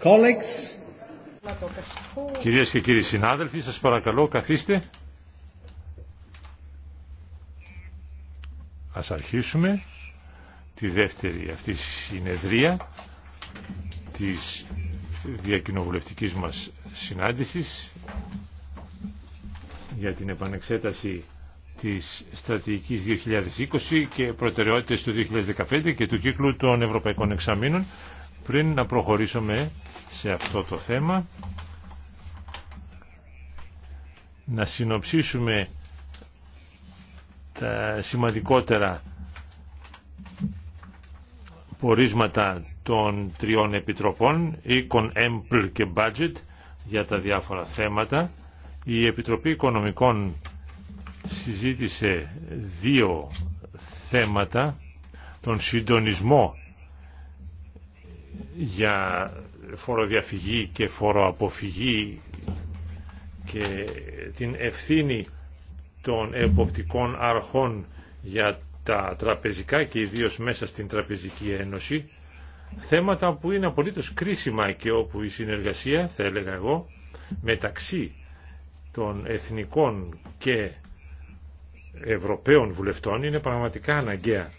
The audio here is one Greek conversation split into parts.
Κυρίε Κυρίες και κύριοι συνάδελφοι, σας παρακαλώ καθίστε. Ας αρχίσουμε τη δεύτερη αυτή συνεδρία της διακοινοβουλευτικής μας συνάντησης για την επανεξέταση της στρατηγικής 2020 και προτεραιότητες του 2015 και του κύκλου των Ευρωπαϊκών Εξαμήνων πριν να προχωρήσουμε σε αυτό το θέμα. Να συνοψίσουμε τα σημαντικότερα πορίσματα των τριών επιτροπών, Econ, Empl και Budget, για τα διάφορα θέματα. Η Επιτροπή Οικονομικών συζήτησε δύο θέματα, τον συντονισμό για φοροδιαφυγή και φοροαποφυγή και την ευθύνη των εποπτικών αρχών για τα τραπεζικά και ιδίως μέσα στην Τραπεζική Ένωση θέματα που είναι απολύτως κρίσιμα και όπου η συνεργασία, θα έλεγα εγώ, μεταξύ των εθνικών και Ευρωπαίων βουλευτών είναι πραγματικά αναγκαία.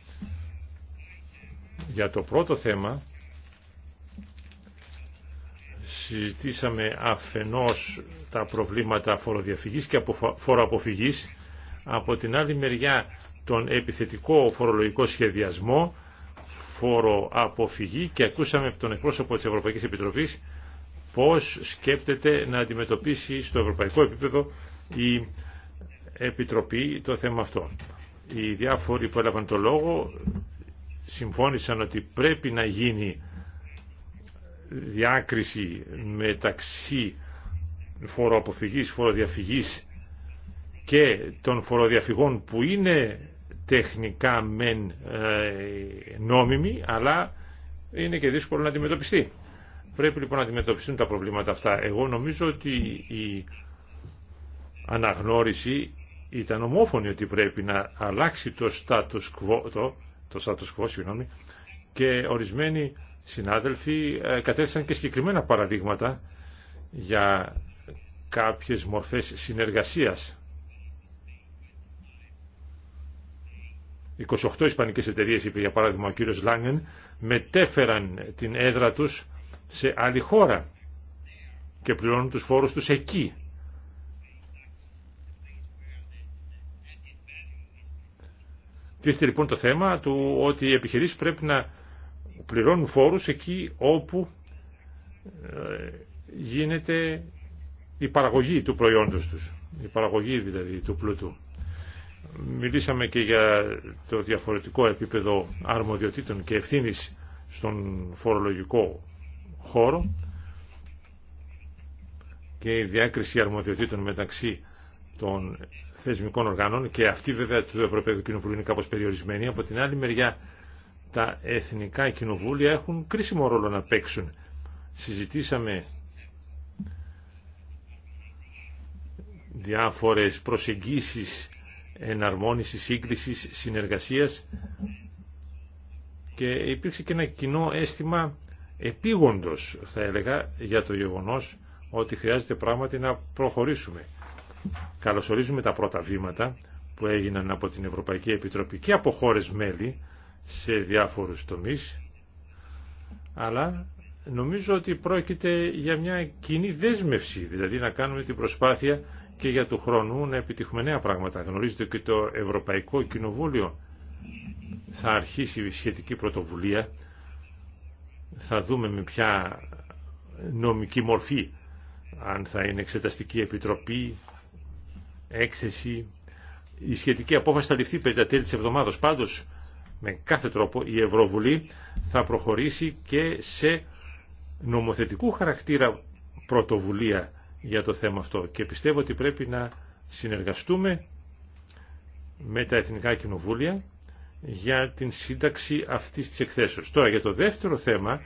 Για το πρώτο θέμα συζητήσαμε αφενός τα προβλήματα φοροδιαφυγής και φοροαποφυγής, από την άλλη μεριά τον επιθετικό φορολογικό σχεδιασμό, φοροαποφυγή και ακούσαμε από τον εκπρόσωπο της Ευρωπαϊκής Επιτροπής πώς σκέπτεται να αντιμετωπίσει στο ευρωπαϊκό επίπεδο η Επιτροπή το θέμα αυτό. Οι διάφοροι που έλαβαν το λόγο συμφώνησαν ότι πρέπει να γίνει διάκριση μεταξύ φοροαποφυγής, φοροδιαφυγής και των φοροδιαφυγών που είναι τεχνικά μεν ε, νόμιμοι αλλά είναι και δύσκολο να αντιμετωπιστεί. Πρέπει λοιπόν να αντιμετωπιστούν τα προβλήματα αυτά. Εγώ νομίζω ότι η αναγνώριση ήταν ομόφωνη ότι πρέπει να αλλάξει το status quo, το, status και ορισμένοι συνάδελφοι ε, κατέθεσαν και συγκεκριμένα παραδείγματα για κάποιες μορφές συνεργασίας. 28 ισπανικές εταιρείες, είπε για παράδειγμα ο κύριος Λάγκεν, μετέφεραν την έδρα τους σε άλλη χώρα και πληρώνουν τους φόρους τους εκεί. Τίθεται λοιπόν το θέμα του ότι οι επιχειρήσεις πρέπει να πληρώνουν φόρους εκεί όπου ε, γίνεται η παραγωγή του προϊόντος τους, η παραγωγή δηλαδή του πλούτου. Μιλήσαμε και για το διαφορετικό επίπεδο αρμοδιοτήτων και ευθύνης στον φορολογικό χώρο και η διάκριση αρμοδιοτήτων μεταξύ των θεσμικών οργάνων και αυτή βέβαια του Ευρωπαϊκού Κοινοβουλίου είναι κάπως περιορισμένη. Από την άλλη μεριά τα εθνικά κοινοβούλια έχουν κρίσιμο ρόλο να παίξουν. Συζητήσαμε διάφορες προσεγγίσεις εναρμόνισης, σύγκρισης, συνεργασίας και υπήρξε και ένα κοινό αίσθημα επίγοντος θα έλεγα για το γεγονός ότι χρειάζεται πράγματι να προχωρήσουμε. Καλωσορίζουμε τα πρώτα βήματα που έγιναν από την Ευρωπαϊκή Επιτροπή και από χώρες μέλη σε διάφορους τομείς, αλλά νομίζω ότι πρόκειται για μια κοινή δέσμευση, δηλαδή να κάνουμε την προσπάθεια και για του χρόνου να επιτύχουμε νέα πράγματα. Γνωρίζετε και το Ευρωπαϊκό Κοινοβούλιο θα αρχίσει η σχετική πρωτοβουλία, θα δούμε με ποια νομική μορφή, αν θα είναι εξεταστική επιτροπή, έκθεση, η σχετική απόφαση θα ληφθεί περί τα τέλη της εβδομάδος. Πάντως, με κάθε τρόπο η Ευρωβουλή θα προχωρήσει και σε νομοθετικού χαρακτήρα πρωτοβουλία για το θέμα αυτό και πιστεύω ότι πρέπει να συνεργαστούμε με τα Εθνικά Κοινοβούλια για την σύνταξη αυτής της εκθέσεως. Τώρα για το δεύτερο θέμα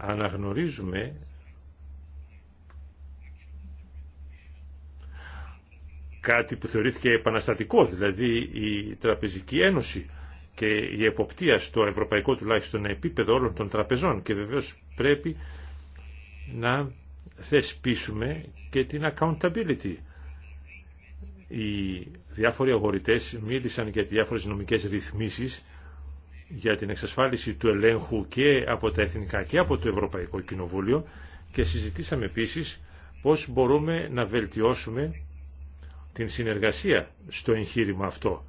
αναγνωρίζουμε κάτι που θεωρήθηκε επαναστατικό, δηλαδή η Τραπεζική Ένωση και η εποπτεία στο ευρωπαϊκό τουλάχιστον επίπεδο όλων των τραπεζών και βεβαίως πρέπει να θεσπίσουμε και την accountability. Οι διάφοροι αγορητές μίλησαν για διάφορες νομικές ρυθμίσεις για την εξασφάλιση του ελέγχου και από τα Εθνικά και από το Ευρωπαϊκό Κοινοβούλιο και συζητήσαμε επίσης πώς μπορούμε να βελτιώσουμε την συνεργασία στο εγχείρημα αυτό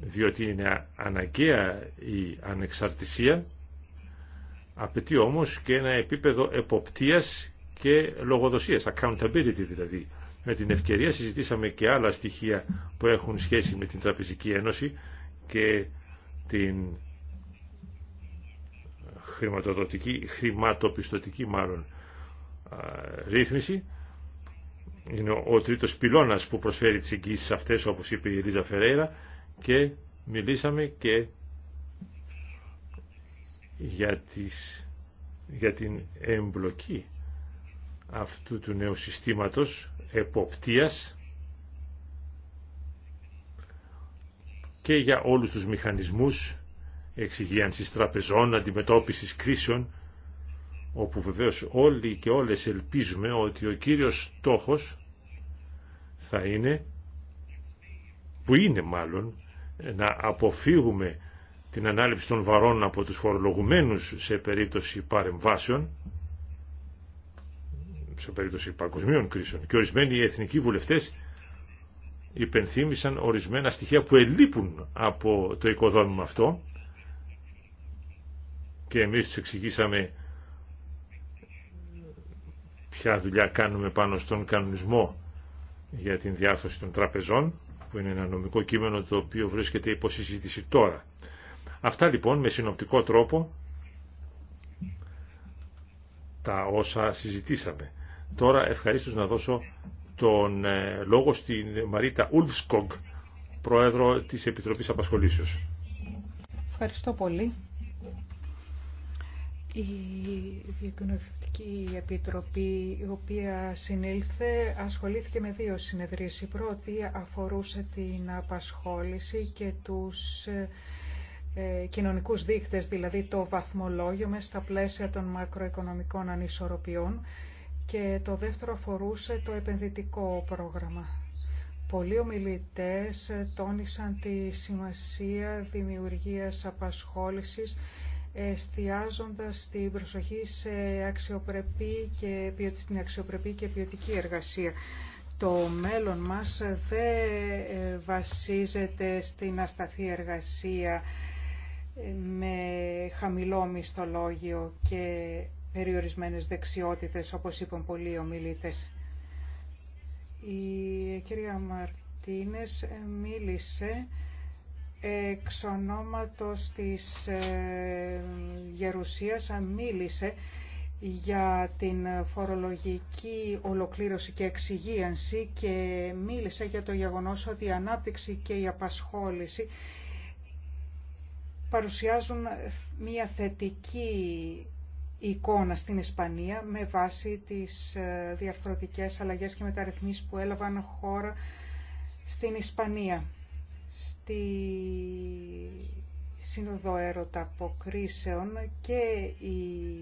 διότι είναι αναγκαία η ανεξαρτησία, απαιτεί όμως και ένα επίπεδο εποπτείας και λογοδοσίας, accountability δηλαδή. Με την ευκαιρία συζητήσαμε και άλλα στοιχεία που έχουν σχέση με την Τραπεζική Ένωση και την χρηματοδοτική, χρηματοπιστωτική μάλλον ρύθμιση. Είναι ο τρίτος πυλώνας που προσφέρει τις εγγύσεις αυτές όπως είπε η Ρίζα Φερέιρα και μιλήσαμε και για, τις, για την εμπλοκή αυτού του νέου συστήματος εποπτείας και για όλους τους μηχανισμούς εξυγίανσης τραπεζών, αντιμετώπισης κρίσεων, όπου βεβαίως όλοι και όλες ελπίζουμε ότι ο κύριος στόχος θα είναι, που είναι μάλλον, να αποφύγουμε την ανάληψη των βαρών από τους φορολογουμένους σε περίπτωση παρεμβάσεων, σε περίπτωση παγκοσμίων κρίσεων. Και ορισμένοι οι εθνικοί βουλευτές υπενθύμησαν ορισμένα στοιχεία που ελείπουν από το οικοδόμημα αυτό και εμείς τους εξηγήσαμε ποια δουλειά κάνουμε πάνω στον κανονισμό για την διάρθρωση των τραπεζών που είναι ένα νομικό κείμενο το οποίο βρίσκεται υπό συζήτηση τώρα. Αυτά λοιπόν με συνοπτικό τρόπο τα όσα συζητήσαμε. Τώρα ευχαρίστως να δώσω τον ε, λόγο στην Μαρίτα Ουλφσκογκ, πρόεδρο της Επιτροπής Απασχολήσεως. Ευχαριστώ πολύ. Η Διεκνοητική Επιτροπή, η οποία συνήλθε, ασχολήθηκε με δύο συνεδρίες. Η πρώτη αφορούσε την απασχόληση και τους ε, κοινωνικούς δείχτες, δηλαδή το βαθμολόγιο μέσα στα πλαίσια των μακροοικονομικών ανισορροπιών και το δεύτερο αφορούσε το επενδυτικό πρόγραμμα. Πολλοί ομιλητές τόνισαν τη σημασία δημιουργίας απασχόλησης εστιάζοντας την προσοχή σε αξιοπρεπή και στην αξιοπρεπή και ποιοτική εργασία. Το μέλλον μας δεν ε, βασίζεται στην ασταθή εργασία ε, με χαμηλό μισθολόγιο και περιορισμένες δεξιότητες, όπως είπαν πολλοί ομιλητές. Η κυρία Μαρτίνες μίλησε εξ ονόματος της ε, Γερουσίας μίλησε για την φορολογική ολοκλήρωση και εξυγίανση και μίλησε για το γεγονός ότι η ανάπτυξη και η απασχόληση παρουσιάζουν μια θετική εικόνα στην Ισπανία με βάση τις ε, διαρθρωτικές αλλαγές και μεταρρυθμίσεις που έλαβαν χώρα στην Ισπανία τη Σύνοδο Αποκρίσεων και οι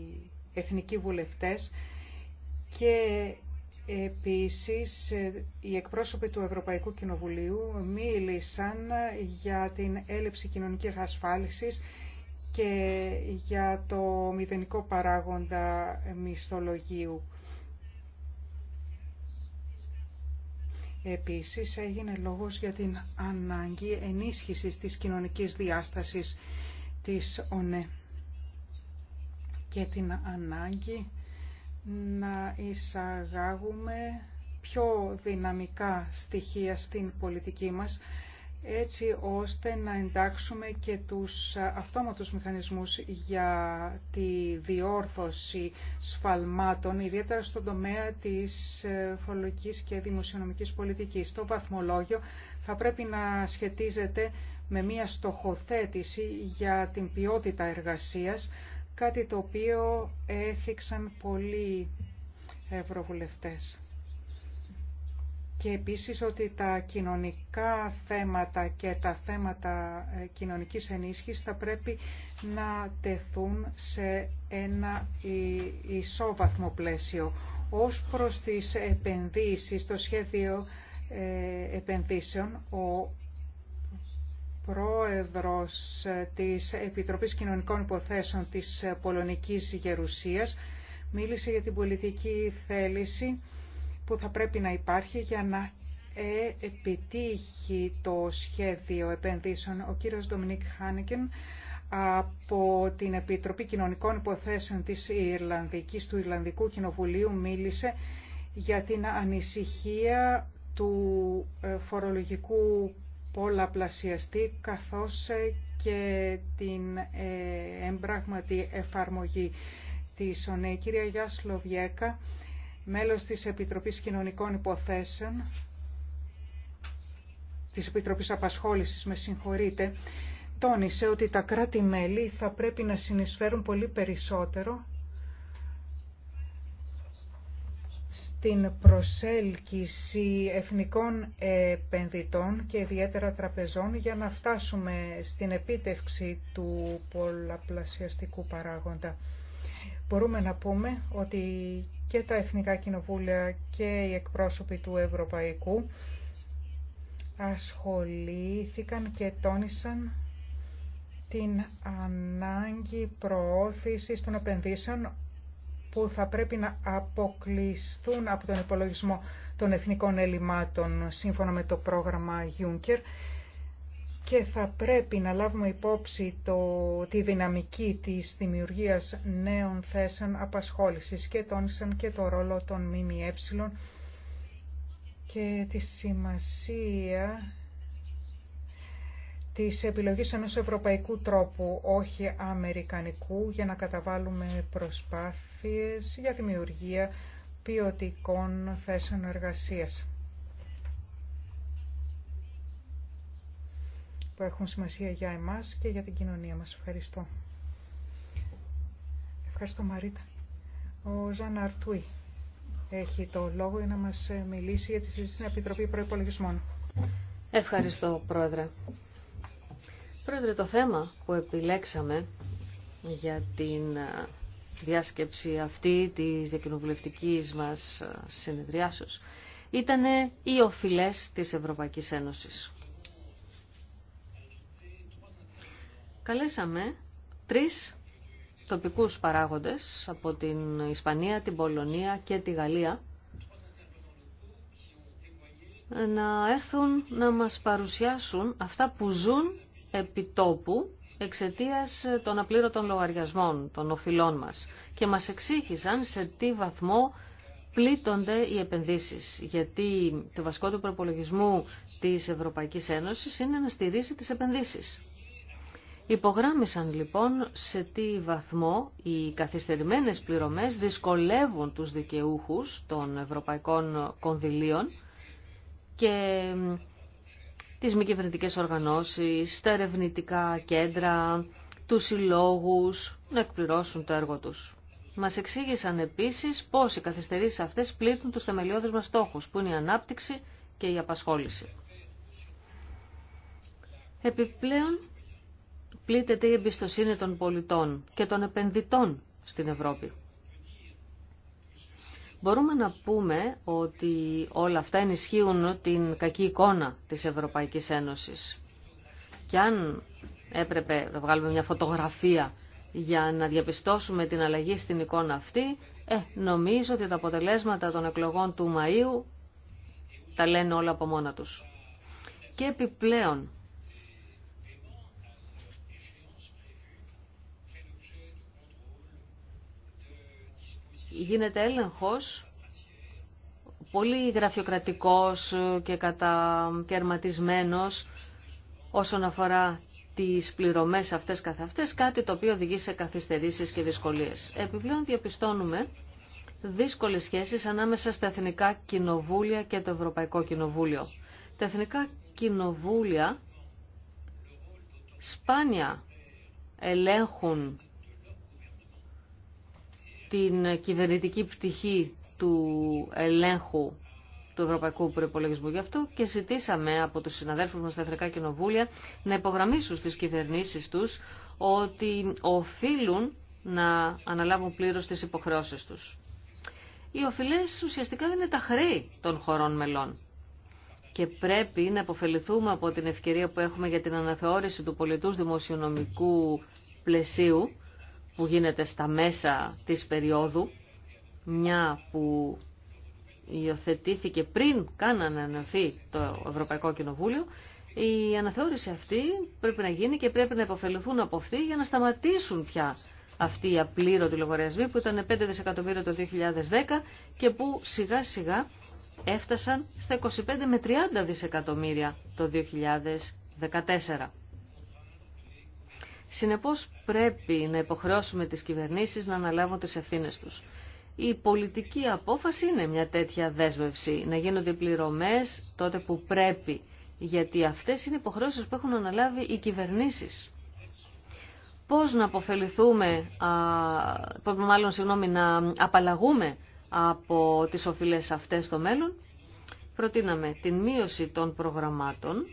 εθνικοί βουλευτές και επίσης οι εκπρόσωποι του Ευρωπαϊκού Κοινοβουλίου μίλησαν για την έλλειψη κοινωνικής ασφάλισης και για το μηδενικό παράγοντα μισθολογίου Επίσης έγινε λόγος για την ανάγκη ενίσχυσης της κοινωνικής διάστασης της ΟΝΕ και την ανάγκη να εισαγάγουμε πιο δυναμικά στοιχεία στην πολιτική μας έτσι ώστε να εντάξουμε και τους αυτόματους μηχανισμούς για τη διόρθωση σφαλμάτων, ιδιαίτερα στον τομέα της ε, φορολογικής και δημοσιονομικής πολιτικής. Το βαθμολόγιο θα πρέπει να σχετίζεται με μια στοχοθέτηση για την ποιότητα εργασίας, κάτι το οποίο έθιξαν πολλοί ευρωβουλευτές και επίσης ότι τα κοινωνικά θέματα και τα θέματα ε, κοινωνικής ενίσχυσης θα πρέπει να τεθούν σε ένα ισόβαθμο πλαίσιο. Ως προς τις επενδύσεις, το σχέδιο ε, επενδύσεων, ο πρόεδρος ε, της Επιτροπής Κοινωνικών Υποθέσεων της Πολωνικής Γερουσίας μίλησε για την πολιτική θέληση που θα πρέπει να υπάρχει για να επιτύχει το σχέδιο επενδύσεων. Ο κύριος Ντομινίκ Χάνικεν από την Επιτροπή Κοινωνικών Υποθέσεων της Ιρλανδικής, του Ιρλανδικού Κοινοβουλίου μίλησε για την ανησυχία του ε, φορολογικού πολλαπλασιαστή καθώς ε, και την εμπράγματη εφαρμογή της ΟΝΕ μέλος της Επιτροπής Κοινωνικών Υποθέσεων, της Επιτροπής Απασχόλησης, με συγχωρείτε, τόνισε ότι τα κράτη-μέλη θα πρέπει να συνεισφέρουν πολύ περισσότερο στην προσέλκυση εθνικών επενδυτών και ιδιαίτερα τραπεζών για να φτάσουμε στην επίτευξη του πολλαπλασιαστικού παράγοντα. Μπορούμε να πούμε ότι και τα Εθνικά Κοινοβούλια και οι εκπρόσωποι του Ευρωπαϊκού ασχολήθηκαν και τόνισαν την ανάγκη προώθησης των επενδύσεων που θα πρέπει να αποκλειστούν από τον υπολογισμό των εθνικών ελλημάτων σύμφωνα με το πρόγραμμα Juncker και θα πρέπει να λάβουμε υπόψη το, τη δυναμική της δημιουργίας νέων θέσεων απασχόλησης και τόνισαν και το ρόλο των ΜΜΕ και τη σημασία της επιλογής ενός ευρωπαϊκού τρόπου, όχι αμερικανικού, για να καταβάλουμε προσπάθειες για δημιουργία ποιοτικών θέσεων εργασίας. που έχουν σημασία για εμάς και για την κοινωνία μας. Ευχαριστώ. Ευχαριστώ Μαρίτα. Ο Ζαν Αρτούι έχει το λόγο για να μας μιλήσει για τη συζήτηση στην Επιτροπή Προϋπολογισμών. Ευχαριστώ Πρόεδρε. Πρόεδρε, το θέμα που επιλέξαμε για την διάσκεψη αυτή της διακοινοβουλευτικής μας συνεδριάσεως ήταν οι οφειλές της Ευρωπαϊκής Ένωσης. Καλέσαμε τρεις τοπικούς παράγοντες από την Ισπανία, την Πολωνία και τη Γαλλία να έρθουν να μας παρουσιάσουν αυτά που ζουν επί τόπου εξαιτίας των απλήρωτων λογαριασμών των οφειλών μας και μας εξήγησαν σε τι βαθμό πλήττονται οι επενδύσεις γιατί το βασικό του προπολογισμού της Ευρωπαϊκής Ένωσης είναι να στηρίζει τις επενδύσεις. Υπογράμμισαν λοιπόν σε τι βαθμό οι καθυστερημένες πληρωμές δυσκολεύουν τους δικαιούχους των ευρωπαϊκών κονδυλίων και τις μη κυβερνητικέ οργανώσεις, τα ερευνητικά κέντρα, τους συλλόγου να εκπληρώσουν το έργο τους. Μας εξήγησαν επίσης πώς οι καθυστερήσεις αυτές πλήττουν τους θεμελιώδες μας στόχους, που είναι η ανάπτυξη και η απασχόληση. Επιπλέον, πλήττεται η εμπιστοσύνη των πολιτών και των επενδυτών στην Ευρώπη. Μπορούμε να πούμε ότι όλα αυτά ενισχύουν την κακή εικόνα της Ευρωπαϊκής Ένωσης. Και αν έπρεπε να βγάλουμε μια φωτογραφία για να διαπιστώσουμε την αλλαγή στην εικόνα αυτή, ε, νομίζω ότι τα αποτελέσματα των εκλογών του Μαΐου τα λένε όλα από μόνα τους. Και επιπλέον, γίνεται έλεγχος πολύ γραφειοκρατικός και κατακαιρματισμένος όσον αφορά τις πληρωμές αυτές καθ' αυτές, κάτι το οποίο οδηγεί σε καθυστερήσεις και δυσκολίες. Επιπλέον διαπιστώνουμε δύσκολες σχέσεις ανάμεσα στα Εθνικά Κοινοβούλια και το Ευρωπαϊκό Κοινοβούλιο. Τα Εθνικά Κοινοβούλια σπάνια ελέγχουν την κυβερνητική πτυχή του ελέγχου του Ευρωπαϊκού Προπολογισμού. Γι' αυτό και ζητήσαμε από τους συναδέλφους μας στα Εθνικά Κοινοβούλια να υπογραμμίσουν στις κυβερνήσεις τους ότι οφείλουν να αναλάβουν πλήρως τις υποχρεώσεις τους. Οι οφειλές ουσιαστικά είναι τα χρέη των χωρών μελών. Και πρέπει να αποφεληθούμε από την ευκαιρία που έχουμε για την αναθεώρηση του πολιτούς δημοσιονομικού πλαισίου, που γίνεται στα μέσα της περίοδου, μια που υιοθετήθηκε πριν καν ανανεωθεί το Ευρωπαϊκό Κοινοβούλιο, η αναθεώρηση αυτή πρέπει να γίνει και πρέπει να υποφεληθούν από αυτή για να σταματήσουν πια αυτοί οι απλήρωτοι λογαριασμοί που ήταν 5 δισεκατομμύρια το 2010 και που σιγά σιγά έφτασαν στα 25 με 30 δισεκατομμύρια το 2014. Συνεπώς πρέπει να υποχρεώσουμε τις κυβερνήσεις να αναλάβουν τις ευθύνες τους. Η πολιτική απόφαση είναι μια τέτοια δέσμευση, να γίνονται πληρωμές τότε που πρέπει, γιατί αυτές είναι υποχρεώσεις που έχουν αναλάβει οι κυβερνήσεις. Πώς να αποφεληθούμε, α, μάλλον να απαλλαγούμε από τις οφειλές αυτές στο μέλλον, προτείναμε την μείωση των προγραμμάτων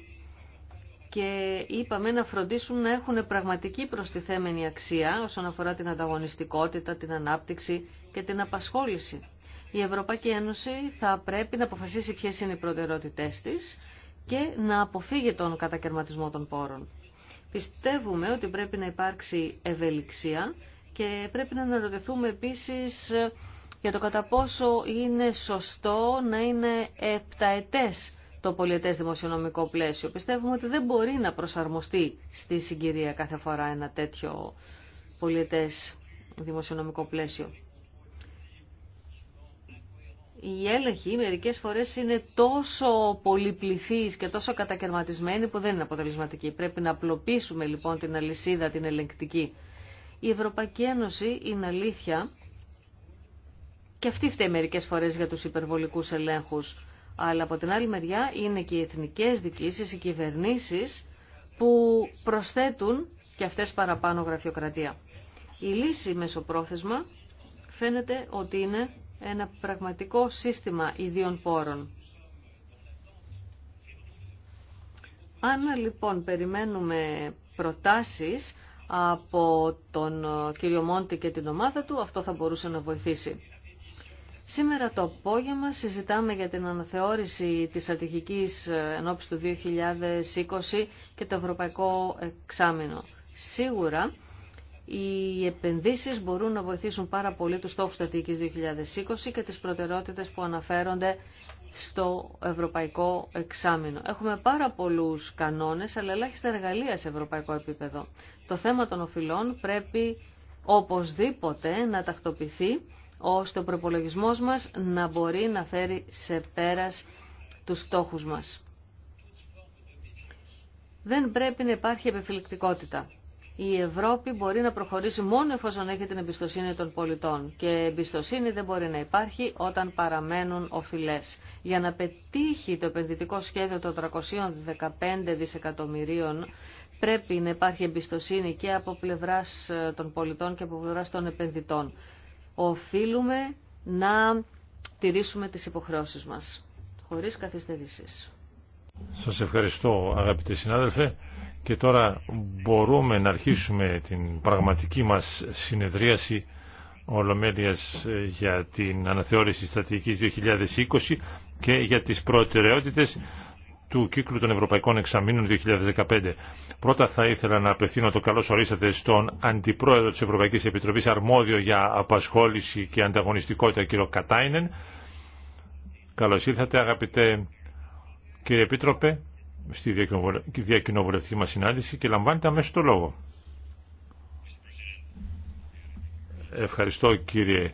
και είπαμε να φροντίσουν να έχουν πραγματική προστιθέμενη αξία όσον αφορά την ανταγωνιστικότητα, την ανάπτυξη και την απασχόληση. Η Ευρωπαϊκή Ένωση θα πρέπει να αποφασίσει ποιες είναι οι προτεραιότητές της και να αποφύγει τον κατακαιρματισμό των πόρων. Πιστεύουμε ότι πρέπει να υπάρξει ευελιξία και πρέπει να αναρωτηθούμε επίσης για το κατά πόσο είναι σωστό να είναι επταετές το πολιετές δημοσιονομικό πλαίσιο. Πιστεύουμε ότι δεν μπορεί να προσαρμοστεί στη συγκυρία κάθε φορά ένα τέτοιο πολιετές δημοσιονομικό πλαίσιο. Οι έλεγχοι μερικές φορές είναι τόσο πολυπληθείς και τόσο κατακαιρματισμένοι που δεν είναι αποτελεσματικοί. Πρέπει να απλοποιήσουμε λοιπόν την αλυσίδα, την ελεγκτική. Η Ευρωπαϊκή Ένωση είναι αλήθεια και αυτή φταίει μερικές φορές για τους υπερβολικούς ελέγχους αλλά από την άλλη μεριά είναι και οι εθνικές δικήσεις, οι κυβερνήσεις που προσθέτουν και αυτές παραπάνω γραφειοκρατία. Η λύση μεσοπρόθεσμα φαίνεται ότι είναι ένα πραγματικό σύστημα ιδίων πόρων. Αν λοιπόν περιμένουμε προτάσεις από τον κύριο Μόντι και την ομάδα του, αυτό θα μπορούσε να βοηθήσει. Σήμερα το απόγευμα συζητάμε για την αναθεώρηση της στρατηγικής ε, ενόψης του 2020 και το ευρωπαϊκό εξάμεινο. Σίγουρα οι επενδύσεις μπορούν να βοηθήσουν πάρα πολύ τους στόχους στρατηγικής 2020 και τις προτεραιότητες που αναφέρονται στο ευρωπαϊκό εξάμεινο. Έχουμε πάρα πολλούς κανόνες, αλλά ελάχιστα εργαλεία σε ευρωπαϊκό επίπεδο. Το θέμα των οφειλών πρέπει οπωσδήποτε να τακτοποιηθεί ώστε ο προπολογισμό μας να μπορεί να φέρει σε πέρας τους στόχους μας. Δεν πρέπει να υπάρχει επιφυλεκτικότητα. Η Ευρώπη μπορεί να προχωρήσει μόνο εφόσον έχει την εμπιστοσύνη των πολιτών και εμπιστοσύνη δεν μπορεί να υπάρχει όταν παραμένουν οφειλέ. Για να πετύχει το επενδυτικό σχέδιο των 315 δισεκατομμυρίων πρέπει να υπάρχει εμπιστοσύνη και από πλευρά ε, των πολιτών και από πλευρά των επενδυτών οφείλουμε να τηρήσουμε τις υποχρεώσεις μας, χωρίς καθυστερήσεις. Σας ευχαριστώ αγαπητέ συνάδελφε και τώρα μπορούμε να αρχίσουμε την πραγματική μας συνεδρίαση Ολομέλειας ε, για την αναθεώρηση στρατηγικής 2020 και για τις προτεραιότητες του κύκλου των Ευρωπαϊκών Εξαμήνων 2015. Πρώτα θα ήθελα να απευθύνω το καλώς ορίσατε στον Αντιπρόεδρο της Ευρωπαϊκής Επιτροπής αρμόδιο για απασχόληση και ανταγωνιστικότητα κύριο Κατάινεν. Καλώς ήρθατε αγαπητέ κύριε Επίτροπε στη διακοινοβουλευτική μας συνάντηση και λαμβάνετε αμέσως το λόγο. Ευχαριστώ κύριε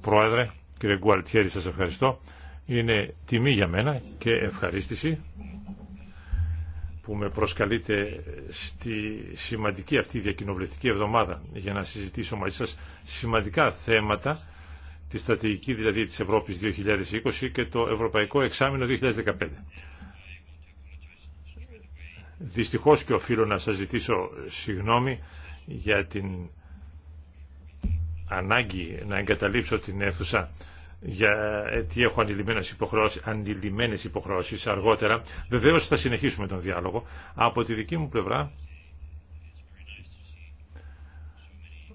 Πρόεδρε, κύριε Γκουαλτιέρη σας ευχαριστώ. Είναι τιμή για μένα και ευχαρίστηση που με προσκαλείτε στη σημαντική αυτή διακοινοβουλευτική εβδομάδα για να συζητήσω μαζί σας σημαντικά θέματα τη στρατηγική δηλαδή της Ευρώπης 2020 και το Ευρωπαϊκό Εξάμεινο 2015. Δυστυχώς και οφείλω να σας ζητήσω συγγνώμη για την ανάγκη να εγκαταλείψω την αίθουσα ε, τι έχω αντιλημμένες υποχρεώσεις, αντιλημμένες υποχρεώσεις αργότερα. Βεβαίως θα συνεχίσουμε τον διάλογο. Από τη δική μου πλευρά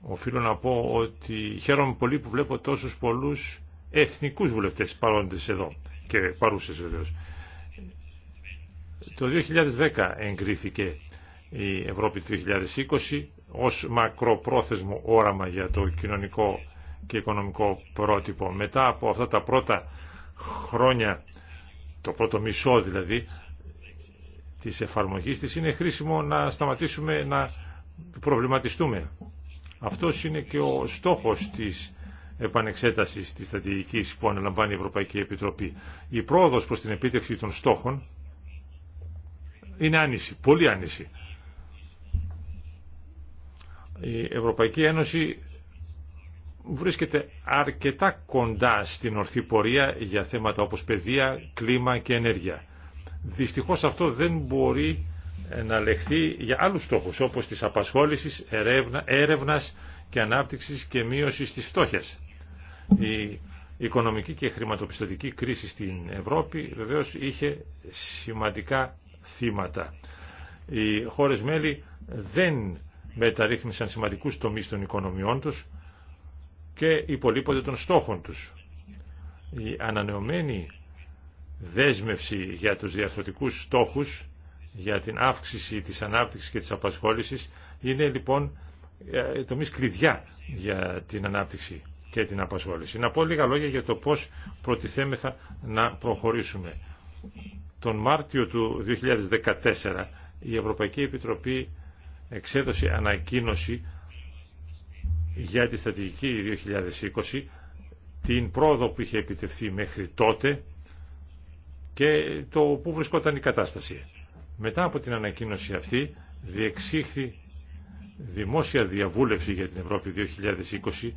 οφείλω να πω ότι χαίρομαι πολύ που βλέπω τόσους πολλούς εθνικούς βουλευτές παρόντες εδώ και παρούσες βεβαίως. Το 2010 εγκρίθηκε η Ευρώπη 2020 ως μακροπρόθεσμο όραμα για το κοινωνικό και οικονομικό πρότυπο. Μετά από αυτά τα πρώτα χρόνια, το πρώτο μισό δηλαδή, της εφαρμογής της, είναι χρήσιμο να σταματήσουμε να προβληματιστούμε. Αυτό είναι και ο στόχος της επανεξέτασης της στρατηγικής που αναλαμβάνει η Ευρωπαϊκή Επιτροπή. Η πρόοδος προς την επίτευξη των στόχων είναι άνηση, πολύ άνηση. Η Ευρωπαϊκή Ένωση βρίσκεται αρκετά κοντά στην ορθή πορεία για θέματα όπως παιδεία, κλίμα και ενέργεια. Δυστυχώς αυτό δεν μπορεί ε, να λεχθεί για άλλους στόχους όπως της απασχόλησης, έρευνα, έρευνας και ανάπτυξης και μείωσης της φτώχειας. Η οικονομική και χρηματοπιστωτική κρίση στην Ευρώπη βεβαίως είχε σημαντικά θύματα. Οι χώρες μέλη δεν μεταρρύθμισαν σημαντικούς τομείς των οικονομιών τους και υπολείπονται των στόχων τους. Η ανανεωμένη δέσμευση για τους διαρθρωτικούς στόχους για την αύξηση της ανάπτυξης και της απασχόλησης είναι λοιπόν ε, μή κλειδιά για την ανάπτυξη και την απασχόληση. Να πω λίγα λόγια για το πώς προτιθέμεθα να προχωρήσουμε. Τον Μάρτιο του 2014 η Ευρωπαϊκή Επιτροπή εξέδωσε ανακοίνωση για τη στρατηγική 2020, την πρόοδο που είχε επιτευχθεί μέχρι τότε και το που βρισκόταν η κατάσταση. Μετά από την ανακοίνωση αυτή διεξήχθη δημόσια διαβούλευση για την Ευρώπη 2020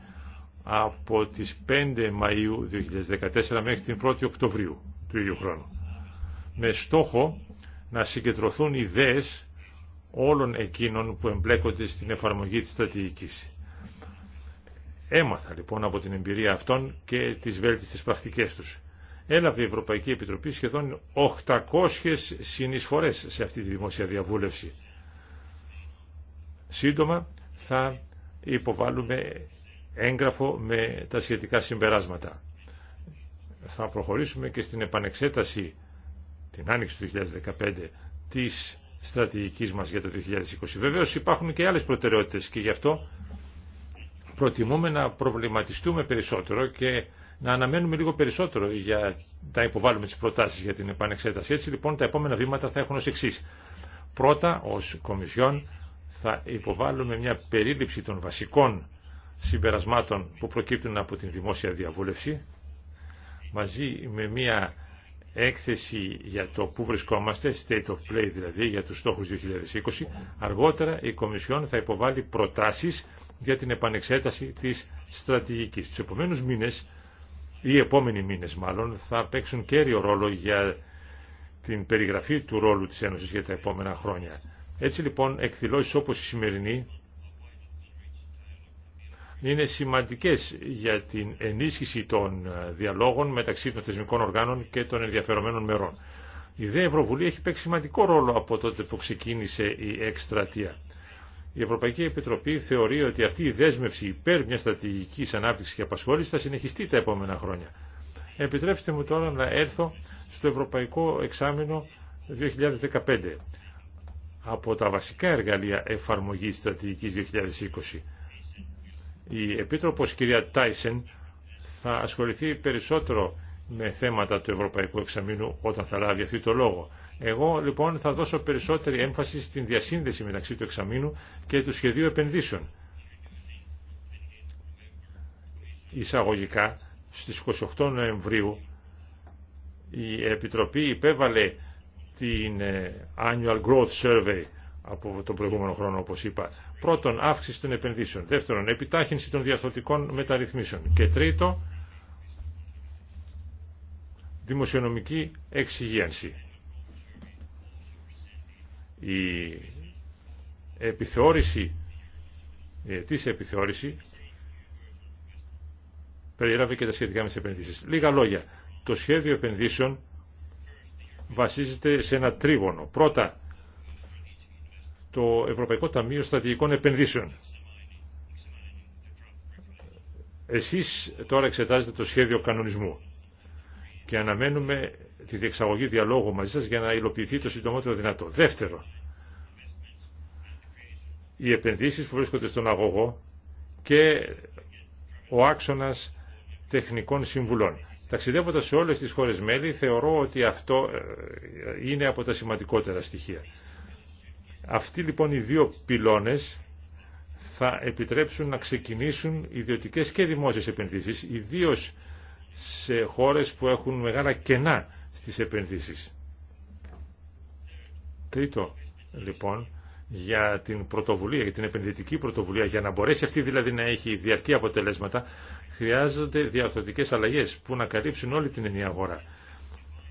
από τις 5 Μαΐου 2014 μέχρι την 1η Οκτωβρίου του ίδιου χρόνου. Με στόχο να συγκεντρωθούν ιδέες όλων εκείνων που εμπλέκονται στην εφαρμογή της στρατηγικής. Έμαθα λοιπόν από την εμπειρία αυτών και τις βέλτιστες πρακτικές τους. Έλαβε η Ευρωπαϊκή Επιτροπή σχεδόν 800 συνεισφορές σε αυτή τη δημόσια διαβούλευση. Σύντομα θα υποβάλουμε έγγραφο με τα σχετικά συμπεράσματα. Θα προχωρήσουμε και στην επανεξέταση την άνοιξη του 2015 της στρατηγικής μας για το 2020. Βεβαίως υπάρχουν και άλλες προτεραιότητες και γι' αυτό προτιμούμε να προβληματιστούμε περισσότερο και να αναμένουμε λίγο περισσότερο για να υποβάλουμε τι προτάσει για την επανεξέταση. Έτσι λοιπόν τα επόμενα βήματα θα έχουν ως εξή. Πρώτα ως Κομισιόν θα υποβάλουμε μια περίληψη των βασικών συμπερασμάτων που προκύπτουν από την δημόσια διαβούλευση μαζί με μια έκθεση για το που βρισκόμαστε, state of play δηλαδή, για τους στόχους 2020. Αργότερα η Κομισιόν θα υποβάλει προτάσεις για την επανεξέταση της στρατηγικής. Τους επόμενους μήνες, ή επόμενοι μήνες μάλλον, θα παίξουν κέριο ρόλο για την περιγραφή του ρόλου της Ένωσης για τα επόμενα χρόνια. Έτσι λοιπόν εκδηλώσεις όπως η σημερινή είναι σημαντικές για την ενίσχυση των ε, διαλόγων μεταξύ των θεσμικών οργάνων και των ενδιαφερομένων μερών. Η ΔΕΕ Ευρωβουλή έχει παίξει σημαντικό ρόλο από τότε που ξεκίνησε η εκστρατεία. Η Ευρωπαϊκή Επιτροπή θεωρεί ότι αυτή η δέσμευση υπέρ μια στρατηγική ανάπτυξη και απασχόληση θα συνεχιστεί τα επόμενα χρόνια. Επιτρέψτε μου τώρα να έρθω στο Ευρωπαϊκό Εξάμεινο 2015 από τα βασικά εργαλεία εφαρμογής στρατηγική 2020. Η Επίτροπος κυρία Τάισεν θα ασχοληθεί περισσότερο με θέματα του Ευρωπαϊκού Εξαμήνου όταν θα λάβει αυτή το λόγο. Εγώ λοιπόν θα δώσω περισσότερη έμφαση στην διασύνδεση μεταξύ του εξαμήνου και του σχεδίου επενδύσεων. Εισαγωγικά στις 28 Νοεμβρίου η Επιτροπή υπέβαλε την ε, Annual Growth Survey από τον προηγούμενο χρόνο όπως είπα. Πρώτον, αύξηση των επενδύσεων. Δεύτερον, επιτάχυνση των διαρθρωτικών μεταρρυθμίσεων. Και τρίτο, δημοσιονομική εξυγίανση η επιθεώρηση, ε, η επιθεώρηση περιγράφει και τα σχετικά με τις επενδύσεις. Λίγα λόγια. Το σχέδιο επενδύσεων βασίζεται σε ένα τρίγωνο. Πρώτα, το Ευρωπαϊκό Ταμείο Στρατηγικών Επενδύσεων. Εσείς τώρα εξετάζετε το σχέδιο κανονισμού και αναμένουμε τη διεξαγωγή διαλόγου μαζί σας για να υλοποιηθεί το συντομότερο δυνατό. Δεύτερο, οι επενδύσεις που βρίσκονται στον αγωγό και ο άξονας τεχνικών συμβουλών. Ταξιδεύοντας σε όλες τις χώρες μέλη, θεωρώ ότι αυτό ε, είναι από τα σημαντικότερα στοιχεία. Αυτοί λοιπόν οι δύο πυλώνες θα επιτρέψουν να ξεκινήσουν ιδιωτικές και δημόσιες επενδύσεις, ιδίως σε χώρες που έχουν μεγάλα κενά στις επενδύσεις. Τρίτο, λοιπόν, για την πρωτοβουλία, για την επενδυτική πρωτοβουλία, για να μπορέσει αυτή δηλαδή να έχει διαρκή αποτελέσματα, χρειάζονται διαρθρωτικές αλλαγές που να καλύψουν όλη την ενιαία αγορά.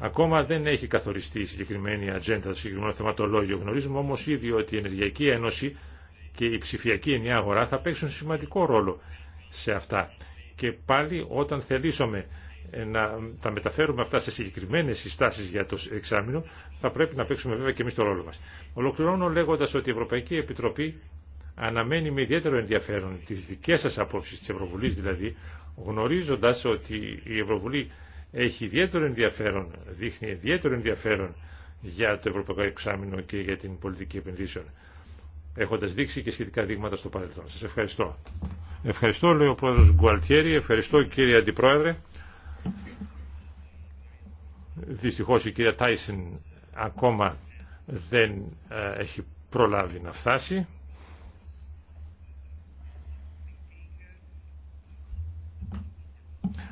Ακόμα δεν έχει καθοριστεί η συγκεκριμένη ατζέντα, το συγκεκριμένο θεματολόγιο. Γνωρίζουμε όμω ήδη ότι η Ενεργειακή Ένωση και η ψηφιακή ενιαία αγορά θα παίξουν σημαντικό ρόλο σε αυτά και πάλι όταν θελήσουμε ε, να τα μεταφέρουμε αυτά σε συγκεκριμένε συστάσει για το εξάμεινο θα πρέπει να παίξουμε βέβαια και εμεί το ρόλο μα. Ολοκληρώνω λέγοντα ότι η Ευρωπαϊκή Επιτροπή αναμένει με ιδιαίτερο ενδιαφέρον τι δικέ σα απόψει της Ευρωβουλή, δηλαδή γνωρίζοντα ότι η Ευρωβουλή έχει ιδιαίτερο ενδιαφέρον, δείχνει ιδιαίτερο ενδιαφέρον για το Ευρωπαϊκό Εξάμεινο και για την πολιτική επενδύσεων έχοντα δείξει και σχετικά δείγματα στο παρελθόν. Σα ευχαριστώ. Ευχαριστώ, λέει ο πρόεδρο Γκουαλτιέρη. Ευχαριστώ, κύριε Αντιπρόεδρε. Δυστυχώ η κυρία Τάισεν ακόμα δεν ε, έχει προλάβει να φτάσει.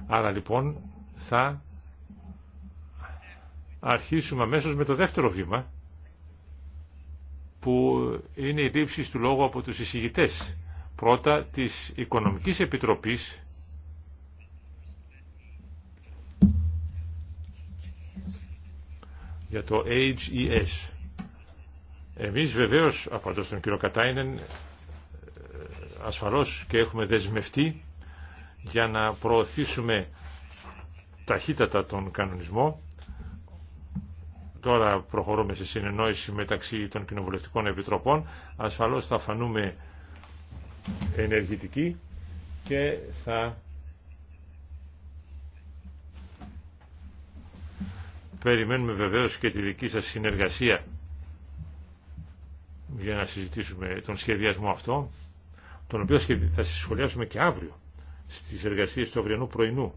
Άρα λοιπόν θα αρχίσουμε αμέσως με το δεύτερο βήμα που είναι η λήψη του λόγου από τους εισηγητές πρώτα της Οικονομικής Επιτροπής για το HES. Εμείς βεβαίως, απαντώ στον κύριο Κατάινεν, ε, ασφαλώς και έχουμε δεσμευτεί για να προωθήσουμε ταχύτατα τον κανονισμό. Τώρα προχωρούμε σε συνεννόηση μεταξύ των κοινοβουλευτικών επιτροπών. Ασφαλώς θα φανούμε ενεργητική και θα περιμένουμε βεβαίως και τη δική σας συνεργασία για να συζητήσουμε τον σχεδιασμό αυτό, τον οποίο θα συσχολιάσουμε και αύριο στις εργασίες του αυριανού πρωινού.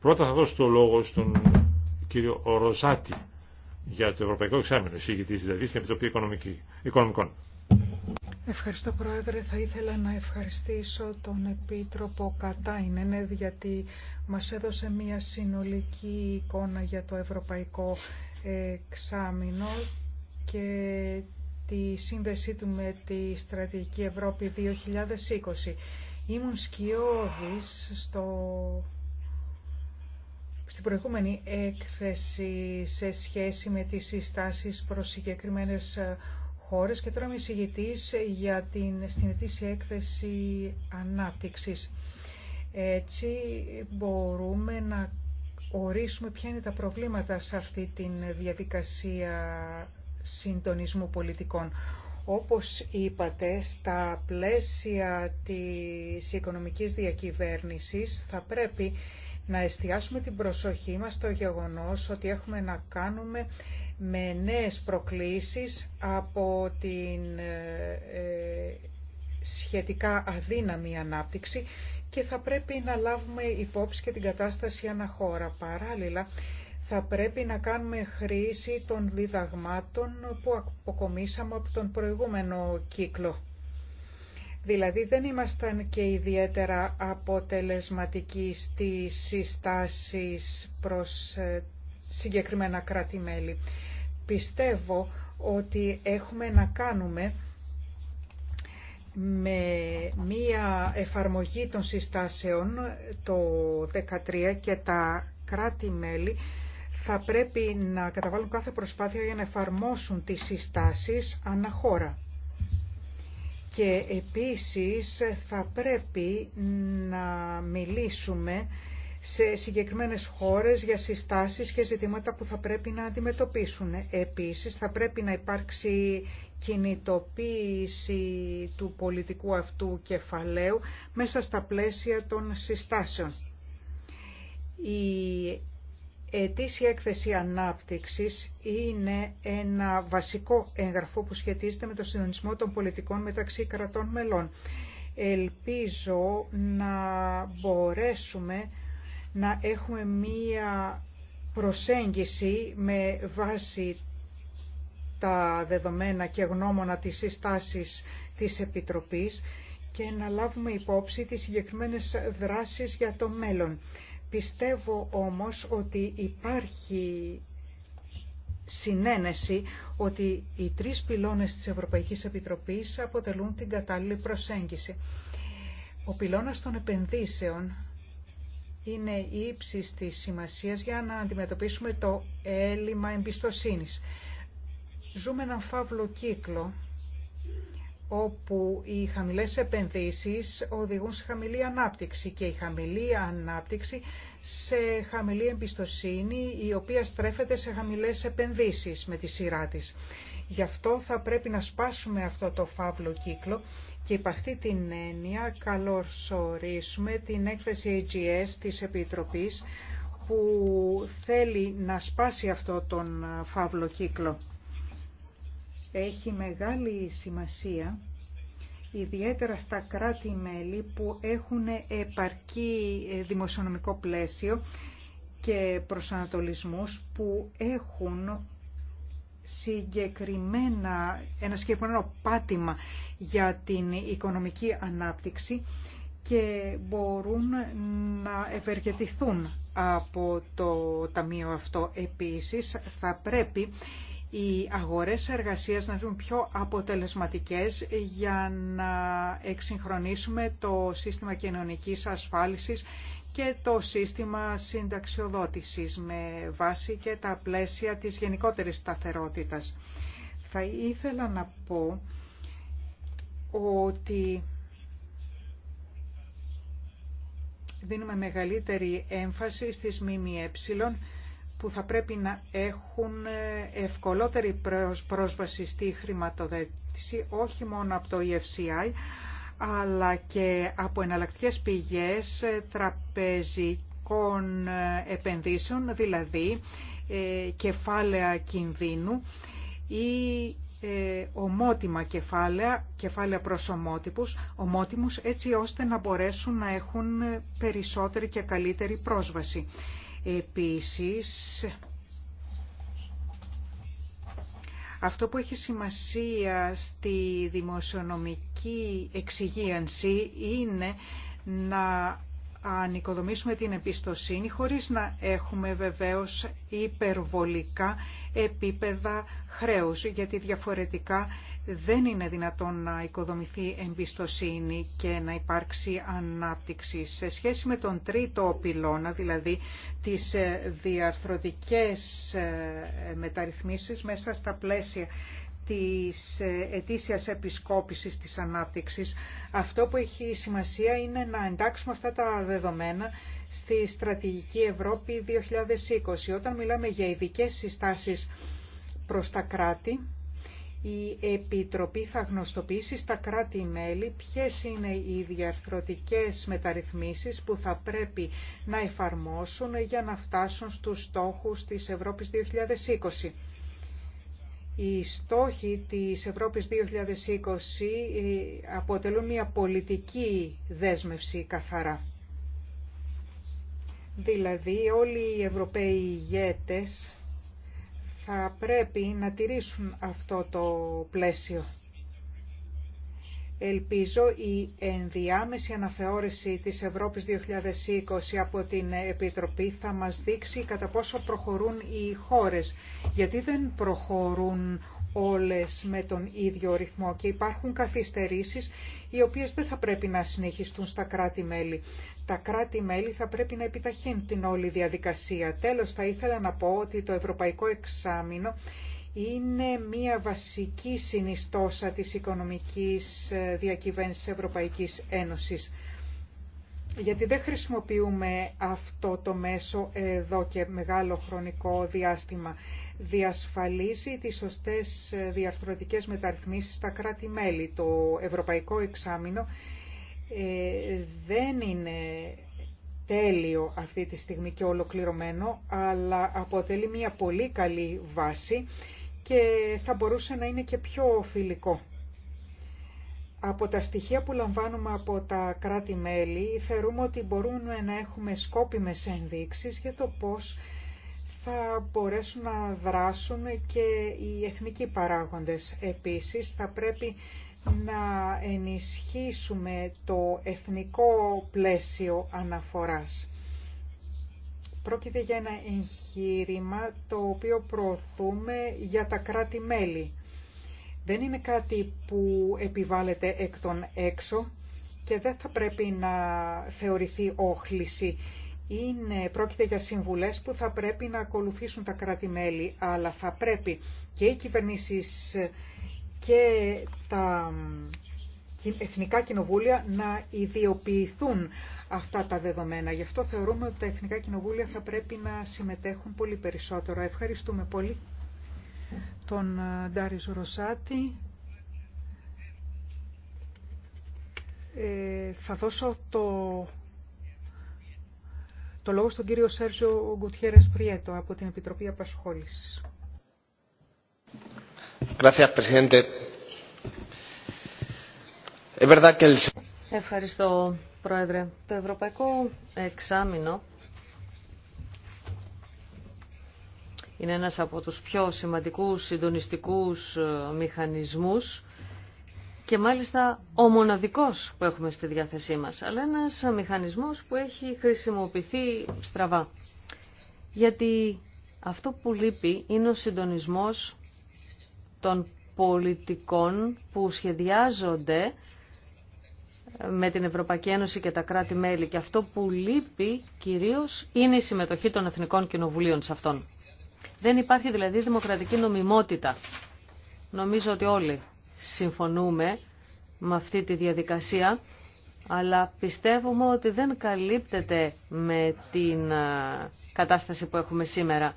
Πρώτα θα δώσω το λόγο στον κύριο Ροζάτη για το Ευρωπαϊκό Εξάμεινο, εισηγητής δηλαδή στην Επιτροπή Οικονομικών. Ευχαριστώ Πρόεδρε. Θα ήθελα να ευχαριστήσω τον Επίτροπο Κατάινεν γιατί μας έδωσε μια συνολική εικόνα για το ευρωπαϊκό εξάμεινο και τη σύνδεσή του με τη Στρατηγική Ευρώπη 2020. Ήμουν σκιώδης στο... στην προηγούμενη έκθεση σε σχέση με τις συστάσεις προς συγκεκριμένες χώρες και τώρα είμαι για την συνετήση έκθεση ανάπτυξης. Έτσι μπορούμε να ορίσουμε ποια είναι τα προβλήματα σε αυτή τη διαδικασία συντονισμού πολιτικών. Όπως είπατε, στα πλαίσια της οικονομικής διακυβέρνησης θα πρέπει να εστιάσουμε την προσοχή μας στο γεγονός ότι έχουμε να κάνουμε με νέες προκλήσεις από την ε, ε, σχετικά αδύναμη ανάπτυξη και θα πρέπει να λάβουμε υπόψη και την κατάσταση αναχώρα. Παράλληλα, θα πρέπει να κάνουμε χρήση των διδαγμάτων που αποκομίσαμε από τον προηγούμενο κύκλο Δηλαδή δεν ήμασταν και ιδιαίτερα αποτελεσματικοί στις συστάσεις προς ε, συγκεκριμένα κράτη-μέλη. Πιστεύω ότι έχουμε να κάνουμε με μία εφαρμογή των συστάσεων το 2013 και τα κράτη-μέλη θα πρέπει να καταβάλουν κάθε προσπάθεια για να εφαρμόσουν τις συστάσεις αναχώρα. Και επίσης θα πρέπει να μιλήσουμε σε συγκεκριμένες χώρες για συστάσεις και ζητήματα που θα πρέπει να αντιμετωπίσουν. Επίσης θα πρέπει να υπάρξει κινητοποίηση του πολιτικού αυτού κεφαλαίου μέσα στα πλαίσια των συστάσεων ετήσια έκθεση ανάπτυξης είναι ένα βασικό έγγραφο που σχετίζεται με το συντονισμό των πολιτικών μεταξύ κρατών μελών. Ελπίζω να μπορέσουμε να έχουμε μία προσέγγιση με βάση τα δεδομένα και γνώμονα της συστάσης της Επιτροπής και να λάβουμε υπόψη τις συγκεκριμένες δράσεις για το μέλλον. Πιστεύω όμως ότι υπάρχει συνένεση ότι οι τρεις πυλώνες της Ευρωπαϊκής Επιτροπής αποτελούν την κατάλληλη προσέγγιση. Ο πυλώνας των επενδύσεων είναι ύψης της σημασίας για να αντιμετωπίσουμε το έλλειμμα εμπιστοσύνης. Ζούμε έναν φαύλο κύκλο όπου οι χαμηλές επενδύσεις οδηγούν σε χαμηλή ανάπτυξη και η χαμηλή ανάπτυξη σε χαμηλή εμπιστοσύνη η οποία στρέφεται σε χαμηλές επενδύσεις με τη σειρά της. Γι' αυτό θα πρέπει να σπάσουμε αυτό το φαύλο κύκλο και υπ' αυτή την έννοια καλωσορίσουμε την έκθεση AGS της Επιτροπής που θέλει να σπάσει αυτό τον φαύλο κύκλο έχει μεγάλη σημασία ιδιαίτερα στα κράτη-μέλη που έχουν επαρκή δημοσιονομικό πλαίσιο και προσανατολισμούς που έχουν συγκεκριμένα, ένα συγκεκριμένο πάτημα για την οικονομική ανάπτυξη και μπορούν να ευεργετηθούν από το Ταμείο αυτό. Επίσης, θα πρέπει οι αγορές εργασίας να γίνουν πιο αποτελεσματικές για να εξυγχρονίσουμε το σύστημα κοινωνικής ασφάλισης και το σύστημα συνταξιοδότησης με βάση και τα πλαίσια της γενικότερης σταθερότητας. Θα ήθελα να πω ότι δίνουμε μεγαλύτερη έμφαση στις ΜΜΕ που θα πρέπει να έχουν ε, ευκολότερη πρόσβαση στη χρηματοδότηση, όχι μόνο από το EFCI, αλλά και από εναλλακτικές πηγές ε, τραπεζικών ε, επενδύσεων, δηλαδή κεφάλαια κινδύνου ή ομότιμα κεφάλαια, κεφάλαια προς ομότυπους, ομότιμους, έτσι ώστε να μπορέσουν να έχουν περισσότερη και καλύτερη πρόσβαση. Επίσης, αυτό που έχει σημασία στη δημοσιονομική εξυγίανση είναι να ανοικοδομήσουμε την εμπιστοσύνη χωρίς να έχουμε βεβαίως υπερβολικά επίπεδα χρέους, γιατί διαφορετικά δεν είναι δυνατόν να οικοδομηθεί εμπιστοσύνη και να υπάρξει ανάπτυξη. Σε σχέση με τον τρίτο πυλώνα, δηλαδή τις ε, διαρθρωτικές ε, μεταρρυθμίσεις μέσα στα πλαίσια της ε, ετήσιας επισκόπησης της ανάπτυξης, αυτό που έχει σημασία είναι να εντάξουμε αυτά τα δεδομένα στη Στρατηγική Ευρώπη 2020. Όταν μιλάμε για ειδικές συστάσεις προς τα κράτη, η Επιτροπή θα γνωστοποιήσει στα κράτη-μέλη ποιες είναι οι διαρθρωτικές μεταρρυθμίσεις που θα πρέπει να εφαρμόσουν για να φτάσουν στους στόχους της Ευρώπης 2020. Οι στόχοι της Ευρώπης 2020 ε, αποτελούν μια πολιτική δέσμευση καθαρά. Δηλαδή όλοι οι Ευρωπαίοι ηγέτες θα πρέπει να τηρήσουν αυτό το πλαίσιο. Ελπίζω η ενδιάμεση αναθεώρηση της Ευρώπης 2020 από την Επιτροπή θα μας δείξει κατά πόσο προχωρούν οι χώρες, γιατί δεν προχωρούν όλες με τον ίδιο ρυθμό και υπάρχουν καθυστερήσεις οι οποίες δεν θα πρέπει να συνεχιστούν στα κράτη-μέλη. Τα κράτη-μέλη θα πρέπει να επιταχύνουν την όλη διαδικασία. Τέλος, θα ήθελα να πω ότι το Ευρωπαϊκό Εξάμεινο είναι μία βασική συνιστόσα της οικονομικής ε, διακυβέρνησης Ευρωπαϊκής Ένωσης. Γιατί δεν χρησιμοποιούμε αυτό το μέσο εδώ και μεγάλο χρονικό διάστημα διασφαλίζει τις σωστές ε, διαρθρωτικές μεταρρυθμίσεις στα κράτη-μέλη. Το Ευρωπαϊκό Εξάμεινο ε, δεν είναι τέλειο αυτή τη στιγμή και ολοκληρωμένο, αλλά αποτελεί μια πολύ καλή βάση και θα μπορούσε να είναι και πιο φιλικό. Από τα στοιχεία που λαμβάνουμε από τα κράτη-μέλη, θεωρούμε ότι μπορούμε να έχουμε σκόπιμες ενδείξεις για το πώς θα μπορέσουν να δράσουν και οι εθνικοί παράγοντες. Επίσης, θα πρέπει να ενισχύσουμε το εθνικό πλαίσιο αναφοράς. Πρόκειται για ένα εγχείρημα το οποίο προωθούμε για τα κράτη-μέλη. Δεν είναι κάτι που επιβάλλεται εκ των έξω και δεν θα πρέπει να θεωρηθεί όχληση είναι, πρόκειται για συμβουλές που θα πρέπει να ακολουθήσουν τα κράτη-μέλη, αλλά θα πρέπει και οι κυβερνήσεις και τα εθνικά κοινοβούλια να ιδιοποιηθούν αυτά τα δεδομένα. Γι' αυτό θεωρούμε ότι τα εθνικά κοινοβούλια θα πρέπει να συμμετέχουν πολύ περισσότερο. Ευχαριστούμε πολύ τον ε, Ντάρις Ροσάτη. Ε, θα δώσω το το λόγο στον κύριο Σέρζο Γκουτιέρες Πριέτο από την Επιτροπή Απασχόλησης. Ευχαριστώ, Πρόεδρε. Το Ευρωπαϊκό Εξάμεινο είναι ένας από τους πιο σημαντικούς συντονιστικούς ε, μηχανισμούς και μάλιστα ο μοναδικός που έχουμε στη διάθεσή μας, αλλά ένας μηχανισμός που έχει χρησιμοποιηθεί στραβά. Γιατί αυτό που λείπει είναι ο συντονισμός των πολιτικών που σχεδιάζονται με την Ευρωπαϊκή Ένωση και τα κράτη-μέλη και αυτό που λείπει κυρίως είναι η συμμετοχή των Εθνικών Κοινοβουλίων σε αυτόν. Δεν υπάρχει δηλαδή δημοκρατική νομιμότητα. Νομίζω ότι όλοι συμφωνούμε με αυτή τη διαδικασία, αλλά πιστεύουμε ότι δεν καλύπτεται με την κατάσταση που έχουμε σήμερα.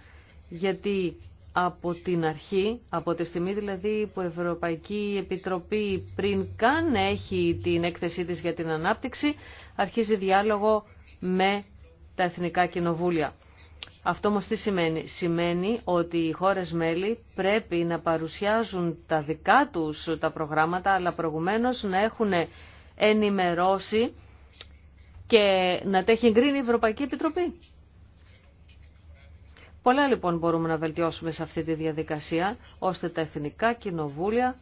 Γιατί από την αρχή, από τη στιγμή δηλαδή που η Ευρωπαϊκή Επιτροπή πριν καν έχει την έκθεσή της για την ανάπτυξη, αρχίζει διάλογο με τα Εθνικά Κοινοβούλια. Αυτό όμω τι σημαίνει. Σημαίνει ότι οι χώρες μέλη πρέπει να παρουσιάζουν τα δικά τους τα προγράμματα, αλλά προηγουμένως να έχουν ενημερώσει και να τα έχει εγκρίνει η Ευρωπαϊκή Επιτροπή. Πολλά λοιπόν μπορούμε να βελτιώσουμε σε αυτή τη διαδικασία, ώστε τα εθνικά κοινοβούλια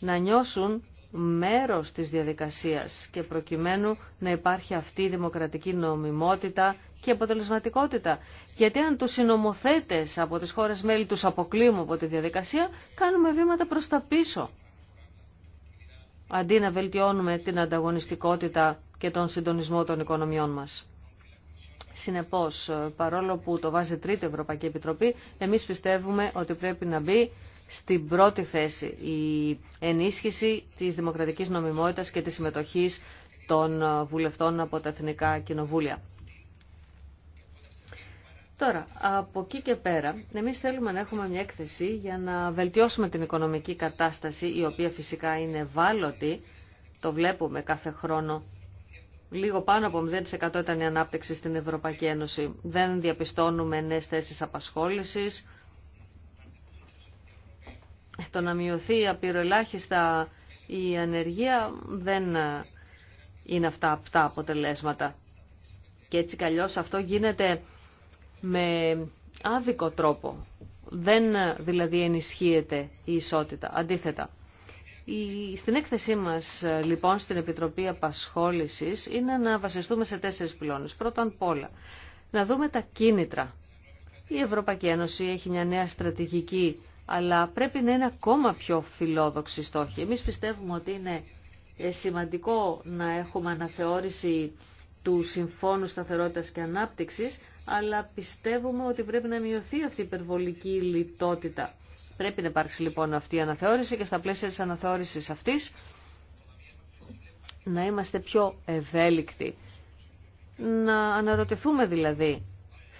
να νιώσουν μέρος της διαδικασίας και προκειμένου να υπάρχει αυτή η δημοκρατική νομιμότητα και αποτελεσματικότητα. Γιατί αν τους συνομοθέτες από τις χώρες μέλη τους αποκλείουμε από τη διαδικασία, κάνουμε βήματα προς τα πίσω. Αντί να βελτιώνουμε την ανταγωνιστικότητα και τον συντονισμό των οικονομιών μας. Συνεπώς, παρόλο που το βάζει τρίτη Ευρωπαϊκή Επιτροπή, εμείς πιστεύουμε ότι πρέπει να μπει στην πρώτη θέση η ενίσχυση της δημοκρατικής νομιμότητας και της συμμετοχής των ε, βουλευτών από τα Εθνικά Κοινοβούλια. Τώρα, από εκεί και πέρα, εμείς θέλουμε να έχουμε μια έκθεση για να βελτιώσουμε την οικονομική κατάσταση, η οποία φυσικά είναι βάλωτη, το βλέπουμε κάθε χρόνο. Λίγο πάνω από 0% ήταν η ανάπτυξη στην Ευρωπαϊκή Ένωση. Δεν διαπιστώνουμε νέες θέσεις απασχόλησης, το να μειωθεί απειροελάχιστα η ανεργία δεν είναι αυτά τα αποτελέσματα. Και έτσι καλλιώς αυτό γίνεται με άδικο τρόπο. Δεν δηλαδή ενισχύεται η ισότητα, αντίθετα. Η, στην έκθεσή μας λοιπόν στην Επιτροπή Απασχόλησης είναι να βασιστούμε σε τέσσερις πυλώνες. Πρώτον, πόλα. να δούμε τα κίνητρα. Η Ευρωπαϊκή Ένωση έχει μια νέα στρατηγική αλλά πρέπει να είναι ακόμα πιο φιλόδοξη στόχη. Εμείς πιστεύουμε ότι είναι ε, σημαντικό να έχουμε αναθεώρηση του Συμφώνου Σταθερότητας και Ανάπτυξης, αλλά πιστεύουμε ότι πρέπει να μειωθεί αυτή η υπερβολική λιτότητα. Πρέπει να υπάρξει λοιπόν αυτή η αναθεώρηση και στα πλαίσια της αναθεώρησης αυτής να είμαστε πιο ευέλικτοι. Να αναρωτηθούμε δηλαδή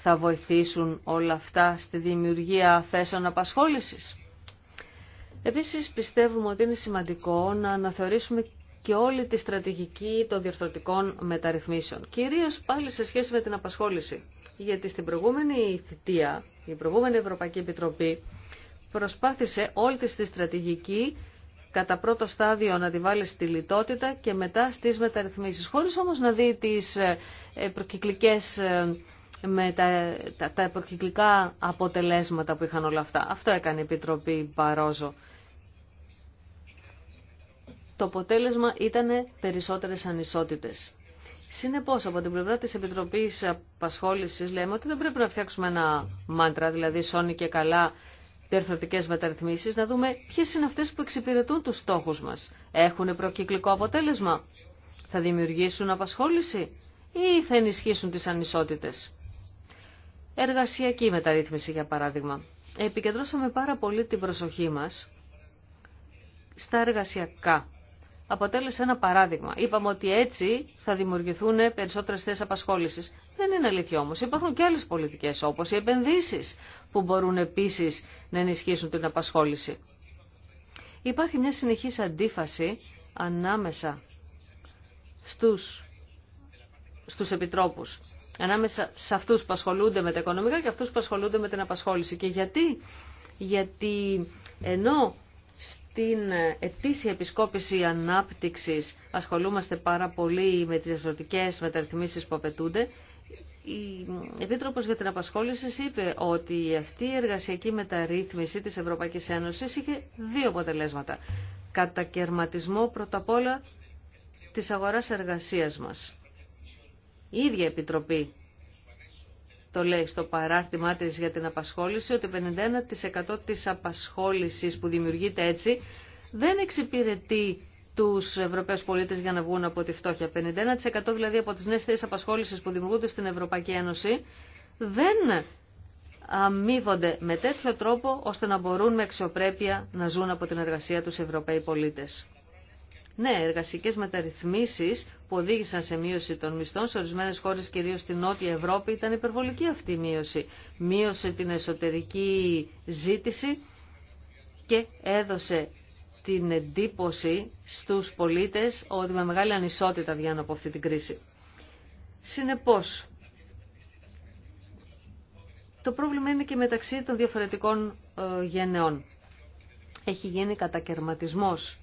θα βοηθήσουν όλα αυτά στη δημιουργία θέσεων απασχόλησης. Επίσης πιστεύουμε ότι είναι σημαντικό να αναθεωρήσουμε και όλη τη στρατηγική των διορθωτικών μεταρρυθμίσεων, κυρίως πάλι σε σχέση με την απασχόληση. Γιατί στην προηγούμενη θητεία, η προηγούμενη Ευρωπαϊκή Επιτροπή προσπάθησε όλη τη στρατηγική κατά πρώτο στάδιο να τη βάλει στη λιτότητα και μετά στις μεταρρυθμίσεις, χωρίς όμως να δει τις ε, προκυκλικές ε, με τα, τα, τα προκυκλικά αποτελέσματα που είχαν όλα αυτά. Αυτό έκανε η Επιτροπή Παρόζο. Το αποτέλεσμα ήταν περισσότερες ανισότητες. Συνεπώς, από την πλευρά της Επιτροπής Απασχόλησης λέμε ότι δεν πρέπει να φτιάξουμε ένα μάντρα, δηλαδή σώνει και καλά διαρθρωτικές μεταρρυθμίσεις, να δούμε ποιες είναι αυτές που εξυπηρετούν τους στόχους μας. Έχουν προκυκλικό αποτέλεσμα, θα δημιουργήσουν απασχόληση ή θα ενισχύσουν τις ανισότητε Εργασιακή μεταρρύθμιση, για παράδειγμα. Επικεντρώσαμε πάρα πολύ την προσοχή μας στα εργασιακά. Αποτέλεσε ένα παράδειγμα. Είπαμε ότι έτσι θα δημιουργηθούν περισσότερες θέσεις απασχόλησης. Δεν είναι αλήθεια όμω. Υπάρχουν και άλλες πολιτικές, όπως οι επενδύσεις, που μπορούν επίσης να ενισχύσουν την απασχόληση. Υπάρχει μια συνεχής αντίφαση ανάμεσα στους, στους επιτρόπους ανάμεσα σε αυτούς που ασχολούνται με τα οικονομικά και αυτούς που ασχολούνται με την απασχόληση. Και γιατί, γιατί ενώ στην ετήσια επισκόπηση ανάπτυξης ασχολούμαστε πάρα πολύ με τις διαφορετικές μεταρρυθμίσεις που απαιτούνται, η Επίτροπος για την Απασχόληση είπε ότι αυτή η εργασιακή μεταρρύθμιση της Ευρωπαϊκής Ένωσης είχε δύο αποτελέσματα. Κατακαιρματισμό πρώτα απ' όλα της αγοράς εργασίας μας η ίδια Επιτροπή το λέει στο παράρτημά της για την απασχόληση ότι 51% της απασχόλησης που δημιουργείται έτσι δεν εξυπηρετεί τους Ευρωπαίους πολίτες για να βγουν από τη φτώχεια. 51% δηλαδή από τις νέες θέσεις απασχόλησης που δημιουργούνται στην Ευρωπαϊκή Ένωση δεν αμείβονται με τέτοιο τρόπο ώστε να μπορούν με αξιοπρέπεια να ζουν από την εργασία τους Ευρωπαίοι πολίτες. Ναι, εργασικέ μεταρρυθμίσει που οδήγησαν σε μείωση των μισθών σε ορισμένε χώρε, κυρίω στη Νότια Ευρώπη, ήταν υπερβολική αυτή η μείωση. Μείωσε την εσωτερική ζήτηση και έδωσε την εντύπωση στους πολίτες ότι με μεγάλη ανισότητα βγαίνουν από αυτή την κρίση. Συνεπώς, το πρόβλημα είναι και μεταξύ των διαφορετικών ε, γενεών. Έχει γίνει κατακαιρματισμός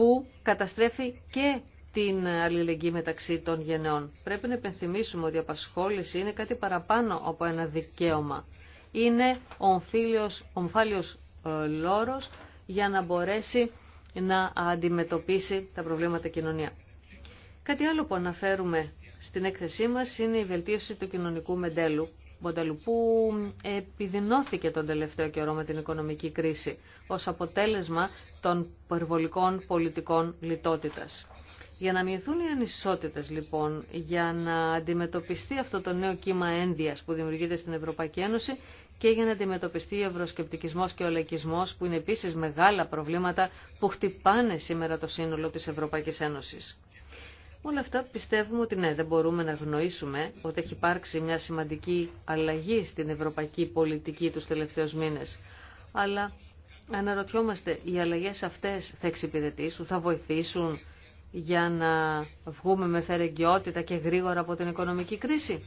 που καταστρέφει και την αλληλεγγύη μεταξύ των γενεών. Πρέπει να επενθυμίσουμε ότι η απασχόληση είναι κάτι παραπάνω από ένα δικαίωμα. Είναι ομφάλιος, ομφάλιος ε, λόρος για να μπορέσει να αντιμετωπίσει τα προβλήματα κοινωνία. Κάτι άλλο που αναφέρουμε στην έκθεσή μας είναι η βελτίωση του κοινωνικού μεντέλου μοντέλου που επιδεινώθηκε τον τελευταίο καιρό με την οικονομική κρίση ως αποτέλεσμα των περιβολικών πολιτικών λιτότητας. Για να μειωθούν οι ανισότητες λοιπόν, για να αντιμετωπιστεί αυτό το νέο κύμα ένδυας που δημιουργείται στην Ευρωπαϊκή Ένωση και για να αντιμετωπιστεί ο ευρωσκεπτικισμός και ο λαϊκισμός που είναι επίσης μεγάλα προβλήματα που χτυπάνε σήμερα το σύνολο της Ευρωπαϊκής Ένωσης. Όλα αυτά πιστεύουμε ότι ναι, δεν μπορούμε να γνωρίσουμε ότι έχει υπάρξει μια σημαντική αλλαγή στην ευρωπαϊκή πολιτική τους τελευταίους μήνες. Αλλά αναρωτιόμαστε, οι αλλαγές αυτές θα εξυπηρετήσουν, θα βοηθήσουν για να βγούμε με φερεγγιότητα και γρήγορα από την οικονομική κρίση.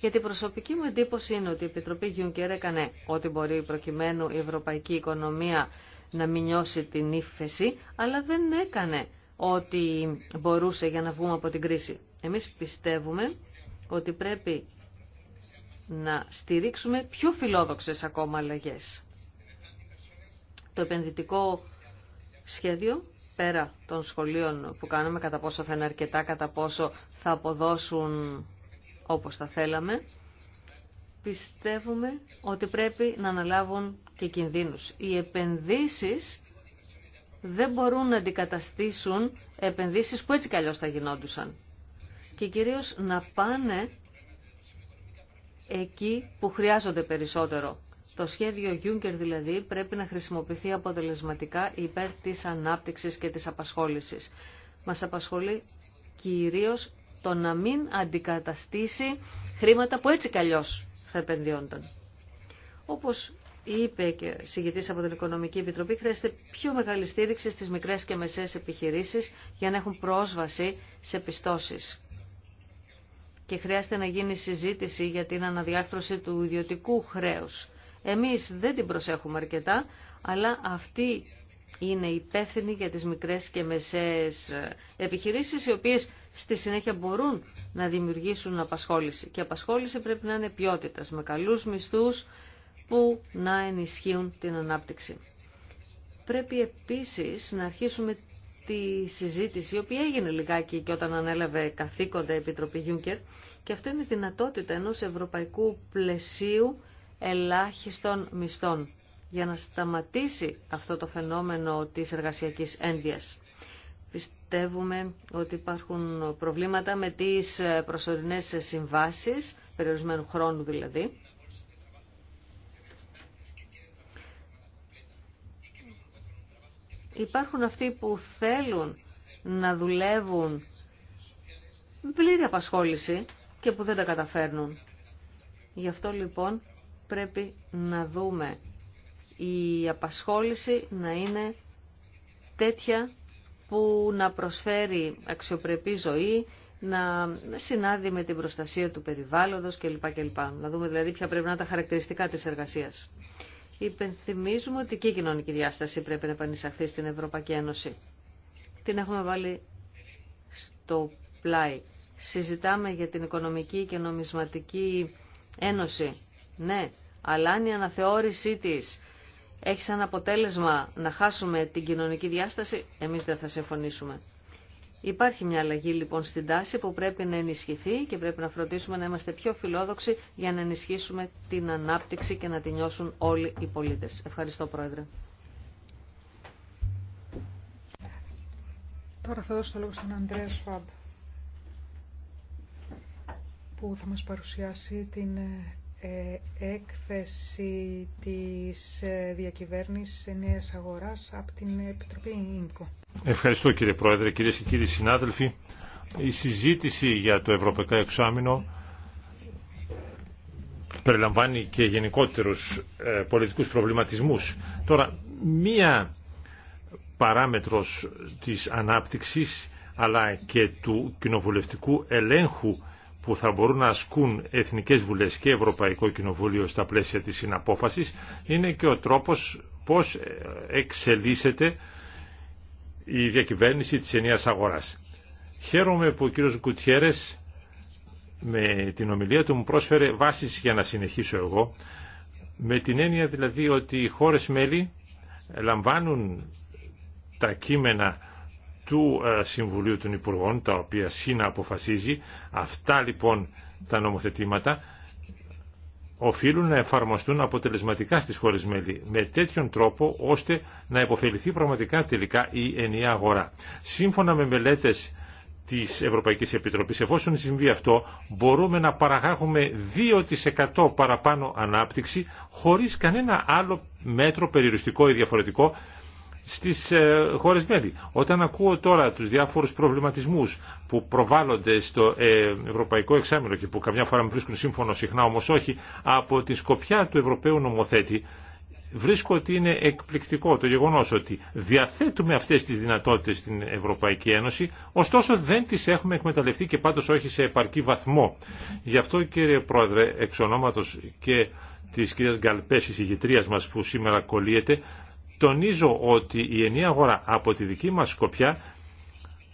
Γιατί η προσωπική μου εντύπωση είναι ότι η Επιτροπή Γιουνκέρ έκανε ό,τι μπορεί προκειμένου η ευρωπαϊκή οικονομία να μην νιώσει την ύφεση, αλλά δεν έκανε ό,τι μπορούσε για να βγούμε από την κρίση. Εμείς πιστεύουμε ότι πρέπει να στηρίξουμε πιο φιλόδοξες ακόμα αλλαγές. Το επενδυτικό σχέδιο, πέρα των σχολείων που κάνουμε κατά πόσο θα είναι αρκετά, κατά πόσο θα αποδώσουν όπως θα θέλαμε, πιστεύουμε ότι πρέπει να αναλάβουν και κινδύνους. Οι επενδύσεις δεν μπορούν να αντικαταστήσουν επενδύσεις που έτσι καλώς θα γινόντουσαν. Και κυρίως να πάνε εκεί που χρειάζονται περισσότερο. Το σχέδιο Juncker δηλαδή πρέπει να χρησιμοποιηθεί αποτελεσματικά υπέρ της ανάπτυξης και της απασχόλησης. Μας απασχολεί κυρίως το να μην αντικαταστήσει χρήματα που έτσι καλώς θα επενδύονταν. Όπως είπε και συγκητής από την Οικονομική Επιτροπή, χρειάζεται πιο μεγάλη στήριξη στι μικρέ και μεσαίε επιχειρήσει για να έχουν πρόσβαση σε πιστώσει. Και χρειάζεται να γίνει συζήτηση για την αναδιάρθρωση του ιδιωτικού χρέου. Εμεί δεν την προσέχουμε αρκετά, αλλά αυτή είναι υπεύθυνη για τις μικρές και μεσαίες επιχειρήσεις, οι οποίες στη συνέχεια μπορούν να δημιουργήσουν απασχόληση. Και απασχόληση πρέπει να είναι ποιότητα με καλούς μισθούς, που να ενισχύουν την ανάπτυξη. Πρέπει επίσης να αρχίσουμε τη συζήτηση, η οποία έγινε λιγάκι και όταν ανέλαβε καθήκοντα η Επιτροπή Γιούγκερ, και αυτό είναι η δυνατότητα ενός ευρωπαϊκού πλαισίου ελάχιστων μισθών, για να σταματήσει αυτό το φαινόμενο της εργασιακής ένδυας. Πιστεύουμε ότι υπάρχουν προβλήματα με τις προσωρινές συμβάσεις, περιορισμένου χρόνου δηλαδή, υπάρχουν αυτοί που θέλουν να δουλεύουν πλήρη απασχόληση και που δεν τα καταφέρνουν. Γι' αυτό λοιπόν πρέπει να δούμε η απασχόληση να είναι τέτοια που να προσφέρει αξιοπρεπή ζωή, να συνάδει με την προστασία του περιβάλλοντος κλπ. κλπ. Να δούμε δηλαδή ποια πρέπει να είναι τα χαρακτηριστικά της εργασίας υπενθυμίζουμε ότι και η κοινωνική διάσταση πρέπει να επανεισαχθεί στην Ευρωπαϊκή Ένωση. Την έχουμε βάλει στο πλάι. Συζητάμε για την Οικονομική και Νομισματική Ένωση. Ναι, αλλά αν η αναθεώρησή της έχει σαν αποτέλεσμα να χάσουμε την κοινωνική διάσταση, εμείς δεν θα συμφωνήσουμε. Υπάρχει μια αλλαγή λοιπόν στην τάση που πρέπει να ενισχυθεί και πρέπει να φροντίσουμε να είμαστε πιο φιλόδοξοι για να ενισχύσουμε την ανάπτυξη και να την νιώσουν όλοι οι πολίτες. Ευχαριστώ Πρόεδρε. Τώρα θα δώσω το λόγο στον Ανδρέα Σφαμπ που θα μας παρουσιάσει την ε, έκθεση της ε, διακυβέρνησης νέας αγοράς από την Επιτροπή ΙΝΚΟ. Ευχαριστώ κύριε Πρόεδρε, κυρίε και κύριοι συνάδελφοι. Η συζήτηση για το Ευρωπαϊκό Εξάμεινο περιλαμβάνει και γενικότερους ε, πολιτικούς προβληματισμούς. Τώρα, μία παράμετρος της ανάπτυξης αλλά και του κοινοβουλευτικού ελέγχου που θα μπορούν να ασκούν Εθνικές Βουλές και Ευρωπαϊκό Κοινοβούλιο στα πλαίσια της συναπόφασης είναι και ο τρόπος πώς ε, εξελίσσεται η διακυβέρνηση της ενιαίας αγοράς. Χαίρομαι που ο κύριος Γκουτιέρες με την ομιλία του μου πρόσφερε βάσεις για να συνεχίσω εγώ, με την έννοια δηλαδή ότι οι χώρες μέλη λαμβάνουν τα κείμενα του ε, Συμβουλίου των Υπουργών, τα οποία ΣΥΝΑ αποφασίζει. Αυτά λοιπόν τα νομοθετήματα οφείλουν να εφαρμοστούν αποτελεσματικά στις χώρες μέλη με τέτοιον τρόπο ώστε να υποφεληθεί πραγματικά τελικά η ενιαία αγορά. Σύμφωνα με μελέτες της Ευρωπαϊκής Επιτροπής, εφόσον συμβεί αυτό, μπορούμε να παραγάγουμε 2% παραπάνω ανάπτυξη χωρίς κανένα άλλο μέτρο περιοριστικό ή διαφορετικό στις ε, χώρες μέλη. Όταν ακούω τώρα τους διάφορους προβληματισμούς που προβάλλονται στο ε, Ευρωπαϊκό Εξάμεινο και που καμιά φορά με βρίσκουν σύμφωνο συχνά όμως όχι, από τη σκοπιά του Ευρωπαίου νομοθέτη βρίσκω ότι είναι εκπληκτικό το γεγονός ότι διαθέτουμε αυτές τις δυνατότητες στην Ευρωπαϊκή Ένωση, ωστόσο δεν τις έχουμε εκμεταλλευτεί και πάντως όχι σε επαρκή βαθμό. Γι' αυτό κύριε Πρόεδρε, εξ και της κυρίας Γκαλπέσης ηγητρίας μας που σήμερα κολλείεται, τονίζω ότι η ενιαία αγορά από τη δική μας σκοπιά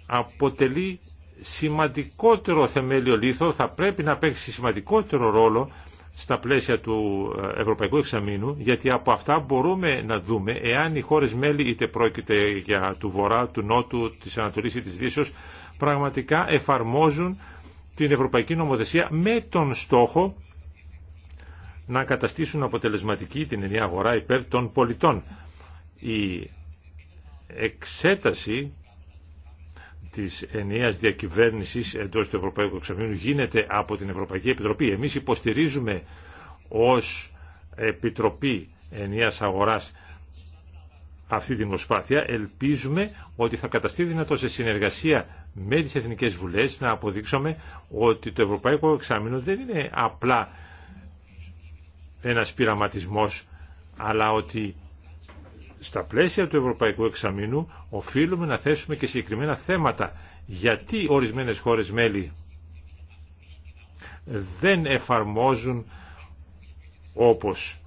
αποτελεί σημαντικότερο θεμέλιο λίθο, θα πρέπει να παίξει σημαντικότερο ρόλο στα πλαίσια του ε, Ευρωπαϊκού Εξαμήνου, γιατί από αυτά μπορούμε να δούμε εάν οι χώρες μέλη, είτε πρόκειται για του Βορρά, του Νότου, της Ανατολής ή της Δύσεως, πραγματικά εφαρμόζουν την Ευρωπαϊκή Νομοθεσία με τον στόχο να καταστήσουν αποτελεσματική την ενιαία αγορά υπέρ των πολιτών η εξέταση της ενιαίας διακυβέρνησης εντός του Ευρωπαϊκού Εξαμήνου γίνεται από την Ευρωπαϊκή Επιτροπή. Εμείς υποστηρίζουμε ως Επιτροπή Ενιαίας Αγοράς αυτή την προσπάθεια. Ελπίζουμε ότι θα καταστεί δυνατό σε συνεργασία με τις Εθνικές Βουλές να αποδείξουμε ότι το Ευρωπαϊκό Εξάμεινο δεν είναι απλά ένας πειραματισμός αλλά ότι στα πλαίσια του Ευρωπαϊκού Εξαμήνου οφείλουμε να θέσουμε και συγκεκριμένα θέματα. Γιατί ορισμένες χώρες μέλη δεν εφαρμόζουν όπως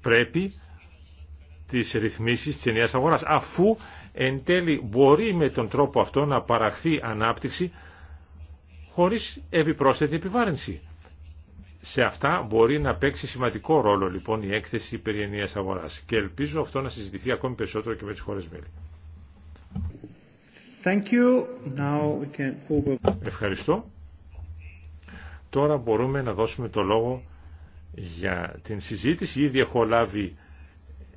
πρέπει τις ρυθμίσεις της ενιαίας αγοράς, αφού εν τέλει μπορεί με τον τρόπο αυτό να παραχθεί ανάπτυξη χωρίς επιπρόσθετη επιβάρυνση. Σε αυτά μπορεί να παίξει σημαντικό ρόλο λοιπόν η έκθεση περί ενίας αγοράς και ελπίζω αυτό να συζητηθεί ακόμη περισσότερο και με τις χώρες μέλη. Thank you. Now we can Ευχαριστώ. Τώρα μπορούμε να δώσουμε το λόγο για την συζήτηση. Ήδη έχω λάβει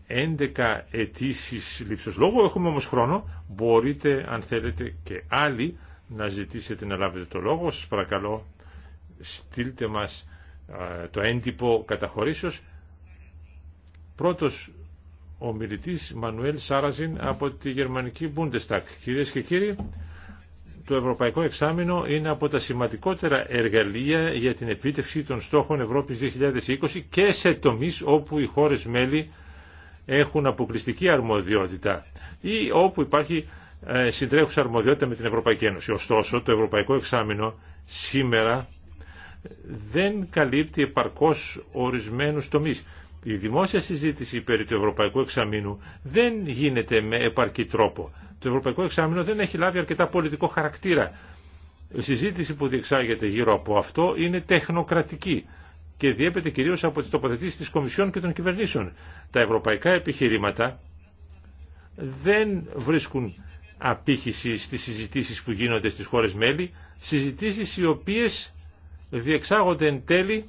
11 αιτήσει λήψεως λόγου. Έχουμε όμως χρόνο. Μπορείτε αν θέλετε και άλλοι να ζητήσετε να λάβετε το λόγο. Σας παρακαλώ στείλτε μας ε, το έντυπο καταχωρήσεως. Πρώτος ο μιλητής Μανουέλ Σάραζιν από τη γερμανική Bundestag. Κυρίες και κύριοι, το Ευρωπαϊκό Εξάμεινο είναι από τα σημαντικότερα εργαλεία για την επίτευξη των στόχων Ευρώπης 2020 και σε τομείς όπου οι χώρες μέλη έχουν αποκλειστική αρμοδιότητα ή όπου υπάρχει ε, συντρέχουσα αρμοδιότητα με την Ευρωπαϊκή Ένωση. Ωστόσο, το Ευρωπαϊκό Εξάμεινο σήμερα δεν καλύπτει επαρκώς ορισμένους τομείς. Η δημόσια συζήτηση περί του Ευρωπαϊκού Εξαμήνου δεν γίνεται με επαρκή τρόπο. Το Ευρωπαϊκό Εξάμεινο δεν έχει λάβει αρκετά πολιτικό χαρακτήρα. Η συζήτηση που διεξάγεται γύρω από αυτό είναι τεχνοκρατική και διέπεται κυρίως από τις τοποθετήσεις της Κομισιόν και των κυβερνήσεων. Τα ευρωπαϊκά επιχειρήματα δεν βρίσκουν απήχηση στις συζητήσεις που γίνονται στις χώρες μέλη, συζητήσεις οι οποίες διεξάγονται εν τέλει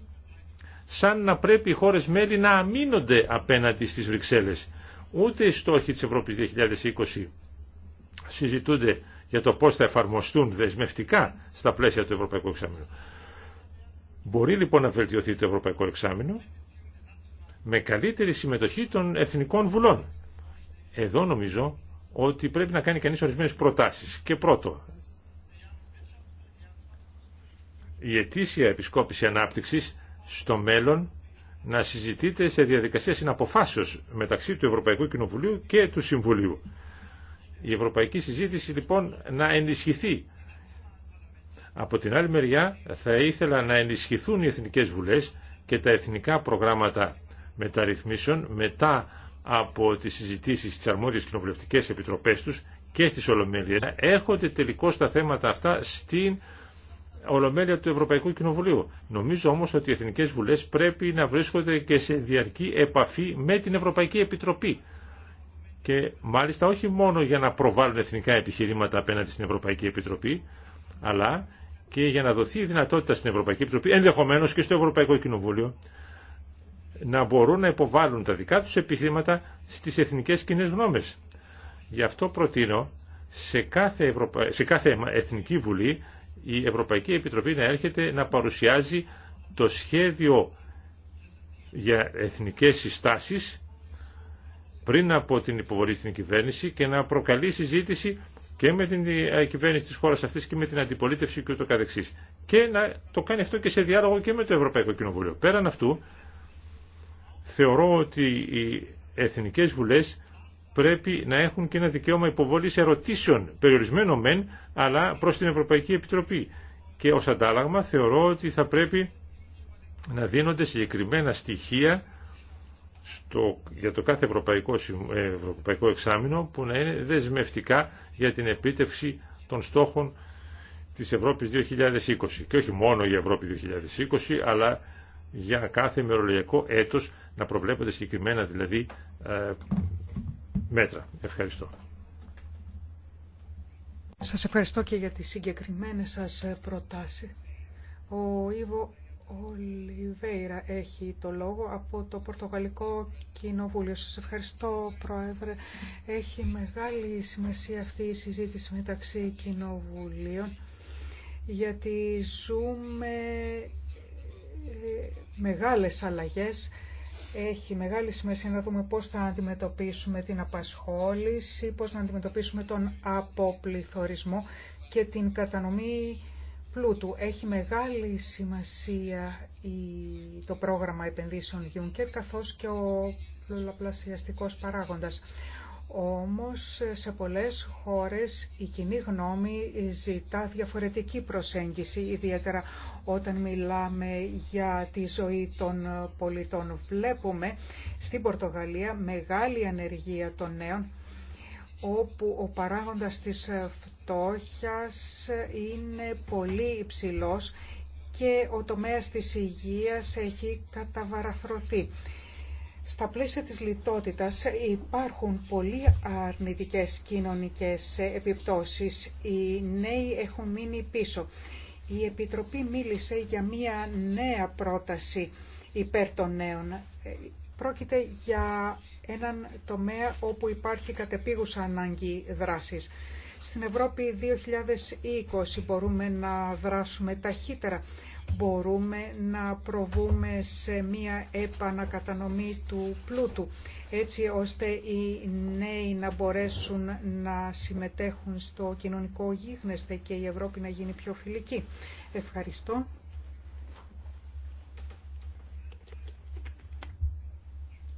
σαν να πρέπει οι χώρες μέλη να αμήνονται απέναντι στις Βρυξέλλες. Ούτε οι στόχοι της Ευρώπης 2020 συζητούνται για το πώς θα εφαρμοστούν δεσμευτικά στα πλαίσια του Ευρωπαϊκού Εξάμεινου. Μπορεί λοιπόν να βελτιωθεί το Ευρωπαϊκό Εξάμεινο με καλύτερη συμμετοχή των εθνικών βουλών. Εδώ νομίζω ότι πρέπει να κάνει κανείς ορισμένες προτάσεις. Και πρώτο, η ετήσια επισκόπηση ανάπτυξης στο μέλλον να συζητείται σε διαδικασία συναποφάσεως μεταξύ του Ευρωπαϊκού Κοινοβουλίου και του Συμβουλίου. Η ευρωπαϊκή συζήτηση λοιπόν να ενισχυθεί. Από την άλλη μεριά θα ήθελα να ενισχυθούν οι εθνικές βουλές και τα εθνικά προγράμματα μεταρρυθμίσεων μετά από τις συζητήσεις στις αρμόδιες κοινοβουλευτικές επιτροπές τους και στις Ολομέλειες. Έρχονται τελικώς τα θέματα αυτά στην Ολομέλεια του Ευρωπαϊκού Κοινοβουλίου. Νομίζω όμω ότι οι εθνικέ βουλέ πρέπει να βρίσκονται και σε διαρκή επαφή με την Ευρωπαϊκή Επιτροπή. Και μάλιστα όχι μόνο για να προβάλλουν εθνικά επιχειρήματα απέναντι στην Ευρωπαϊκή Επιτροπή, αλλά και για να δοθεί η δυνατότητα στην Ευρωπαϊκή Επιτροπή, ενδεχομένω και στο Ευρωπαϊκό Κοινοβούλιο, να μπορούν να υποβάλουν τα δικά του επιχειρήματα στι εθνικέ κοινέ γνώμε. Γι' αυτό προτείνω σε κάθε, Ευρωπα... σε κάθε Εθνική Βουλή η Ευρωπαϊκή Επιτροπή να έρχεται να παρουσιάζει το σχέδιο για εθνικές συστάσεις πριν από την υποβολή στην κυβέρνηση και να προκαλεί συζήτηση και με την ε, κυβέρνηση της χώρας αυτής και με την αντιπολίτευση και ούτω καθεξής. Και να το κάνει αυτό και σε διάλογο και με το Ευρωπαϊκό Κοινοβούλιο. Πέραν αυτού, θεωρώ ότι οι εθνικές βουλές πρέπει να έχουν και ένα δικαίωμα υποβολής ερωτήσεων, περιορισμένο μεν, αλλά προς την Ευρωπαϊκή Επιτροπή. Και ως αντάλλαγμα θεωρώ ότι θα πρέπει να δίνονται συγκεκριμένα στοιχεία στο, για το κάθε ευρωπαϊκό, ε, ευρωπαϊκό εξάμεινο που να είναι δεσμευτικά για την επίτευξη των στόχων της Ευρώπης 2020. Και όχι μόνο η Ευρώπη 2020, αλλά για κάθε ημερολογιακό έτος να προβλέπονται συγκεκριμένα δηλαδή ε, μέτρα. Ευχαριστώ. Σας ευχαριστώ και για τις συγκεκριμένες σας προτάσεις. Ο Ιβο Ολιβέηρα έχει το λόγο από το Πορτογαλικό Κοινοβούλιο. Σας ευχαριστώ, Πρόεδρε. Έχει μεγάλη σημασία αυτή η συζήτηση μεταξύ κοινοβουλίων, γιατί ζούμε ε, μεγάλες αλλαγές έχει μεγάλη σημασία να δούμε πώς θα αντιμετωπίσουμε την απασχόληση, πώς να αντιμετωπίσουμε τον αποπληθωρισμό και την κατανομή πλούτου. Έχει μεγάλη σημασία το πρόγραμμα επενδύσεων Juncker καθώς και ο πολλαπλασιαστικός παράγοντας. Όμως σε πολλές χώρες η κοινή γνώμη ζητά διαφορετική προσέγγιση, ιδιαίτερα όταν μιλάμε για τη ζωή των πολιτών. Βλέπουμε στην Πορτογαλία μεγάλη ανεργία των νέων, όπου ο παράγοντας της φτώχειας είναι πολύ υψηλός και ο τομέας της υγείας έχει καταβαραθρωθεί. Στα πλαίσια της λιτότητας υπάρχουν πολύ αρνητικές κοινωνικές επιπτώσεις. Οι νέοι έχουν μείνει πίσω. Η Επιτροπή μίλησε για μία νέα πρόταση υπέρ των νέων. Πρόκειται για έναν τομέα όπου υπάρχει κατεπίγουσα ανάγκη δράσης. Στην Ευρώπη 2020 μπορούμε να δράσουμε ταχύτερα μπορούμε να προβούμε σε μία επανακατανομή του πλούτου, έτσι ώστε οι νέοι να μπορέσουν να συμμετέχουν στο κοινωνικό γίγνεσθε και η Ευρώπη να γίνει πιο φιλική. Ευχαριστώ.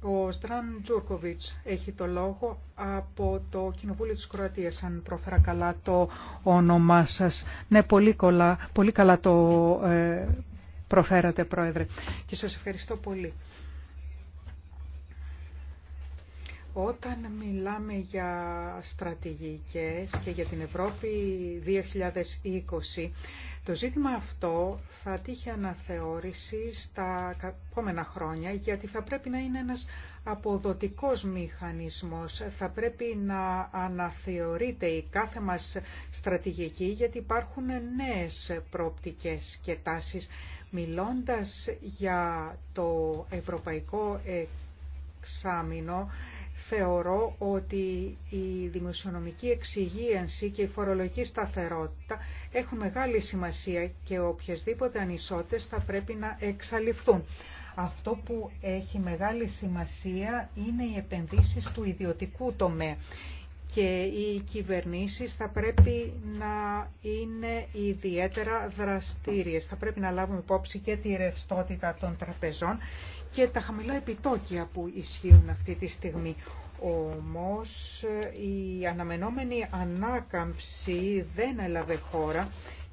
Ο Στραν Τζούρκοβιτς έχει το λόγο από το Κοινοβούλιο της Κροατίας, αν προφέρα καλά το όνομά σας. Ναι, πολύ, πολύ καλά το ε, προφέρατε, Πρόεδρε. Και σας ευχαριστώ πολύ. Όταν μιλάμε για στρατηγικές και για την Ευρώπη 2020, το ζήτημα αυτό θα τύχει αναθεώρηση στα επόμενα χρόνια γιατί θα πρέπει να είναι ένας αποδοτικός μηχανισμός. Θα πρέπει να αναθεωρείται η κάθε μας στρατηγική γιατί υπάρχουν νέες προοπτικές και τάσεις. Μιλώντας για το ευρωπαϊκό εξάμεινο, θεωρώ ότι η δημοσιονομική εξυγίανση και η φορολογική σταθερότητα έχουν μεγάλη σημασία και οποιασδήποτε ανισότητες θα πρέπει να εξαλειφθούν. Αυτό που έχει μεγάλη σημασία είναι οι επενδύσεις του ιδιωτικού τομέα και οι κυβερνήσεις θα πρέπει να είναι ιδιαίτερα δραστήριες. Θα πρέπει να λάβουμε υπόψη και τη ρευστότητα των τραπεζών και τα χαμηλά επιτόκια που ισχύουν αυτή τη στιγμή. Όμως η αναμενόμενη ανάκαμψη δεν έλαβε χώρα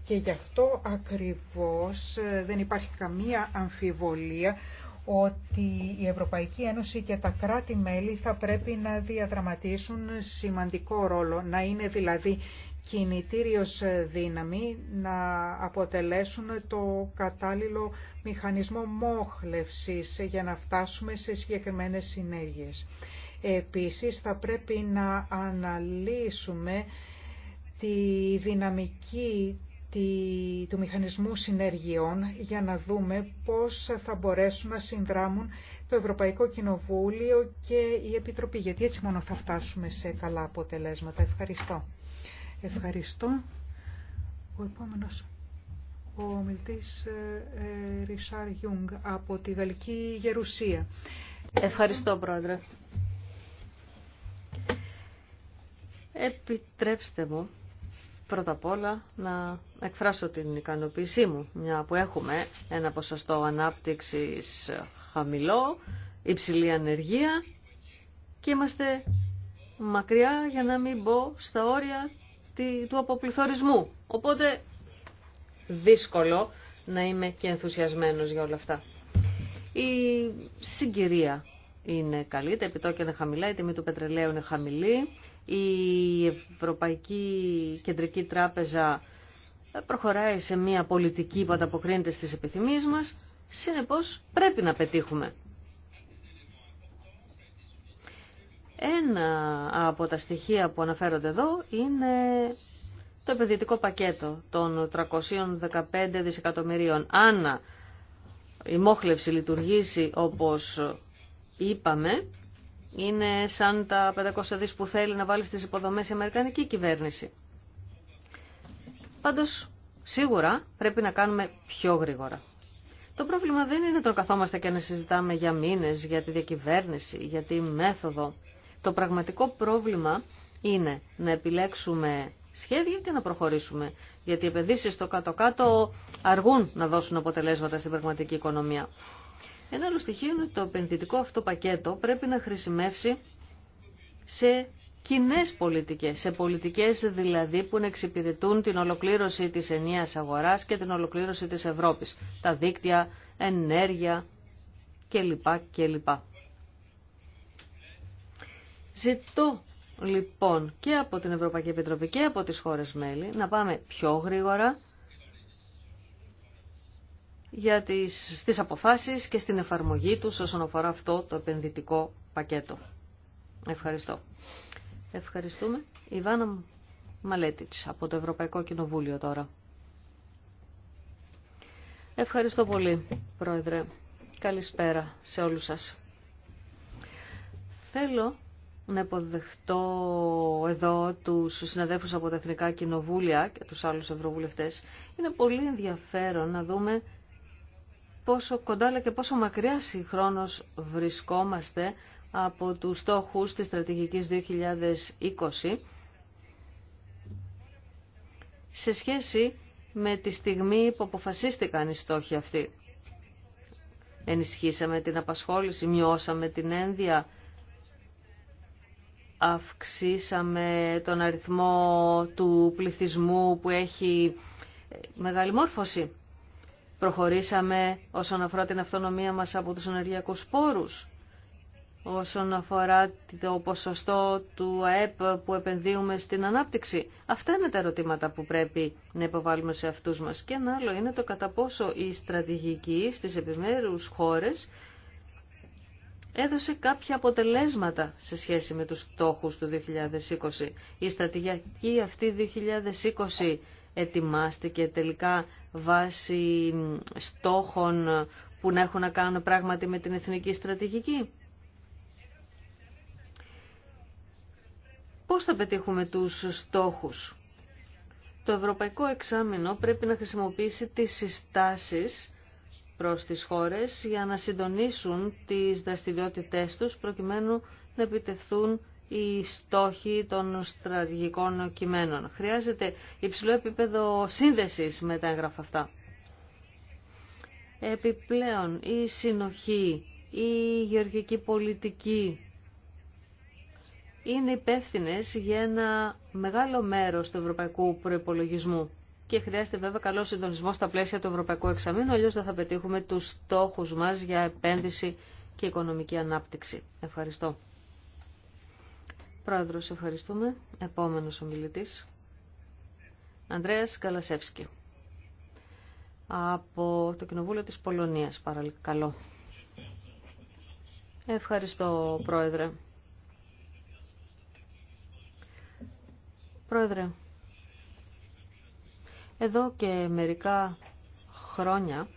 και γι' αυτό ακριβώς ε, δεν υπάρχει καμία αμφιβολία ότι η Ευρωπαϊκή Ένωση και τα κράτη-μέλη θα πρέπει να διαδραματίσουν σημαντικό ρόλο, να είναι δηλαδή κινητήριος δύναμη, να αποτελέσουν το κατάλληλο μηχανισμό μόχλευσης για να φτάσουμε σε συγκεκριμένες συνέργειες. Επίσης θα πρέπει να αναλύσουμε τη δυναμική του μηχανισμού συνεργειών για να δούμε πώς θα μπορέσουν να συνδράμουν το Ευρωπαϊκό Κοινοβούλιο και η Επιτροπή, γιατί έτσι μόνο θα φτάσουμε σε καλά αποτελέσματα. Ευχαριστώ. Ευχαριστώ. Ο επόμενος, ο μιλτής ε, ε, Ρισάρ Γιούγκ από τη Γαλλική Γερουσία. Ευχαριστώ, Πρόεδρε. Επιτρέψτε μου πρώτα απ' όλα να εκφράσω την ικανοποίησή μου, μια που έχουμε ένα ποσοστό ανάπτυξης χαμηλό, υψηλή ανεργία και είμαστε μακριά για να μην μπω στα όρια του αποπληθωρισμού. Οπότε δύσκολο να είμαι και ενθουσιασμένος για όλα αυτά. Η συγκυρία είναι καλή, τα επιτόκια είναι χαμηλά, η τιμή του πετρελαίου είναι χαμηλή, η Ευρωπαϊκή Κεντρική Τράπεζα προχωράει σε μια πολιτική που ανταποκρίνεται στις επιθυμίες μας, συνεπώς πρέπει να πετύχουμε. Ένα από τα στοιχεία που αναφέρονται εδώ είναι το επενδυτικό πακέτο των 315 δισεκατομμυρίων. Αν η μόχλευση λειτουργήσει όπως είπαμε, είναι σαν τα 500 δις που θέλει να βάλει στις υποδομές η Αμερικανική κυβέρνηση. Πάντως, σίγουρα πρέπει να κάνουμε πιο γρήγορα. Το πρόβλημα δεν είναι το καθόμαστε και να συζητάμε για μήνες, για τη διακυβέρνηση, για τη μέθοδο. Το πραγματικό πρόβλημα είναι να επιλέξουμε σχέδια και να προχωρήσουμε. Γιατί οι επενδύσεις στο κάτω-κάτω αργούν να δώσουν αποτελέσματα στην πραγματική οικονομία. Ένα άλλο στοιχείο είναι ότι το επενδυτικό αυτό πακέτο πρέπει να χρησιμεύσει σε κοινέ πολιτικέ, σε πολιτικέ δηλαδή που να εξυπηρετούν την ολοκλήρωση τη ενία αγορά και την ολοκλήρωση τη Ευρώπη. Τα δίκτυα, ενέργεια κλπ. κλπ. Ζητώ λοιπόν και από την Ευρωπαϊκή Επιτροπή και από τις χώρες μέλη να πάμε πιο γρήγορα για τις, στις αποφάσεις και στην εφαρμογή τους όσον αφορά αυτό το επενδυτικό πακέτο. Ευχαριστώ. Ευχαριστούμε. Ιβάνα Μαλέτιτς από το Ευρωπαϊκό Κοινοβούλιο τώρα. Ευχαριστώ πολύ, Πρόεδρε. Καλησπέρα σε όλους σας. Θέλω να υποδεχτώ εδώ τους συναδέλφους από τα Εθνικά Κοινοβούλια και τους άλλους ευρωβουλευτές. Είναι πολύ ενδιαφέρον να δούμε πόσο κοντά και πόσο μακριά συγχρόνως βρισκόμαστε από τους στόχους της στρατηγικής 2020 σε σχέση με τη στιγμή που αποφασίστηκαν οι στόχοι αυτοί. Ενισχύσαμε την απασχόληση, μειώσαμε την ένδια, αυξήσαμε τον αριθμό του πληθυσμού που έχει μεγάλη μόρφωση. Προχωρήσαμε όσον αφορά την αυτονομία μας από τους ενεργειακούς πόρους, όσον αφορά το ποσοστό του ΑΕΠ που επενδύουμε στην ανάπτυξη. Αυτά είναι τα ερωτήματα που πρέπει να υποβάλουμε σε αυτούς μας. Και ένα άλλο είναι το κατά πόσο η στρατηγική στις επιμέρους χώρες έδωσε κάποια αποτελέσματα σε σχέση με τους στόχους του 2020. Η στρατηγική αυτή 2020 ετοιμάστηκε τελικά βάσει στόχων που να έχουν να κάνουν πράγματι με την εθνική στρατηγική. Πώς θα πετύχουμε τους στόχους. Το Ευρωπαϊκό Εξάμεινο πρέπει να χρησιμοποιήσει τις συστάσεις προς τις χώρες για να συντονίσουν τις δραστηριότητές τους προκειμένου να επιτευχθούν οι στόχοι των στρατηγικών κειμένων. Χρειάζεται υψηλό επίπεδο σύνδεσης με τα έγγραφα αυτά. Επιπλέον, η συνοχή, η γεωργική πολιτική είναι υπεύθυνε για ένα μεγάλο μέρος του ευρωπαϊκού προϋπολογισμού και χρειάζεται βέβαια καλό συντονισμό στα πλαίσια του ευρωπαϊκού εξαμήνου, αλλιώς δεν θα πετύχουμε τους στόχους μας για επένδυση και οικονομική ανάπτυξη. Ευχαριστώ. Πρόεδρος, ευχαριστούμε. Επόμενος ομιλητής. Ανδρέας Καλασεύσκη. Από το Κοινοβούλιο της Πολωνίας, παρακαλώ. Ευχαριστώ, Πρόεδρε. Πρόεδρε, εδώ και μερικά χρόνια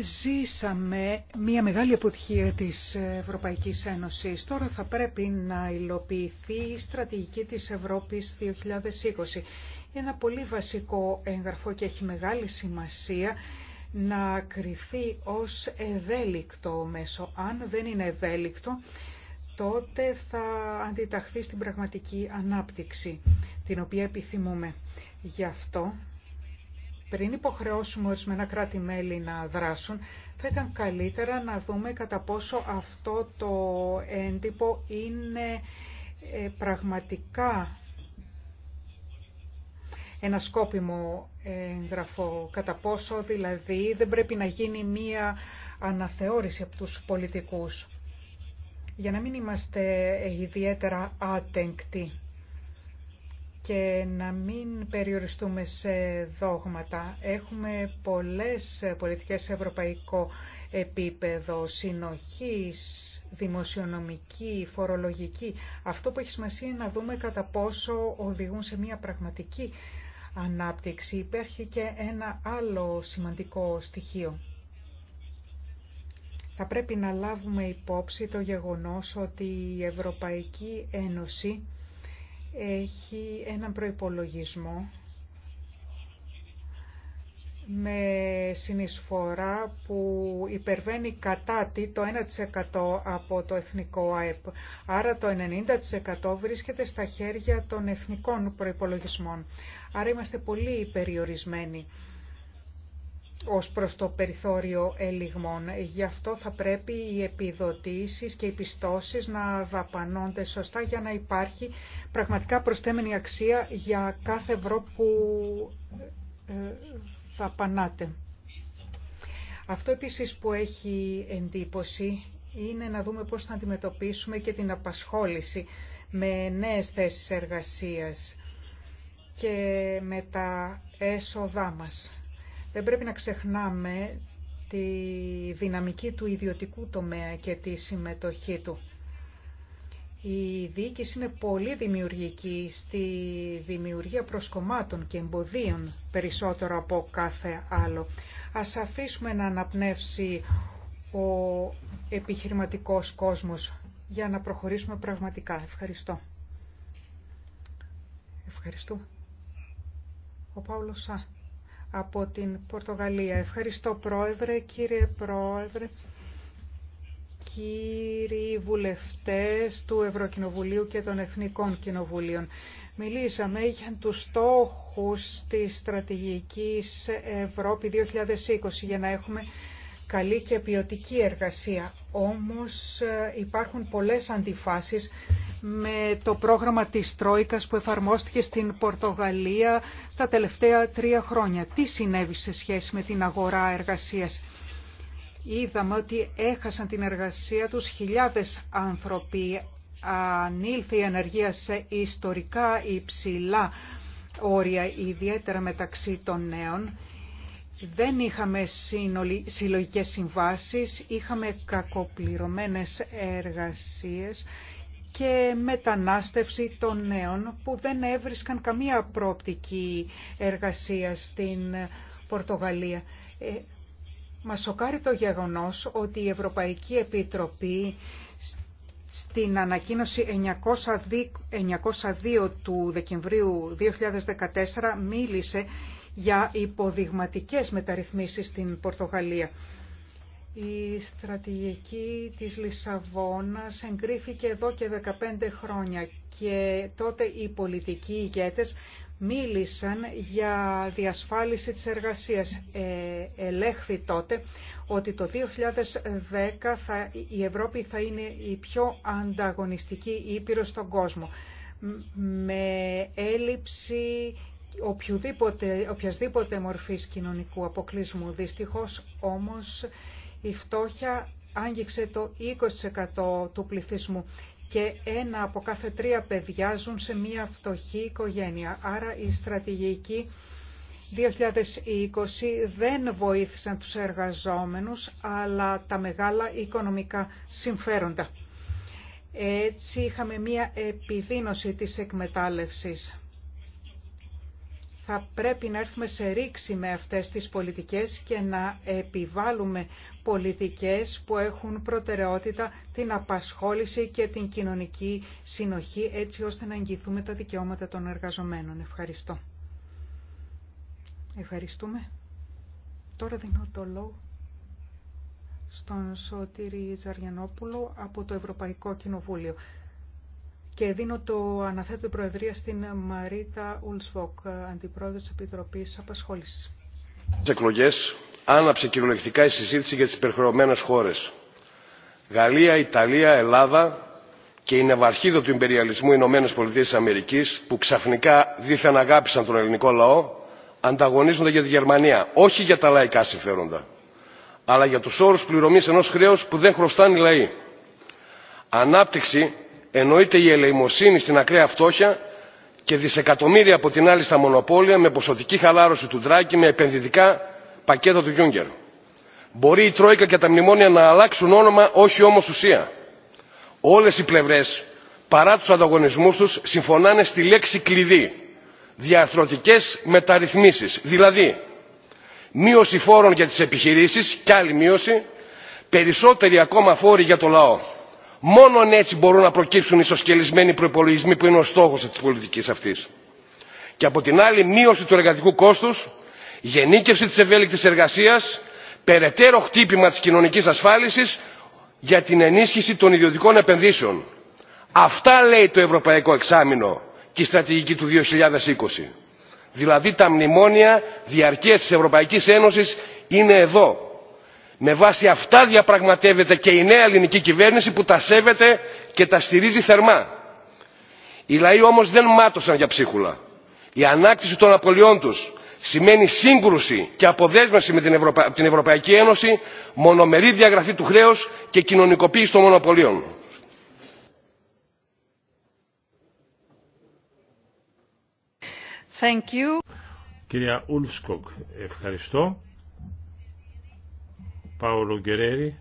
Ζήσαμε μια μεγάλη αποτυχία της Ευρωπαϊκής Ένωσης. Τώρα θα πρέπει να υλοποιηθεί η στρατηγική της Ευρώπης 2020. Ένα πολύ βασικό έγγραφο και έχει μεγάλη σημασία να κριθεί ως ευέλικτο μέσο. Αν δεν είναι ευέλικτο, τότε θα αντιταχθεί στην πραγματική ανάπτυξη, την οποία επιθυμούμε. Γι' αυτό πριν υποχρεώσουμε ορισμένα κράτη-μέλη να δράσουν, θα ήταν καλύτερα να δούμε κατά πόσο αυτό το έντυπο είναι ε, πραγματικά ένα σκόπιμο εγγραφό, κατά πόσο δηλαδή δεν πρέπει να γίνει μία αναθεώρηση από τους πολιτικούς, για να μην είμαστε ιδιαίτερα άτεγκτοι και να μην περιοριστούμε σε δόγματα. Έχουμε πολλές πολιτικές σε ευρωπαϊκό επίπεδο, συνοχής, δημοσιονομική, φορολογική. Αυτό που έχει σημασία είναι να δούμε κατά πόσο οδηγούν σε μια πραγματική ανάπτυξη. Υπάρχει και ένα άλλο σημαντικό στοιχείο. Θα πρέπει να λάβουμε υπόψη το γεγονός ότι η Ευρωπαϊκή Ένωση έχει έναν προϋπολογισμό με συνεισφορά που υπερβαίνει κατά τι το 1% από το εθνικό ΑΕΠ. Άρα το 90% βρίσκεται στα χέρια των εθνικών προϋπολογισμών. Άρα είμαστε πολύ περιορισμένοι ως προς το περιθώριο ελιγμών. Γι' αυτό θα πρέπει οι επιδοτήσεις και οι πιστώσεις να δαπανώνται σωστά για να υπάρχει πραγματικά προστέμενη αξία για κάθε ευρώ που ε, δαπανάτε. Αυτό επίσης που έχει εντύπωση είναι να δούμε πώς θα αντιμετωπίσουμε και την απασχόληση με νέες θέσεις εργασίας και με τα έσοδά μας. Δεν πρέπει να ξεχνάμε τη δυναμική του ιδιωτικού τομέα και τη συμμετοχή του. Η διοίκηση είναι πολύ δημιουργική στη δημιουργία προσκομμάτων και εμποδίων περισσότερο από κάθε άλλο. Ας αφήσουμε να αναπνεύσει ο επιχειρηματικός κόσμος για να προχωρήσουμε πραγματικά. Ευχαριστώ. Ευχαριστώ. Ο Παύλος Σά από την Πορτογαλία. Ευχαριστώ πρόεδρε, κύριε πρόεδρε, κύριοι βουλευτές του Ευρωκοινοβουλίου και των Εθνικών Κοινοβουλίων. Μιλήσαμε για τους στόχους της στρατηγικής Ευρώπη 2020 για να έχουμε καλή και ποιοτική εργασία. Όμως ε, υπάρχουν πολλές αντιφάσεις με το πρόγραμμα της Τρόικας που εφαρμόστηκε στην Πορτογαλία τα τελευταία τρία χρόνια. Τι συνέβη σε σχέση με την αγορά εργασίας. Είδαμε ότι έχασαν την εργασία τους χιλιάδες άνθρωποι. Ανήλθε η ανεργία σε ιστορικά υψηλά όρια, ιδιαίτερα μεταξύ των νέων δεν είχαμε συλλογικές συμβάσεις, είχαμε κακοπληρωμένες εργασίες και μετανάστευση των νέων που δεν έβρισκαν καμία προπτική εργασία στην Πορτογαλία. Ε, μας σοκάρει το γεγονός ότι η Ευρωπαϊκή Επιτροπή στην ανακοίνωση 902 του Δεκεμβρίου 2014 μίλησε για υποδειγματικές μεταρρυθμίσεις στην Πορτογαλία. Η στρατηγική της Λισαβόνας εγκρίθηκε εδώ και 15 χρόνια και τότε οι πολιτικοί ηγέτες μίλησαν για διασφάλιση της εργασίας. Ε, ελέγχθη τότε ότι το 2010 θα, η Ευρώπη θα είναι η πιο ανταγωνιστική ήπειρο στον κόσμο με έλλειψη οποιασδήποτε μορφής κοινωνικού αποκλεισμού. Δυστυχώς όμως η φτώχεια άγγιξε το 20% του πληθυσμού και ένα από κάθε τρία παιδιά ζουν σε μια φτωχή οικογένεια. Άρα η στρατηγική 2020 δεν βοήθησαν τους εργαζόμενους, αλλά τα μεγάλα οικονομικά συμφέροντα. Έτσι είχαμε μια επιδίνωση της εκμετάλλευσης θα πρέπει να έρθουμε σε ρήξη με αυτές τις πολιτικές και να επιβάλλουμε πολιτικές που έχουν προτεραιότητα την απασχόληση και την κοινωνική συνοχή έτσι ώστε να εγγυηθούμε τα δικαιώματα των εργαζομένων. Ευχαριστώ. Ευχαριστούμε. Τώρα δίνω το λόγο στον Σωτήρη Τζαριανόπουλο από το Ευρωπαϊκό Κοινοβούλιο και δίνω το αναθέτω Προεδρία στην Μαρίτα Ουλσβοκ, Αντιπρόεδρο τη Επιτροπής Απασχόλησης. Στις εκλογές άναψε κυριολεκτικά η συζήτηση για τις υπερχρεωμένες χώρες. Γαλλία, Ιταλία, Ελλάδα και η νευαρχίδα του υπεριαλισμού Ηνωμένες Πολιτείες Αμερικής που ξαφνικά δίθεν αγάπησαν τον ελληνικό λαό ανταγωνίζονται για τη Γερμανία, όχι για τα λαϊκά συμφέροντα, αλλά για τους όρου πληρωμής ενός χρέους που δεν χρωστάνε οι λαοί. Ανάπτυξη εννοείται η ελεημοσύνη στην ακραία φτώχεια και δισεκατομμύρια από την άλλη στα μονοπόλια με ποσοτική χαλάρωση του Ντράκη με επενδυτικά πακέτα του Γιούγκερ. Μπορεί η Τρόικα και τα μνημόνια να αλλάξουν όνομα, όχι όμω ουσία. Όλε οι πλευρέ παρά του ανταγωνισμού του συμφωνάνε στη λέξη κλειδί. Διαρθρωτικέ μεταρρυθμίσει, Δηλαδή, μείωση φόρων για τι επιχειρήσει και άλλη μείωση, περισσότεροι ακόμα φόροι για το λαό Μόνο έτσι μπορούν να προκύψουν οι σοσκελισμένοι προπολογισμοί που είναι ο στόχο τη πολιτική αυτή. Και από την άλλη, μείωση του εργατικού κόστου, γενίκευση τη ευέλικτη εργασία, περαιτέρω χτύπημα τη κοινωνική ασφάλιση για την ενίσχυση των ιδιωτικών επενδύσεων. Αυτά λέει το Ευρωπαϊκό Εξάμεινο και η στρατηγική του 2020. Δηλαδή τα μνημόνια διαρκείας της Ευρωπαϊκής Ένωσης είναι εδώ με βάση αυτά διαπραγματεύεται και η νέα ελληνική κυβέρνηση που τα σέβεται και τα στηρίζει θερμά. Οι λαοί όμως δεν μάτωσαν για ψίχουλα. Η ανάκτηση των απολειών τους σημαίνει σύγκρουση και αποδέσμευση με την, Ευρωπαϊκή Ένωση, μονομερή διαγραφή του χρέους και κοινωνικοποίηση των μονοπωλίων. Thank you. Κυρία ευχαριστώ. Πάολο Γκερέρι,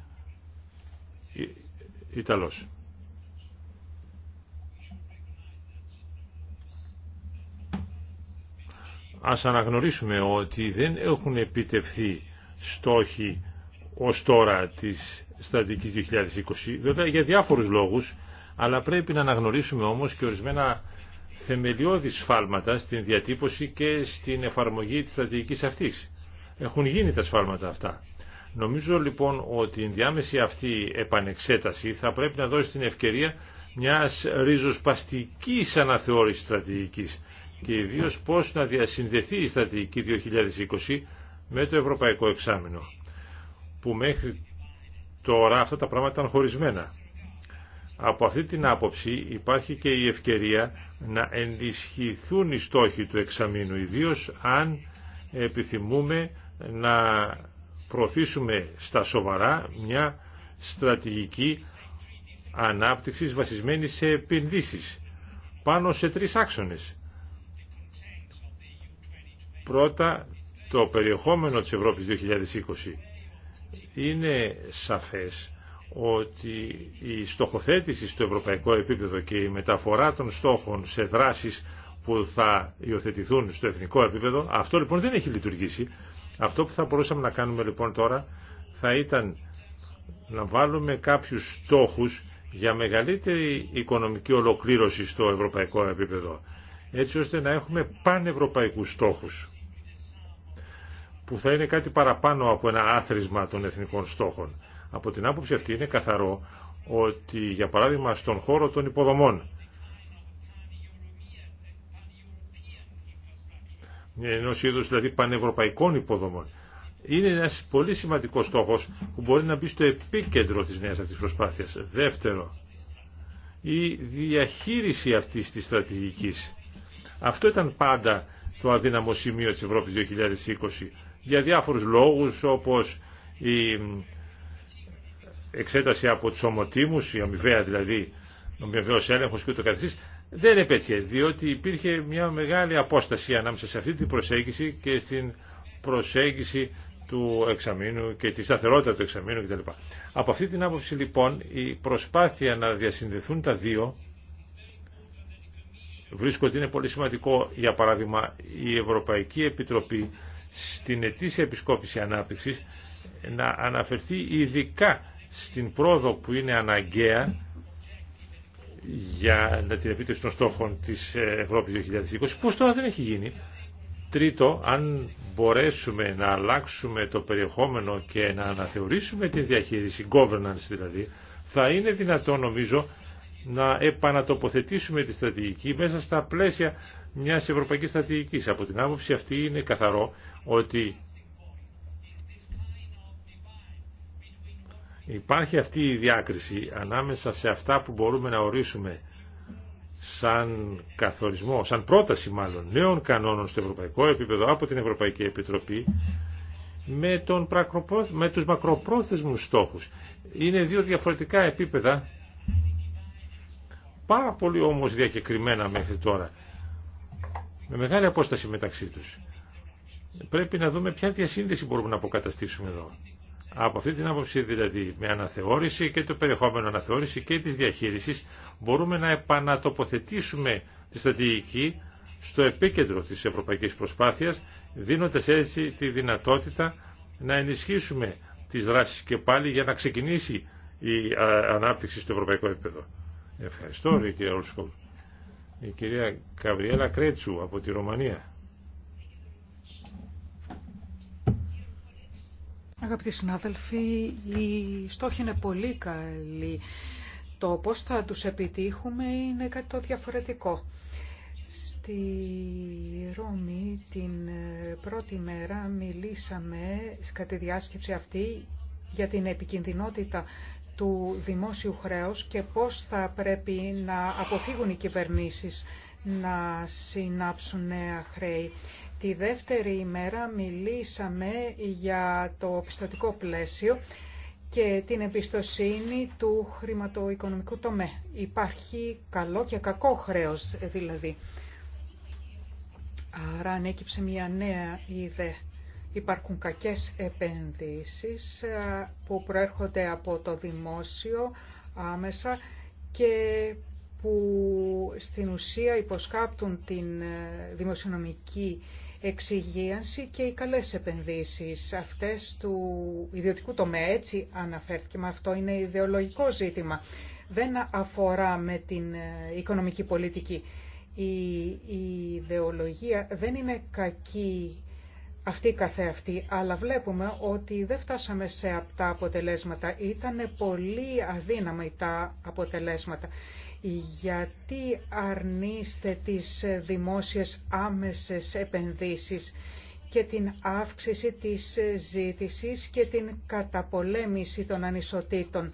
Ιταλός. Ας αναγνωρίσουμε ότι δεν έχουν επιτευθεί στόχοι ως τώρα της στρατηγικής 2020, βέβαια για διάφορους λόγους, αλλά πρέπει να αναγνωρίσουμε όμως και ορισμένα θεμελιώδη σφάλματα στην διατύπωση και στην εφαρμογή της στρατηγικής αυτής. Έχουν γίνει τα σφάλματα αυτά. Νομίζω λοιπόν ότι η διάμεση αυτή επανεξέταση θα πρέπει να δώσει την ευκαιρία μιας ριζοσπαστικής αναθεώρησης στρατηγικής και ιδίως πώς να διασυνδεθεί η στρατηγική 2020 με το ευρωπαϊκό εξάμεινο που μέχρι τώρα αυτά τα πράγματα ήταν χωρισμένα. Από αυτή την άποψη υπάρχει και η ευκαιρία να ενισχυθούν οι στόχοι του εξαμήνου, ιδίως αν επιθυμούμε να προωθήσουμε στα σοβαρά μια στρατηγική ανάπτυξης βασισμένη σε επενδύσει πάνω σε τρεις άξονες. Πρώτα, το περιεχόμενο της Ευρώπης 2020 είναι σαφές ότι η στοχοθέτηση στο ευρωπαϊκό επίπεδο και η μεταφορά των στόχων σε δράσεις που θα υιοθετηθούν στο εθνικό επίπεδο, αυτό λοιπόν δεν έχει λειτουργήσει αυτό που θα μπορούσαμε να κάνουμε λοιπόν τώρα θα ήταν να βάλουμε κάποιους στόχους για μεγαλύτερη οικονομική ολοκλήρωση στο ευρωπαϊκό επίπεδο, έτσι ώστε να έχουμε πανευρωπαϊκούς στόχους, που θα είναι κάτι παραπάνω από ένα άθροισμα των εθνικών στόχων. Από την άποψη αυτή είναι καθαρό ότι, για παράδειγμα, στον χώρο των υποδομών ενό είδου δηλαδή πανευρωπαϊκών υποδομών. Είναι ένα πολύ σημαντικό στόχο που μπορεί να μπει στο επίκεντρο τη νέα αυτή προσπάθεια. Δεύτερο, η διαχείριση αυτή τη στρατηγική. Αυτό ήταν πάντα το αδύναμο σημείο της Ευρώπης 2020 για διάφορους λόγους όπως η εξέταση από τους ομοτήμους, η αμοιβαία δηλαδή, ο έλεγχο και ούτω δεν επέτυχε, διότι υπήρχε μια μεγάλη απόσταση ανάμεσα σε αυτή την προσέγγιση και στην προσέγγιση του εξαμήνου και τη σταθερότητα του εξαμήνου κτλ. Από αυτή την άποψη λοιπόν η προσπάθεια να διασυνδεθούν τα δύο βρίσκω ότι είναι πολύ σημαντικό για παράδειγμα η Ευρωπαϊκή Επιτροπή στην ετήσια επισκόπηση ανάπτυξης να αναφερθεί ειδικά στην πρόοδο που είναι αναγκαία για την επίτευξη των στόχων της ε, Ευρώπης 2020, που τώρα δεν έχει γίνει. Τρίτο, αν μπορέσουμε να αλλάξουμε το περιεχόμενο και να αναθεωρήσουμε τη διαχείριση, governance δηλαδή, θα είναι δυνατό νομίζω να επανατοποθετήσουμε τη στρατηγική μέσα στα πλαίσια μιας ευρωπαϊκής στρατηγικής. Από την άποψη αυτή είναι καθαρό ότι Υπάρχει αυτή η διάκριση ανάμεσα σε αυτά που μπορούμε να ορίσουμε σαν καθορισμό, σαν πρόταση μάλλον νέων κανόνων στο ευρωπαϊκό επίπεδο από την Ευρωπαϊκή Επιτροπή με, τον με τους μακροπρόθεσμους στόχους. Είναι δύο διαφορετικά επίπεδα, πάρα πολύ όμως διακεκριμένα μέχρι τώρα, με μεγάλη απόσταση μεταξύ τους. Πρέπει να δούμε ποια διασύνδεση μπορούμε να αποκαταστήσουμε εδώ. Από αυτή την άποψη δηλαδή με αναθεώρηση και το περιεχόμενο αναθεώρηση και της διαχείρισης μπορούμε να επανατοποθετήσουμε τη στρατηγική στο επίκεντρο της ευρωπαϊκής προσπάθειας δίνοντας έτσι τη δυνατότητα να ενισχύσουμε τις δράσεις και πάλι για να ξεκινήσει η ανάπτυξη στο ευρωπαϊκό επίπεδο. Ευχαριστώ κύριε Ολσκόλ. Η κυρία Καβριέλα Κρέτσου από τη Ρωμανία. Αγαπητοί συνάδελφοι, η στόχοι είναι πολύ καλή. Το πώς θα τους επιτύχουμε είναι κάτι το διαφορετικό. Στη Ρώμη την ε, πρώτη μέρα μιλήσαμε κατά τη διάσκεψη αυτή για την επικινδυνότητα του δημόσιου χρέους και πώς θα πρέπει να αποφύγουν οι κυβερνήσεις να συνάψουν νέα χρέη. Τη δεύτερη ημέρα μιλήσαμε για το πιστοτικό πλαίσιο και την εμπιστοσύνη του χρηματοοικονομικού τομέα. Υπάρχει καλό και κακό χρέος δηλαδή. Άρα ανέκυψε μια νέα ιδέα. Υπάρχουν κακές επενδύσεις που προέρχονται από το δημόσιο άμεσα και που στην ουσία υποσκάπτουν την ε, δημοσιονομική εξυγίανση και οι καλές επενδύσεις αυτές του ιδιωτικού τομέα. Έτσι αναφέρθηκε, μα αυτό είναι ιδεολογικό ζήτημα. Δεν αφορά με την ε, οικονομική πολιτική. Η, η ιδεολογία δεν είναι κακή αυτή καθεαυτή, αλλά βλέπουμε ότι δεν φτάσαμε σε αυτά αποτελέσματα. Ήταν πολύ αδύναμα τα αποτελέσματα. Γιατί αρνείστε τις δημόσιες άμεσες επενδύσεις και την αύξηση της ζήτησης και την καταπολέμηση των ανισοτήτων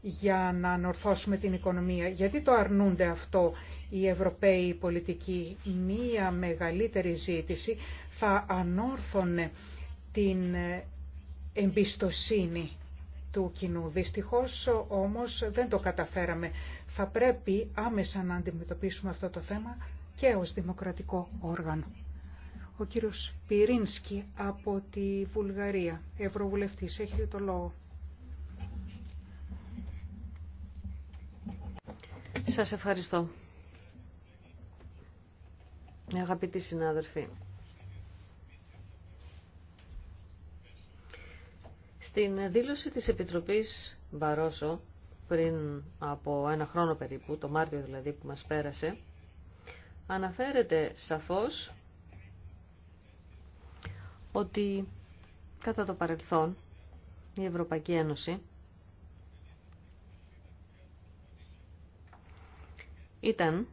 για να ανορθώσουμε την οικονομία. Γιατί το αρνούνται αυτό οι Ευρωπαίοι πολιτικοί. Μία μεγαλύτερη ζήτηση θα ανόρθωνε την εμπιστοσύνη του κοινού. Δυστυχώς όμως δεν το καταφέραμε. Θα πρέπει άμεσα να αντιμετωπίσουμε αυτό το θέμα και ως δημοκρατικό όργανο. Ο κύριος Πυρίνσκι από τη Βουλγαρία, Ευρωβουλευτής, έχει το λόγο. Σας ευχαριστώ. Αγαπητοί συνάδελφοι, στην δήλωση της Επιτροπής Μπαρόσο πριν από ένα χρόνο περίπου, το Μάρτιο δηλαδή που μας πέρασε, αναφέρεται σαφώς ότι κατά το παρελθόν η Ευρωπαϊκή Ένωση ήταν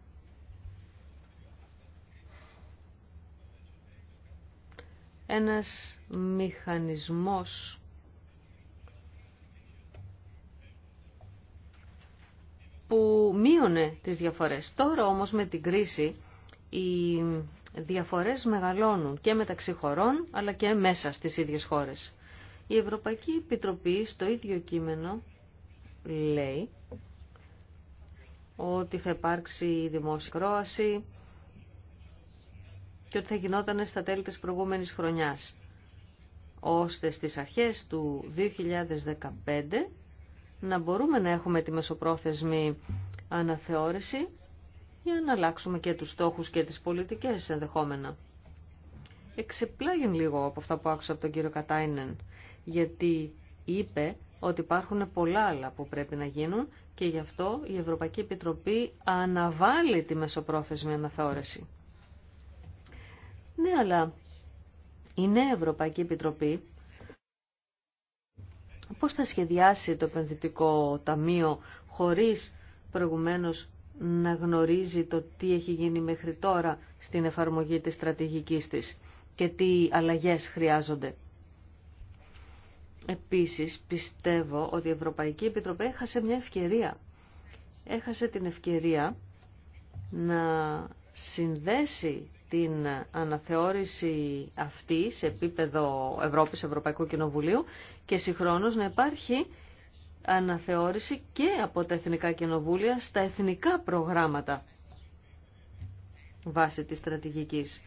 ένας μηχανισμός που μείωνε τις διαφορές. Τώρα όμως με την κρίση οι διαφορές μεγαλώνουν και μεταξύ χωρών αλλά και μέσα στις ίδιες χώρες. Η Ευρωπαϊκή Επιτροπή στο ίδιο κείμενο λέει ότι θα υπάρξει δημόσια κρόαση και ότι θα γινόταν στα τέλη της προηγούμενης χρονιάς, ώστε στις αρχές του 2015 να μπορούμε να έχουμε τη μεσοπρόθεσμη αναθεώρηση για να αλλάξουμε και τους στόχους και τις πολιτικές ενδεχόμενα. Εξεπλάγει λίγο από αυτά που άκουσα από τον κύριο Κατάινεν, γιατί είπε ότι υπάρχουν πολλά άλλα που πρέπει να γίνουν και γι' αυτό η Ευρωπαϊκή Επιτροπή αναβάλλει τη μεσοπρόθεσμη αναθεώρηση. Ναι, αλλά η νέα Ευρωπαϊκή Επιτροπή Πώς θα σχεδιάσει το επενδυτικό ταμείο χωρίς προηγουμένως να γνωρίζει το τι έχει γίνει μέχρι τώρα στην εφαρμογή της στρατηγικής της και τι αλλαγές χρειάζονται. Επίσης πιστεύω ότι η Ευρωπαϊκή Επιτροπή έχασε μια ευκαιρία. Έχασε την ευκαιρία να συνδέσει την αναθεώρηση αυτή σε επίπεδο Ευρώπης, Ευρωπαϊκού Κοινοβουλίου και συγχρόνως να υπάρχει αναθεώρηση και από τα Εθνικά Κοινοβούλια στα εθνικά προγράμματα βάσει της στρατηγικής.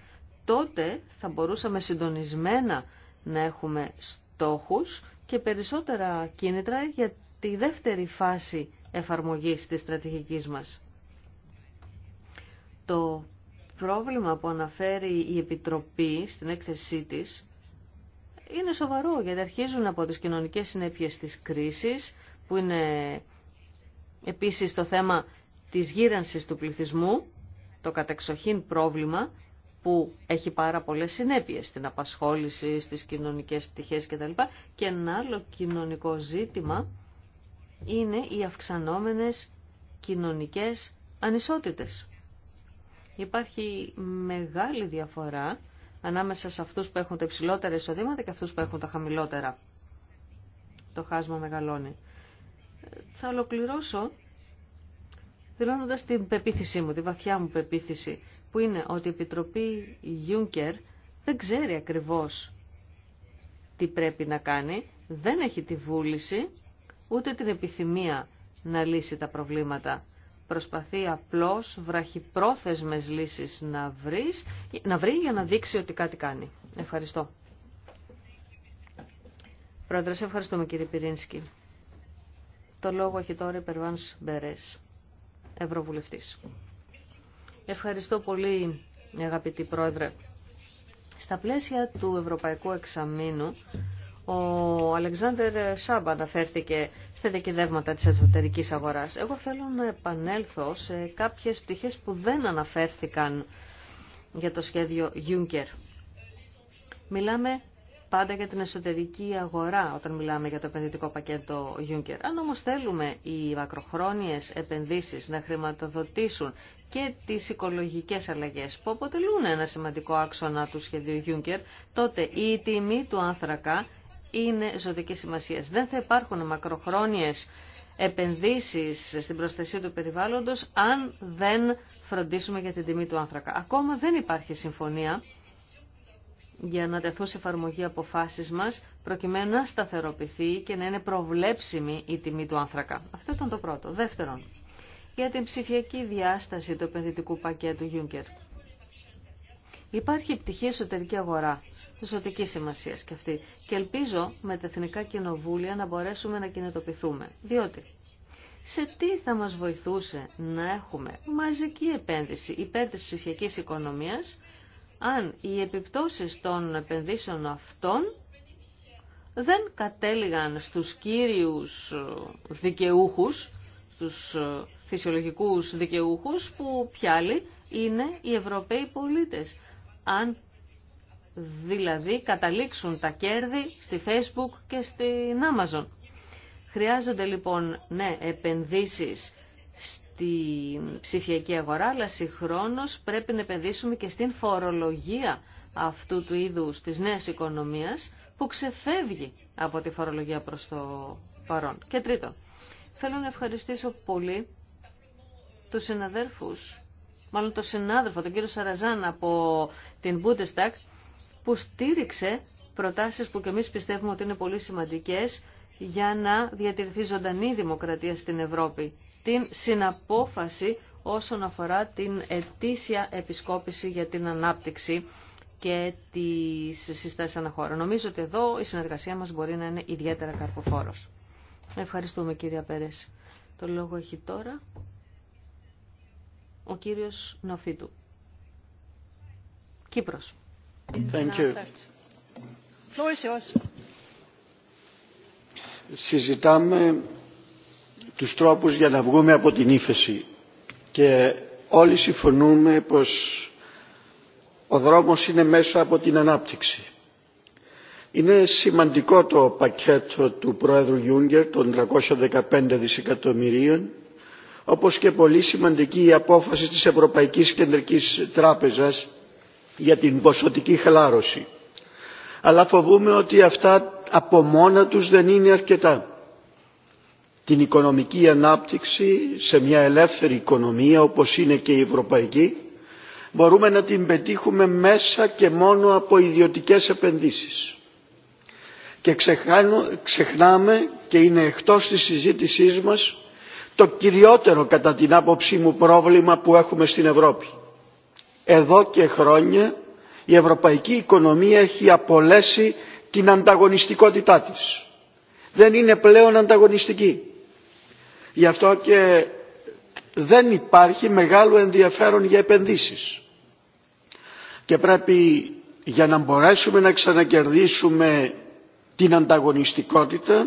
Τότε θα μπορούσαμε συντονισμένα να έχουμε στόχους και περισσότερα κίνητρα για τη δεύτερη φάση εφαρμογής της στρατηγικής μας. Το πρόβλημα που αναφέρει η Επιτροπή στην έκθεσή της είναι σοβαρό, γιατί αρχίζουν από τις κοινωνικές συνέπειες της κρίσης, που είναι επίσης το θέμα της γύρανσης του πληθυσμού, το κατεξοχήν πρόβλημα που έχει πάρα πολλές συνέπειες στην απασχόληση, στις κοινωνικές πτυχές κτλ. Και ένα άλλο κοινωνικό ζήτημα είναι οι αυξανόμενες κοινωνικές ανισότητες. Υπάρχει μεγάλη διαφορά ανάμεσα σε αυτούς που έχουν τα υψηλότερα εισοδήματα και αυτούς που έχουν τα χαμηλότερα. Το χάσμα μεγαλώνει. Θα ολοκληρώσω δηλώνοντας την πεποίθησή μου, τη βαθιά μου πεποίθηση, που είναι ότι η Επιτροπή Juncker δεν ξέρει ακριβώς τι πρέπει να κάνει, δεν έχει τη βούληση ούτε την επιθυμία να λύσει τα προβλήματα προσπαθεί απλώς βραχυπρόθεσμες λύσεις να, βρεις, να βρει για να δείξει ότι κάτι κάνει. Ευχαριστώ. Πρόεδρε, ευχαριστούμε κύριε Πυρίνσκι. Το λόγο έχει τώρα η Περβάνς Μπερές, Ευρωβουλευτής. Ευχαριστώ πολύ, αγαπητή Πρόεδρε. Στα πλαίσια του Ευρωπαϊκού Εξαμήνου, ο Αλεξάνδερ Σάμπα αναφέρθηκε στα δικηδεύματα της εσωτερικής αγοράς. Εγώ θέλω να επανέλθω σε κάποιες πτυχές που δεν αναφέρθηκαν για το σχέδιο Juncker. Μιλάμε πάντα για την εσωτερική αγορά όταν μιλάμε για το επενδυτικό πακέτο Juncker. Αν όμως θέλουμε οι μακροχρόνιες επενδύσεις να χρηματοδοτήσουν και τις οικολογικές αλλαγές που αποτελούν ένα σημαντικό άξονα του σχεδίου Juncker, τότε η τιμή του άνθρακα είναι ζωτική σημασία. Δεν θα υπάρχουν μακροχρόνιε επενδύσεις στην προστασία του περιβάλλοντος αν δεν φροντίσουμε για την τιμή του άνθρακα. Ακόμα δεν υπάρχει συμφωνία για να τεθούν σε εφαρμογή αποφάσεις μας προκειμένου να σταθεροποιηθεί και να είναι προβλέψιμη η τιμή του άνθρακα. Αυτό ήταν το πρώτο. Δεύτερον, για την ψηφιακή διάσταση του επενδυτικού πακέτου Juncker. Υπάρχει πτυχή εσωτερική αγορά ζωτική σημασία και αυτή. Και ελπίζω με τα εθνικά κοινοβούλια να μπορέσουμε να κινητοποιηθούμε. Διότι σε τι θα μας βοηθούσε να έχουμε μαζική επένδυση υπέρ της ψηφιακής οικονομίας αν οι επιπτώσεις των επενδύσεων αυτών δεν κατέληγαν στους κύριους ε, δικαιούχους, στους ε, φυσιολογικούς δικαιούχους που πιάλι είναι οι Ευρωπαίοι πολίτες. Αν Δηλαδή καταλήξουν τα κέρδη στη Facebook και στην Amazon. Χρειάζονται λοιπόν ναι, επενδύσεις στη ψηφιακή αγορά, αλλά συγχρόνως πρέπει να επενδύσουμε και στην φορολογία αυτού του είδους της νέας οικονομίας που ξεφεύγει από τη φορολογία προς το παρόν. Και τρίτον, θέλω να ευχαριστήσω πολύ τους συναδέρφους, μάλλον τον συνάδελφο, τον κύριο Σαραζάν από την Bundestag, που στήριξε προτάσεις που και εμείς πιστεύουμε ότι είναι πολύ σημαντικές για να διατηρηθεί ζωντανή δημοκρατία στην Ευρώπη. Την συναπόφαση όσον αφορά την ετήσια επισκόπηση για την ανάπτυξη και τις συστάσεις αναχώρα. Νομίζω ότι εδώ η συνεργασία μας μπορεί να είναι ιδιαίτερα καρποφόρος. Ευχαριστούμε κύριε Πέρες. Το λόγο έχει τώρα ο κύριος Νοφίτου. Κύπρος. Thank Συζητάμε τους τρόπους για να βγούμε από την ύφεση και όλοι συμφωνούμε πως ο δρόμος είναι μέσα από την ανάπτυξη. Είναι σημαντικό το πακέτο του Πρόεδρου Γιούγκερ των 315 δισεκατομμυρίων όπως και πολύ σημαντική η απόφαση της Ευρωπαϊκής Κεντρικής Τράπεζας για την ποσοτική χαλάρωση. Αλλά φοβούμε ότι αυτά από μόνα τους δεν είναι αρκετά. Την οικονομική ανάπτυξη σε μια ελεύθερη οικονομία όπως είναι και η ευρωπαϊκή μπορούμε να την πετύχουμε μέσα και μόνο από ιδιωτικές επενδύσεις. Και ξεχνάμε και είναι εκτός της συζήτησής μας το κυριότερο κατά την άποψή μου πρόβλημα που έχουμε στην Ευρώπη εδώ και χρόνια η ευρωπαϊκή οικονομία έχει απολέσει την ανταγωνιστικότητά της. Δεν είναι πλέον ανταγωνιστική. Γι' αυτό και δεν υπάρχει μεγάλο ενδιαφέρον για επενδύσεις. Και πρέπει για να μπορέσουμε να ξανακερδίσουμε την ανταγωνιστικότητα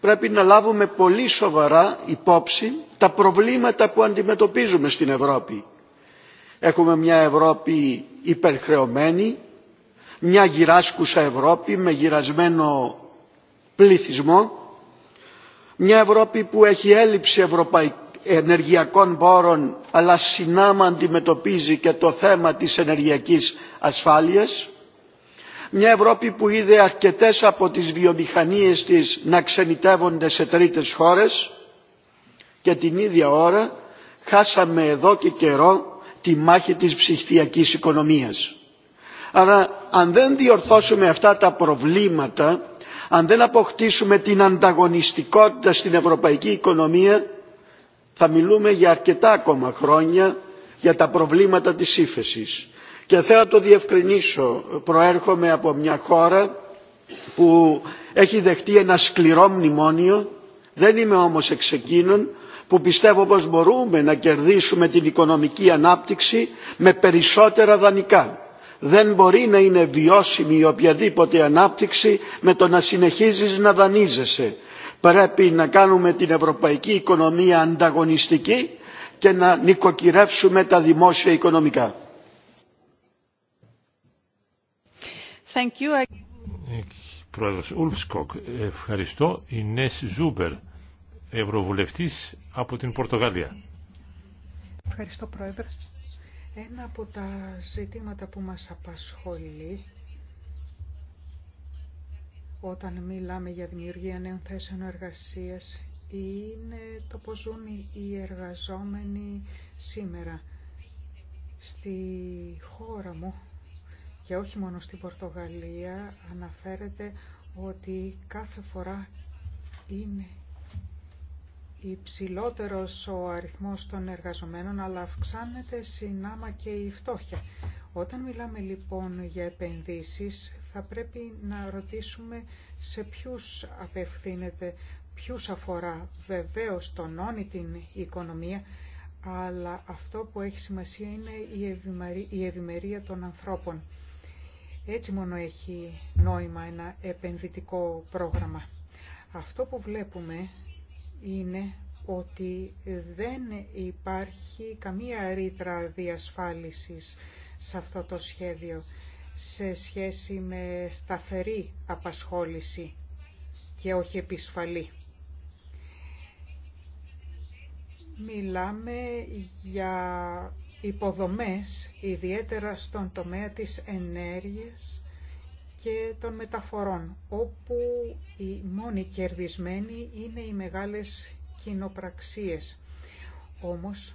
πρέπει να λάβουμε πολύ σοβαρά υπόψη τα προβλήματα που αντιμετωπίζουμε στην Ευρώπη Έχουμε μια Ευρώπη υπερχρεωμένη, μια γυράσκουσα Ευρώπη με γυρασμένο πληθυσμό, μια Ευρώπη που έχει έλλειψη ενεργειακών πόρων αλλά συνάμα αντιμετωπίζει και το θέμα της ενεργειακής ασφάλειας μια Ευρώπη που είδε αρκετές από τις βιομηχανίες της να ξενιτεύονται σε τρίτες χώρες και την ίδια ώρα χάσαμε εδώ και καιρό τη μάχη της ψυχτιακής οικονομίας. Άρα αν δεν διορθώσουμε αυτά τα προβλήματα, αν δεν αποκτήσουμε την ανταγωνιστικότητα στην ευρωπαϊκή οικονομία, θα μιλούμε για αρκετά ακόμα χρόνια για τα προβλήματα της ύφεση. Και θέλω να το διευκρινίσω, προέρχομαι από μια χώρα που έχει δεχτεί ένα σκληρό μνημόνιο, δεν είμαι όμως εξ εκείνων που πιστεύω πως μπορούμε να κερδίσουμε την οικονομική ανάπτυξη με περισσότερα δανεικά. Δεν μπορεί να είναι βιώσιμη η οποιαδήποτε ανάπτυξη με το να συνεχίζεις να δανείζεσαι. Πρέπει να κάνουμε την ευρωπαϊκή οικονομία ανταγωνιστική και να νοικοκυρεύσουμε τα δημόσια οικονομικά. Thank Πρόεδρος ευχαριστώ. Η Ευρωβουλευτής από την Πορτογαλία. Ευχαριστώ Πρόεδρε. Ένα από τα ζητήματα που μας απασχολεί όταν μιλάμε για δημιουργία νέων θέσεων εργασίας είναι το πώς ζουν οι εργαζόμενοι σήμερα. Στη χώρα μου και όχι μόνο στην Πορτογαλία αναφέρεται ότι κάθε φορά είναι υψηλότερος ο αριθμός των εργαζομένων, αλλά αυξάνεται συνάμα και η φτώχεια. Όταν μιλάμε λοιπόν για επενδύσεις, θα πρέπει να ρωτήσουμε σε ποιους απευθύνεται, ποιους αφορά βεβαίως τονώνει την οικονομία, αλλά αυτό που έχει σημασία είναι η ευημερία των ανθρώπων. Έτσι μόνο έχει νόημα ένα επενδυτικό πρόγραμμα. Αυτό που βλέπουμε είναι ότι δεν υπάρχει καμία ρήτρα διασφάλισης σε αυτό το σχέδιο σε σχέση με σταθερή απασχόληση και όχι επισφαλή. Μιλάμε για υποδομές, ιδιαίτερα στον τομέα της ενέργειας και των μεταφορών, όπου οι μόνοι κερδισμένοι είναι οι μεγάλες κοινοπραξίες. Όμως,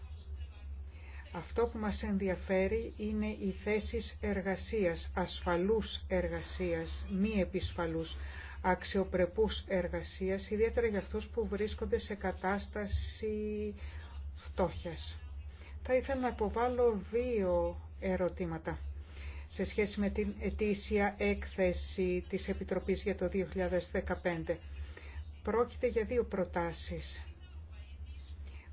αυτό που μας ενδιαφέρει είναι οι θέσεις εργασίας, ασφαλούς εργασίας, μη επισφαλούς, αξιοπρεπούς εργασίας, ιδιαίτερα για αυτούς που βρίσκονται σε κατάσταση φτώχειας. Θα ήθελα να υποβάλω δύο ερωτήματα σε σχέση με την ετήσια έκθεση της Επιτροπής για το 2015. Πρόκειται για δύο προτάσεις.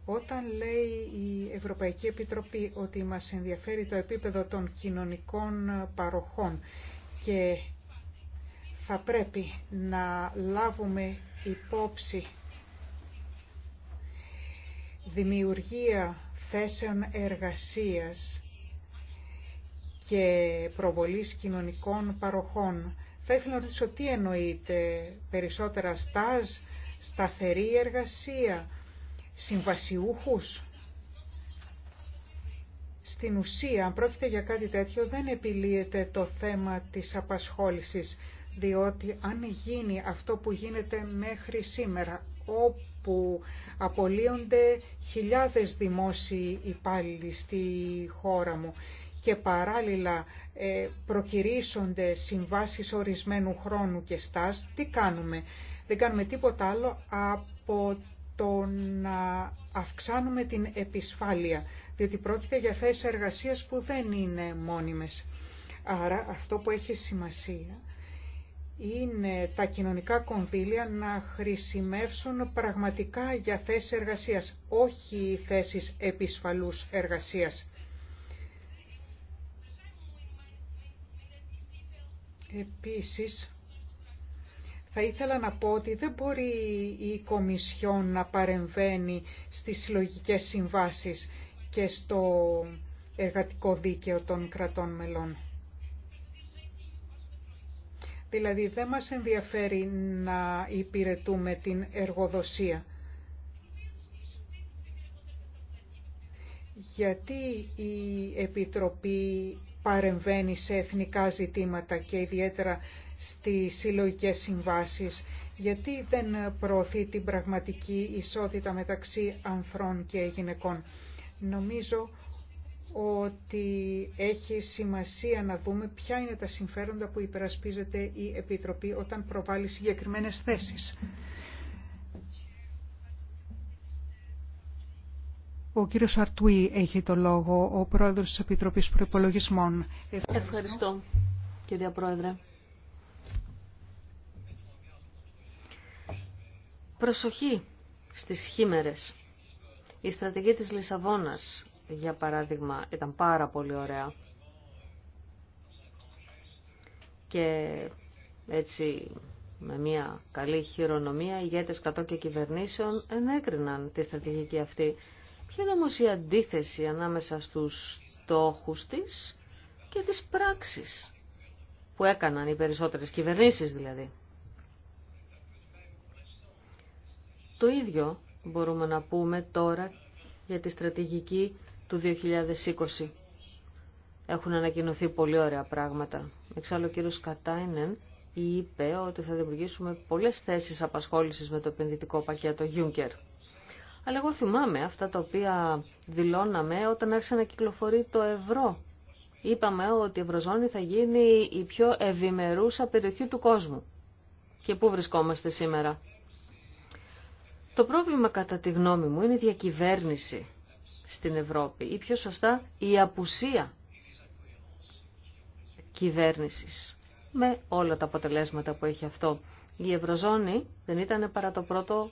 Όταν λέει η Ευρωπαϊκή Επιτροπή ότι μας ενδιαφέρει το επίπεδο των κοινωνικών παροχών και θα πρέπει να λάβουμε υπόψη δημιουργία θέσεων εργασίας και προβολής κοινωνικών παροχών. Θα ήθελα να ρωτήσω τι εννοείτε. περισσότερα στάζ, σταθερή εργασία, συμβασιούχους. Στην ουσία, αν πρόκειται για κάτι τέτοιο, δεν επιλύεται το θέμα της απασχόλησης, διότι αν γίνει αυτό που γίνεται μέχρι σήμερα, όπου απολύονται χιλιάδες δημόσιοι υπάλληλοι στη χώρα μου και παράλληλα ε, προκυρήσονται συμβάσεις ορισμένου χρόνου και στάς, τι κάνουμε. Δεν κάνουμε τίποτα άλλο από το να αυξάνουμε την επισφάλεια, διότι πρόκειται για θέσεις εργασίας που δεν είναι μόνιμες. Άρα αυτό που έχει σημασία είναι τα κοινωνικά κονδύλια να χρησιμεύσουν πραγματικά για θέσεις εργασίας, όχι θέσεις επισφαλούς εργασίας. Επίσης, θα ήθελα να πω ότι δεν μπορεί η Κομισιόν να παρεμβαίνει στις συλλογικέ συμβάσεις και στο εργατικό δίκαιο των κρατών μελών. Δηλαδή δεν μας ενδιαφέρει να υπηρετούμε την εργοδοσία. Γιατί η Επιτροπή παρεμβαίνει σε εθνικά ζητήματα και ιδιαίτερα στις συλλογικές συμβάσεις, γιατί δεν προωθεί την πραγματική ισότητα μεταξύ ανθρώπων και γυναικών. Νομίζω ότι έχει σημασία να δούμε ποια είναι τα συμφέροντα που υπερασπίζεται η Επιτροπή όταν προβάλλει συγκεκριμένες θέσεις. Ο κύριος Αρτουή έχει το λόγο, ο πρόεδρος της Επιτροπής Προϋπολογισμών. Ευχαριστώ, Ευχαριστώ Πρόεδρε. Προσοχή στις χήμερες. Η στρατηγική της Λισαβόνας, για παράδειγμα, ήταν πάρα πολύ ωραία. Και έτσι με μια καλή χειρονομία, οι ηγέτες κατό και κυβερνήσεων ενέκριναν τη στρατηγική αυτή είναι όμως η αντίθεση ανάμεσα στους στόχους της και τις πράξεις που έκαναν οι περισσότερες κυβερνήσεις δηλαδή. Το ίδιο μπορούμε να πούμε τώρα για τη στρατηγική του 2020. Έχουν ανακοινωθεί πολύ ωραία πράγματα. Εξάλλου ο κύριος Κατάινεν είπε ότι θα δημιουργήσουμε πολλές θέσεις απασχόλησης με το επενδυτικό πακέτο Juncker. Αλλά εγώ θυμάμαι αυτά τα οποία δηλώναμε όταν άρχισε να κυκλοφορεί το ευρώ. Είπαμε ότι η Ευρωζώνη θα γίνει η πιο ευημερούσα περιοχή του κόσμου. Και πού βρισκόμαστε σήμερα. Το πρόβλημα κατά τη γνώμη μου είναι η διακυβέρνηση στην Ευρώπη ή πιο σωστά η απουσία κυβέρνησης με όλα τα αποτελέσματα που έχει αυτό. Η Ευρωζώνη δεν ήταν παρά το πρώτο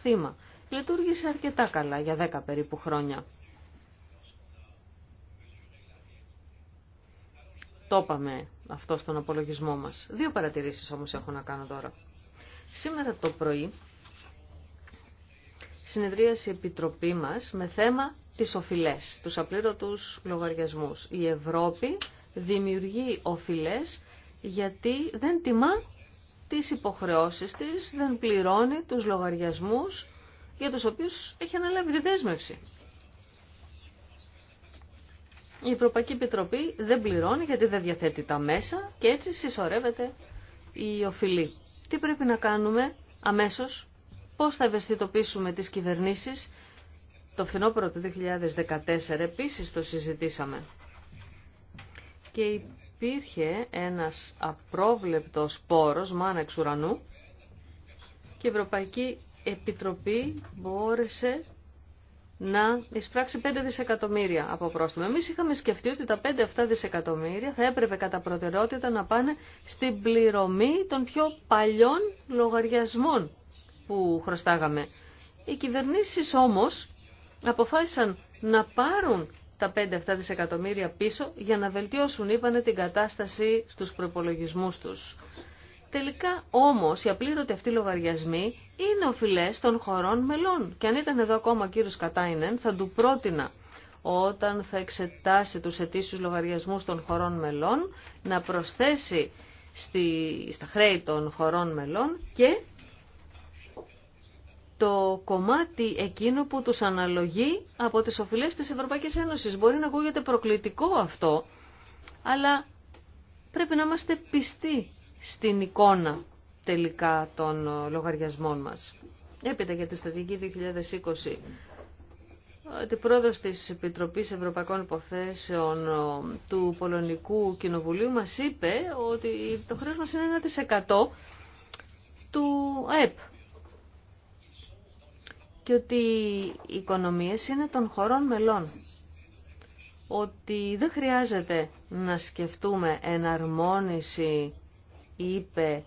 θύμα λειτουργήσε αρκετά καλά για 10 περίπου χρόνια. Το είπαμε αυτό στον απολογισμό μας. Δύο παρατηρήσεις όμως έχω να κάνω τώρα. Σήμερα το πρωί συνεδρίασε η Επιτροπή μας με θέμα τις οφειλές, τους απλήρωτους λογαριασμούς. Η Ευρώπη δημιουργεί οφειλές γιατί δεν τιμά τις υποχρεώσεις της, δεν πληρώνει τους λογαριασμούς για τους οποίους έχει αναλάβει τη δέσμευση. Η Ευρωπαϊκή Επιτροπή δεν πληρώνει γιατί δεν διαθέτει τα μέσα και έτσι συσσωρεύεται η οφειλή. Τι πρέπει να κάνουμε αμέσως, πώς θα ευαισθητοποιήσουμε τις κυβερνήσεις. Το φθινόπωρο του 2014 επίσης το συζητήσαμε. Και υπήρχε ένας απρόβλεπτος πόρος μάνα εξ ουρανού και η Ευρωπαϊκή Επιτροπή μπόρεσε να εισπράξει 5 δισεκατομμύρια από πρόστιμο. Εμείς είχαμε σκεφτεί ότι τα 5 αυτά δισεκατομμύρια θα έπρεπε κατά προτεραιότητα να πάνε στην πληρωμή των πιο παλιών λογαριασμών που χρωστάγαμε. Οι κυβερνήσεις όμως αποφάσισαν να πάρουν τα 5-7 δισεκατομμύρια πίσω για να βελτιώσουν, είπανε, την κατάσταση στους προπολογισμού τους. Τελικά όμως οι απλήρωτοι αυτοί λογαριασμοί είναι οφειλέ των χωρών μελών. Και αν ήταν εδώ ακόμα ο κύριο Κατάινεν θα του πρότεινα όταν θα εξετάσει τους ετήσιους λογαριασμούς των χωρών μελών να προσθέσει στη, στα χρέη των χωρών μελών και το κομμάτι εκείνο που τους αναλογεί από τις οφειλές της Ευρωπαϊκής Ένωσης. Μπορεί να ακούγεται προκλητικό αυτό, αλλά πρέπει να είμαστε πιστοί στην εικόνα τελικά των ε, λογαριασμών μας. Έπειτα για τη στρατηγική 2020, Η πρόεδρος της Επιτροπής Ευρωπαϊκών Υποθέσεων ε, του Πολωνικού Κοινοβουλίου μας είπε ότι το χρέος μας είναι 1% του ΕΠ. και ότι οι οικονομίες είναι των χωρών μελών. Ότι δεν χρειάζεται να σκεφτούμε εναρμόνιση είπε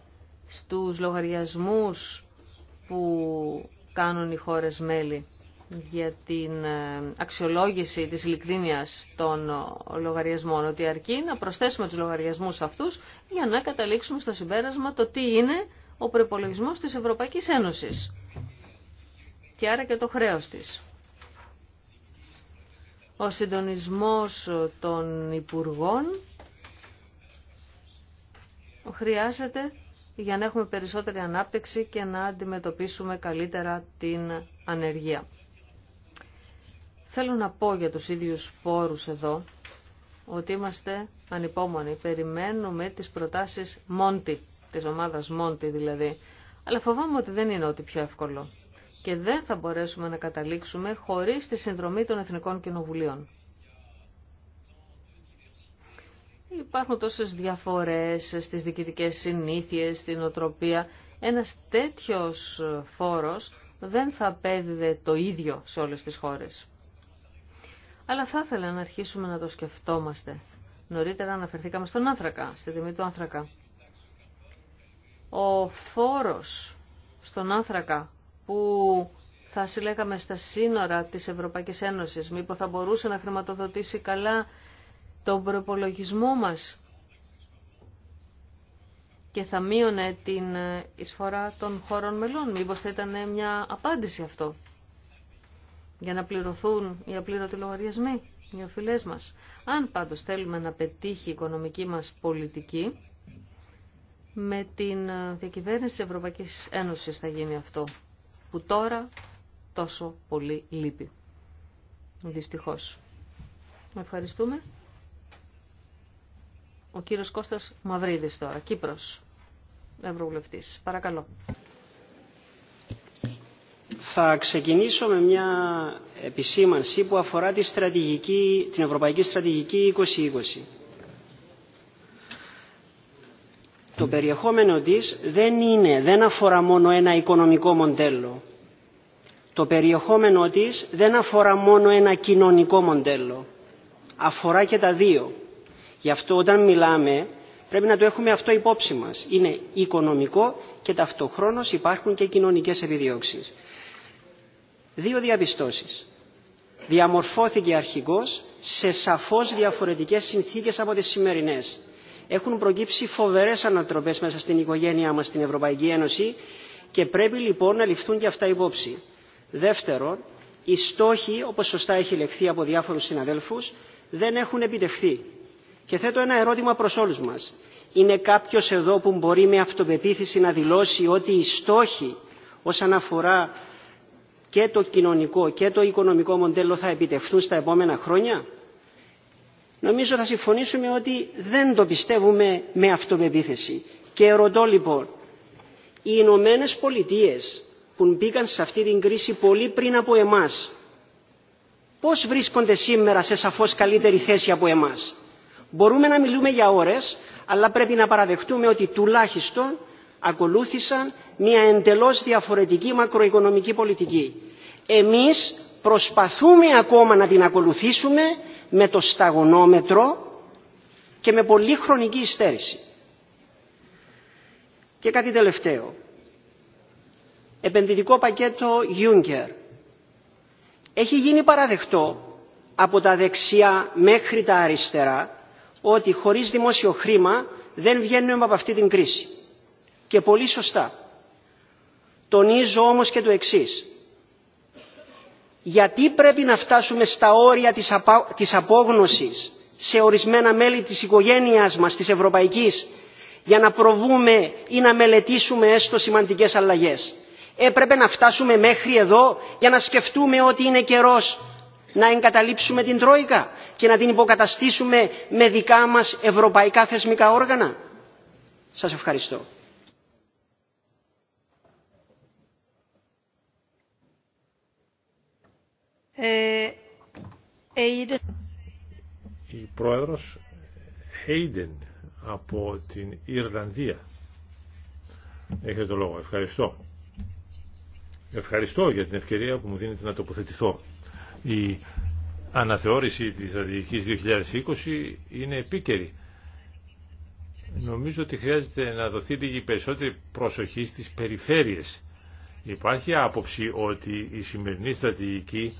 στους λογαριασμούς που κάνουν οι χώρες μέλη για την ε, αξιολόγηση της ειλικρίνειας των λογαριασμών, ότι αρκεί να προσθέσουμε τους λογαριασμούς αυτούς για να καταλήξουμε στο συμπέρασμα το τι είναι ο προπολογισμό της Ευρωπαϊκής Ένωσης και άρα και το χρέος της. Ο συντονισμός των Υπουργών χρειάζεται για να έχουμε περισσότερη ανάπτυξη και να αντιμετωπίσουμε καλύτερα την ανεργία. Θέλω να πω για τους ίδιους πόρους εδώ ότι είμαστε ανυπόμονοι. Περιμένουμε τις προτάσεις Μόντι, της ομάδας Μόντι δηλαδή. Αλλά φοβάμαι ότι δεν είναι ό,τι πιο εύκολο. Και δεν θα μπορέσουμε να καταλήξουμε χωρίς τη συνδρομή των Εθνικών Κοινοβουλίων. Υπάρχουν τόσες διαφορές στις διοικητικές συνήθειες, στην οτροπία. Ένας τέτοιος φόρος δεν θα απέδιδε το ίδιο σε όλες τις χώρες. Αλλά θα ήθελα να αρχίσουμε να το σκεφτόμαστε. Νωρίτερα αναφερθήκαμε στον άνθρακα, στη τιμή του άνθρακα. Ο φόρος στον άνθρακα που θα συλλέγαμε στα σύνορα της Ευρωπαϊκής Ένωσης, μήπως θα μπορούσε να χρηματοδοτήσει καλά τον προπολογισμό μας και θα μείωνε την εισφορά των χωρών μελών. Μήπως θα ήταν μια απάντηση αυτό για να πληρωθούν οι απλήρωτοι λογαριασμοί, οι οφειλές μας. Αν πάντως θέλουμε να πετύχει η οικονομική μας πολιτική, με την διακυβέρνηση της Ευρωπαϊκής Ένωσης θα γίνει αυτό, που τώρα τόσο πολύ λείπει. Δυστυχώς. Ευχαριστούμε. Ο κύριος Κώστας Μαυρίδης τώρα, Κύπρος, Ευρωβουλευτής. Παρακαλώ. Θα ξεκινήσω με μια επισήμανση που αφορά στρατηγική, την Ευρωπαϊκή Στρατηγική 2020. Το περιεχόμενο της δεν, είναι, δεν αφορά μόνο ένα οικονομικό μοντέλο. Το περιεχόμενο της δεν αφορά μόνο ένα κοινωνικό μοντέλο. Αφορά και τα δύο Γι' αυτό όταν μιλάμε πρέπει να το έχουμε αυτό υπόψη μας. Είναι οικονομικό και ταυτοχρόνως υπάρχουν και κοινωνικές επιδιώξεις. Δύο διαπιστώσεις. Διαμορφώθηκε αρχικώς σε σαφώς διαφορετικές συνθήκες από τις σημερινές. Έχουν προκύψει φοβερές ανατροπές μέσα στην οικογένειά μας στην Ευρωπαϊκή Ένωση και πρέπει λοιπόν να ληφθούν και αυτά υπόψη. Δεύτερον, οι στόχοι, όπως σωστά έχει λεχθεί από διάφορους συναδέλφους, δεν έχουν επιτευχθεί. Και θέτω ένα ερώτημα προς όλους μας. Είναι κάποιος εδώ που μπορεί με αυτοπεποίθηση να δηλώσει ότι οι στόχοι όσον αφορά και το κοινωνικό και το οικονομικό μοντέλο θα επιτευχθούν στα επόμενα χρόνια. Νομίζω θα συμφωνήσουμε ότι δεν το πιστεύουμε με αυτοπεποίθηση. Και ρωτώ λοιπόν, οι Ηνωμένε Πολιτείε που μπήκαν σε αυτή την κρίση πολύ πριν από εμάς, πώς βρίσκονται σήμερα σε σαφώς καλύτερη θέση από εμάς. Μπορούμε να μιλούμε για ώρες, αλλά πρέπει να παραδεχτούμε ότι τουλάχιστον ακολούθησαν μια εντελώς διαφορετική μακροοικονομική πολιτική. Εμείς προσπαθούμε ακόμα να την ακολουθήσουμε με το σταγονόμετρο και με πολύ χρονική υστέρηση. Και κάτι τελευταίο. Επενδυτικό πακέτο Juncker. Έχει γίνει παραδεχτό από τα δεξιά μέχρι τα αριστερά ότι χωρίς δημόσιο χρήμα δεν βγαίνουμε από αυτή την κρίση. Και πολύ σωστά. Τονίζω όμως και το εξής. Γιατί πρέπει να φτάσουμε στα όρια της, της απόγνωσης σε ορισμένα μέλη της οικογένειάς μας, της ευρωπαϊκής, για να προβούμε ή να μελετήσουμε έστω σημαντικές αλλαγές. Έπρεπε να φτάσουμε μέχρι εδώ για να σκεφτούμε ότι είναι καιρός να εγκαταλείψουμε την Τρόικα και να την υποκαταστήσουμε με δικά μας ευρωπαϊκά θεσμικά όργανα. Σας ευχαριστώ. Ε, Η πρόεδρος Hayden από την Ιρλανδία. Έχετε το λόγο. Ευχαριστώ. Ευχαριστώ για την ευκαιρία που μου δίνετε να τοποθετηθώ. Η αναθεώρηση της στρατηγικής 2020 είναι επίκαιρη. Νομίζω ότι χρειάζεται να δοθεί λίγη περισσότερη προσοχή στις περιφέρειες. Υπάρχει άποψη ότι η σημερινή στρατηγική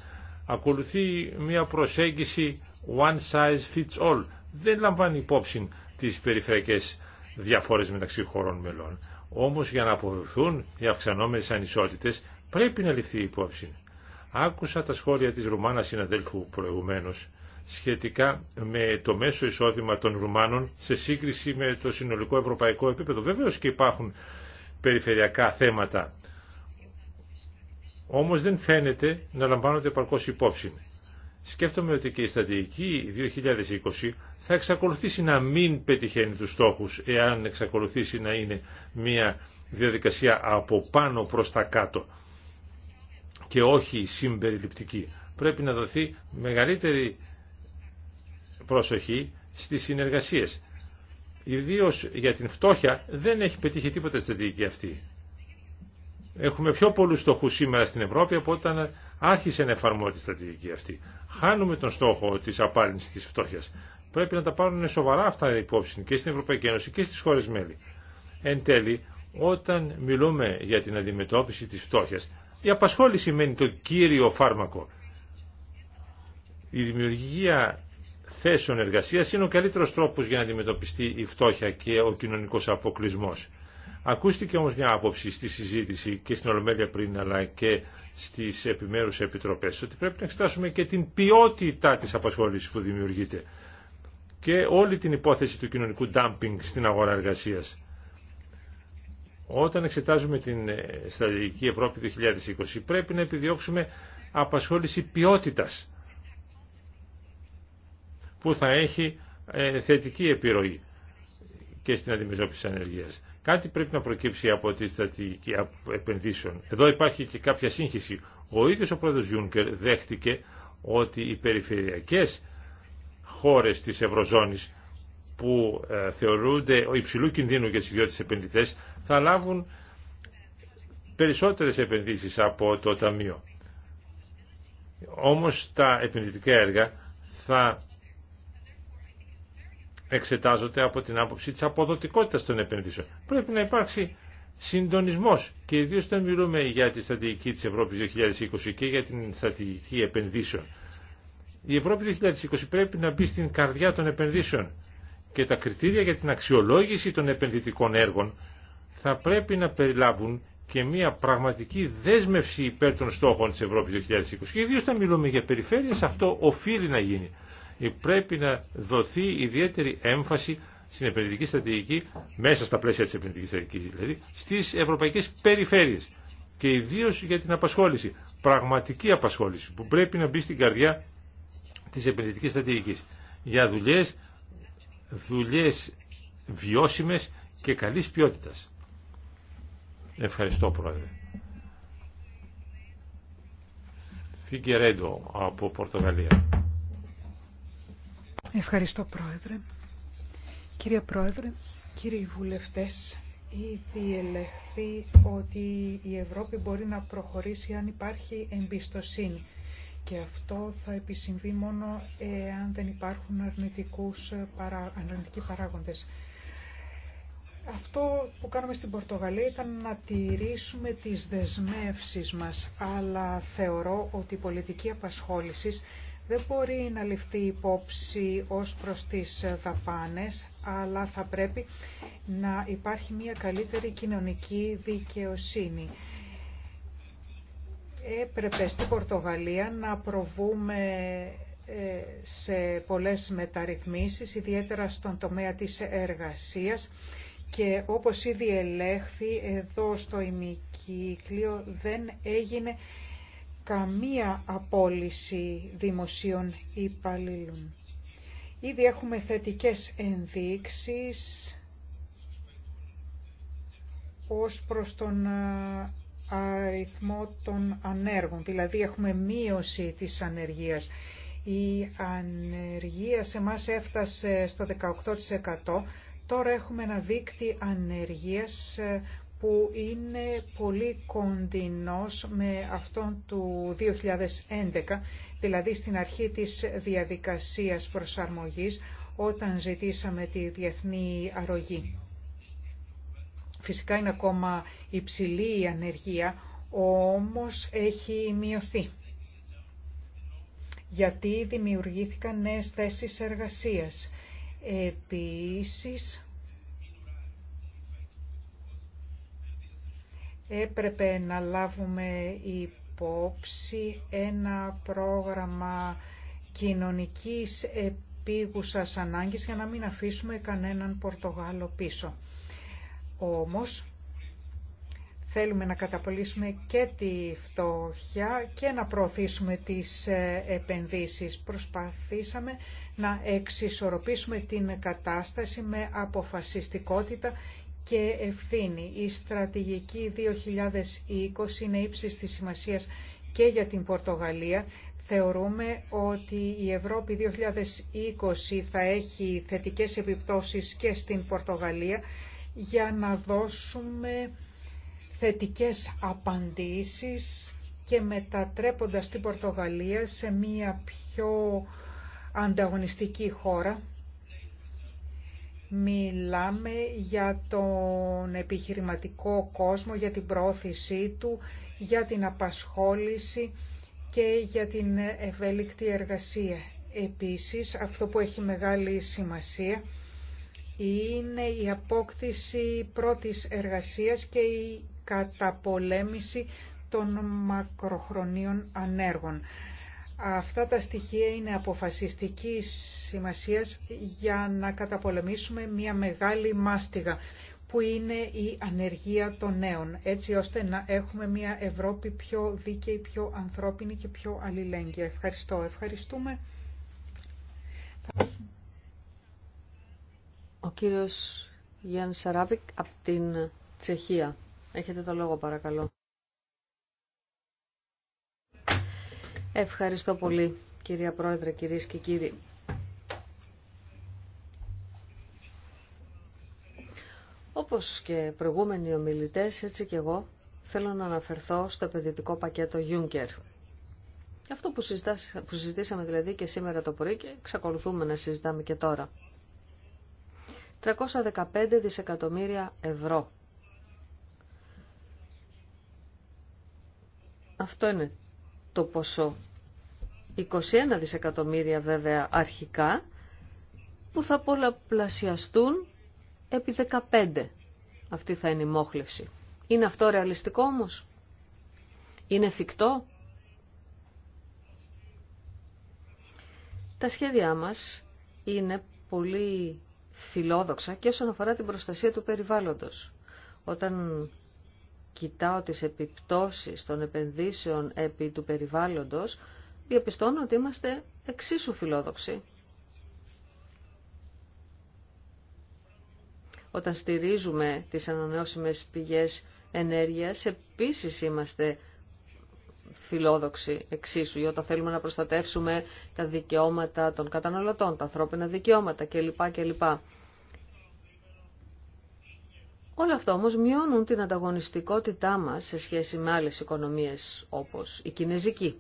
ακολουθεί μια προσέγγιση one size fits all. Δεν λαμβάνει υπόψη τις περιφερειακές διαφορές μεταξύ χωρών μελών. Όμως για να αποδοθούν οι αυξανόμενες ανισότητες πρέπει να ληφθεί υπόψη. Άκουσα τα σχόλια της Ρουμάνας συναδέλφου προηγουμένως σχετικά με το μέσο εισόδημα των Ρουμάνων σε σύγκριση με το συνολικό ευρωπαϊκό επίπεδο. Βεβαίως και υπάρχουν περιφερειακά θέματα, όμως δεν φαίνεται να λαμβάνονται παρκώς υπόψη. Σκέφτομαι ότι και η στατική 2020 θα εξακολουθήσει να μην πετυχαίνει τους στόχους εάν εξακολουθήσει να είναι μια διαδικασία από πάνω προς τα κάτω και όχι συμπεριληπτική. Πρέπει να δοθεί μεγαλύτερη προσοχή στις συνεργασίες. Ιδίω για την φτώχεια δεν έχει πετύχει τίποτα στρατηγική αυτή. Έχουμε πιο πολλούς στόχους σήμερα στην Ευρώπη από όταν άρχισε να εφαρμόζεται η στρατηγική αυτή. Χάνουμε τον στόχο της απάλυνσης της φτώχειας. Πρέπει να τα πάρουν σοβαρά αυτά οι υπόψη και στην Ευρωπαϊκή Ένωση και στις χώρες μέλη. Εν τέλει, όταν μιλούμε για την αντιμετώπιση της φτώχειας, η απασχόληση μένει το κύριο φάρμακο. Η δημιουργία θέσεων εργασίας είναι ο καλύτερος τρόπος για να αντιμετωπιστεί η φτώχεια και ο κοινωνικός αποκλεισμός. Ακούστηκε όμως μια άποψη στη συζήτηση και στην Ολομέλεια πριν αλλά και στις επιμέρους επιτροπές ότι πρέπει να εξετάσουμε και την ποιότητα της απασχόλησης που δημιουργείται και όλη την υπόθεση του κοινωνικού ντάμπινγκ στην αγορά εργασίας. Όταν εξετάζουμε την ε, στρατηγική Ευρώπη του 2020 πρέπει να επιδιώξουμε απασχόληση ποιότητας που θα έχει ε, θετική επιρροή και στην αντιμετώπιση της ανεργίας. Κάτι πρέπει να προκύψει από τη στρατηγική επενδύσεων. Εδώ υπάρχει και κάποια σύγχυση. Ο ίδιος ο πρόεδρος Γιούνκερ δέχτηκε ότι οι περιφερειακές χώρες της Ευρωζώνης που ε, θεωρούνται υψηλού κινδύνου για τις ιδιώτες επενδυτές θα λάβουν περισσότερες επενδύσεις από το Ταμείο. Όμως τα επενδυτικά έργα θα εξετάζονται από την άποψη της αποδοτικότητας των επενδύσεων. Πρέπει να υπάρξει συντονισμός και ιδίω όταν μιλούμε για τη στρατηγική της Ευρώπης 2020 και για την στρατηγική επενδύσεων. Η Ευρώπη 2020 πρέπει να μπει στην καρδιά των επενδύσεων και τα κριτήρια για την αξιολόγηση των επενδυτικών έργων θα πρέπει να περιλάβουν και μια πραγματική δέσμευση υπέρ των στόχων της Ευρώπης 2020. Και ιδίως όταν μιλούμε για περιφέρειες αυτό οφείλει να γίνει. Ε, πρέπει να δοθεί ιδιαίτερη έμφαση στην επενδυτική στρατηγική, μέσα στα πλαίσια της επενδυτικής στρατηγικής δηλαδή, στις ευρωπαϊκές περιφέρειες και ιδίω για την απασχόληση, πραγματική απασχόληση που πρέπει να μπει στην καρδιά της επενδυτικής στρατηγικής για δουλειές δουλειές βιώσιμες και καλής ποιότητας. Ευχαριστώ Πρόεδρε. Φιγκερέντο από Πορτογαλία. Ευχαριστώ Πρόεδρε. Κύριε Πρόεδρε, κύριοι βουλευτές, ήδη ελεγχθεί ότι η Ευρώπη μπορεί να προχωρήσει αν υπάρχει εμπιστοσύνη. Και αυτό θα επισυμβεί μόνο εάν δεν υπάρχουν αρνητικούς, αρνητικοί παράγοντες. Αυτό που κάνουμε στην Πορτογαλία ήταν να τηρήσουμε τις δεσμεύσεις μας, αλλά θεωρώ ότι η πολιτική απασχόληση δεν μπορεί να ληφθεί υπόψη ως προς τις δαπάνες, αλλά θα πρέπει να υπάρχει μια καλύτερη κοινωνική δικαιοσύνη έπρεπε στην Πορτογαλία να προβούμε ε, σε πολλές μεταρρυθμίσεις, ιδιαίτερα στον τομέα της εργασίας και όπως ήδη ελέγχθη εδώ στο ημικύκλιο δεν έγινε καμία απόλυση δημοσίων υπαλλήλων. Ήδη έχουμε θετικές ενδείξεις ως προς τον ε, αριθμό των ανέργων, δηλαδή έχουμε μείωση της ανεργίας. Η ανεργία σε μας έφτασε στο 18%. Τώρα έχουμε ένα δίκτυ ανεργίας ε, που είναι πολύ κοντινός με αυτόν του 2011, δηλαδή στην αρχή της διαδικασίας προσαρμογής, όταν ζητήσαμε τη διεθνή αρρωγή. Φυσικά είναι ακόμα υψηλή η ανεργία, όμως έχει μειωθεί. Γιατί δημιουργήθηκαν νέες θέσεις εργασίας. Επίσης, έπρεπε να λάβουμε υπόψη ένα πρόγραμμα κοινωνικής επίγουσας ανάγκης για να μην αφήσουμε κανέναν Πορτογάλο πίσω. Όμως θέλουμε να καταπολύσουμε και τη φτώχεια και να προωθήσουμε τις ε, επενδύσεις. Προσπαθήσαμε να εξισορροπήσουμε την κατάσταση με αποφασιστικότητα και ευθύνη. Η στρατηγική 2020 είναι ύψης της σημασίας και για την Πορτογαλία. Θεωρούμε ότι η Ευρώπη 2020 θα έχει θετικές επιπτώσεις και στην Πορτογαλία για να δώσουμε θετικές απαντήσεις και μετατρέποντας την Πορτογαλία σε μία πιο ανταγωνιστική χώρα. Μιλάμε για τον επιχειρηματικό κόσμο, για την πρόθεσή του, για την απασχόληση και για την ευέλικτη εργασία. Επίσης, αυτό που έχει μεγάλη σημασία είναι η απόκτηση πρώτης εργασίας και η καταπολέμηση των μακροχρονίων ανέργων. Αυτά τα στοιχεία είναι αποφασιστικής σημασίας για να καταπολεμήσουμε μια μεγάλη μάστιγα που είναι η ανεργία των νέων, έτσι ώστε να έχουμε μια Ευρώπη πιο δίκαιη, πιο ανθρώπινη και πιο αλληλέγγυα. Ευχαριστώ. Ευχαριστούμε. Ο κύριος Γιάννη Σαράβικ από την Τσεχία. Έχετε το λόγο παρακαλώ. Ευχαριστώ πολύ κυρία Πρόεδρε, κυρίες και κύριοι. Όπως και προηγούμενοι ομιλητές, έτσι και εγώ θέλω να αναφερθώ στο επενδυτικό πακέτο Juncker. Αυτό που, συζητά, που συζητήσαμε δηλαδή και σήμερα το πρωί και εξακολουθούμε να συζητάμε και τώρα. 315 δισεκατομμύρια ευρώ. Αυτό είναι το ποσό. 21 δισεκατομμύρια βέβαια αρχικά που θα πολλαπλασιαστούν επί 15. Αυτή θα είναι η μόχλευση. Είναι αυτό ρεαλιστικό όμως. Είναι εφικτό. Τα σχέδιά μας είναι πολύ φιλόδοξα και όσον αφορά την προστασία του περιβάλλοντος. Όταν κοιτάω τις επιπτώσεις των επενδύσεων επί του περιβάλλοντος, διαπιστώνω ότι είμαστε εξίσου φιλόδοξοι. Όταν στηρίζουμε τις ανανεώσιμες πηγές ενέργειας, επίσης είμαστε φιλόδοξη εξίσου, για όταν θέλουμε να προστατεύσουμε τα δικαιώματα των καταναλωτών, τα ανθρώπινα δικαιώματα κλπ. κλπ. Όλα αυτά όμως μειώνουν την ανταγωνιστικότητά μας σε σχέση με άλλες οικονομίες όπως η κινέζικη.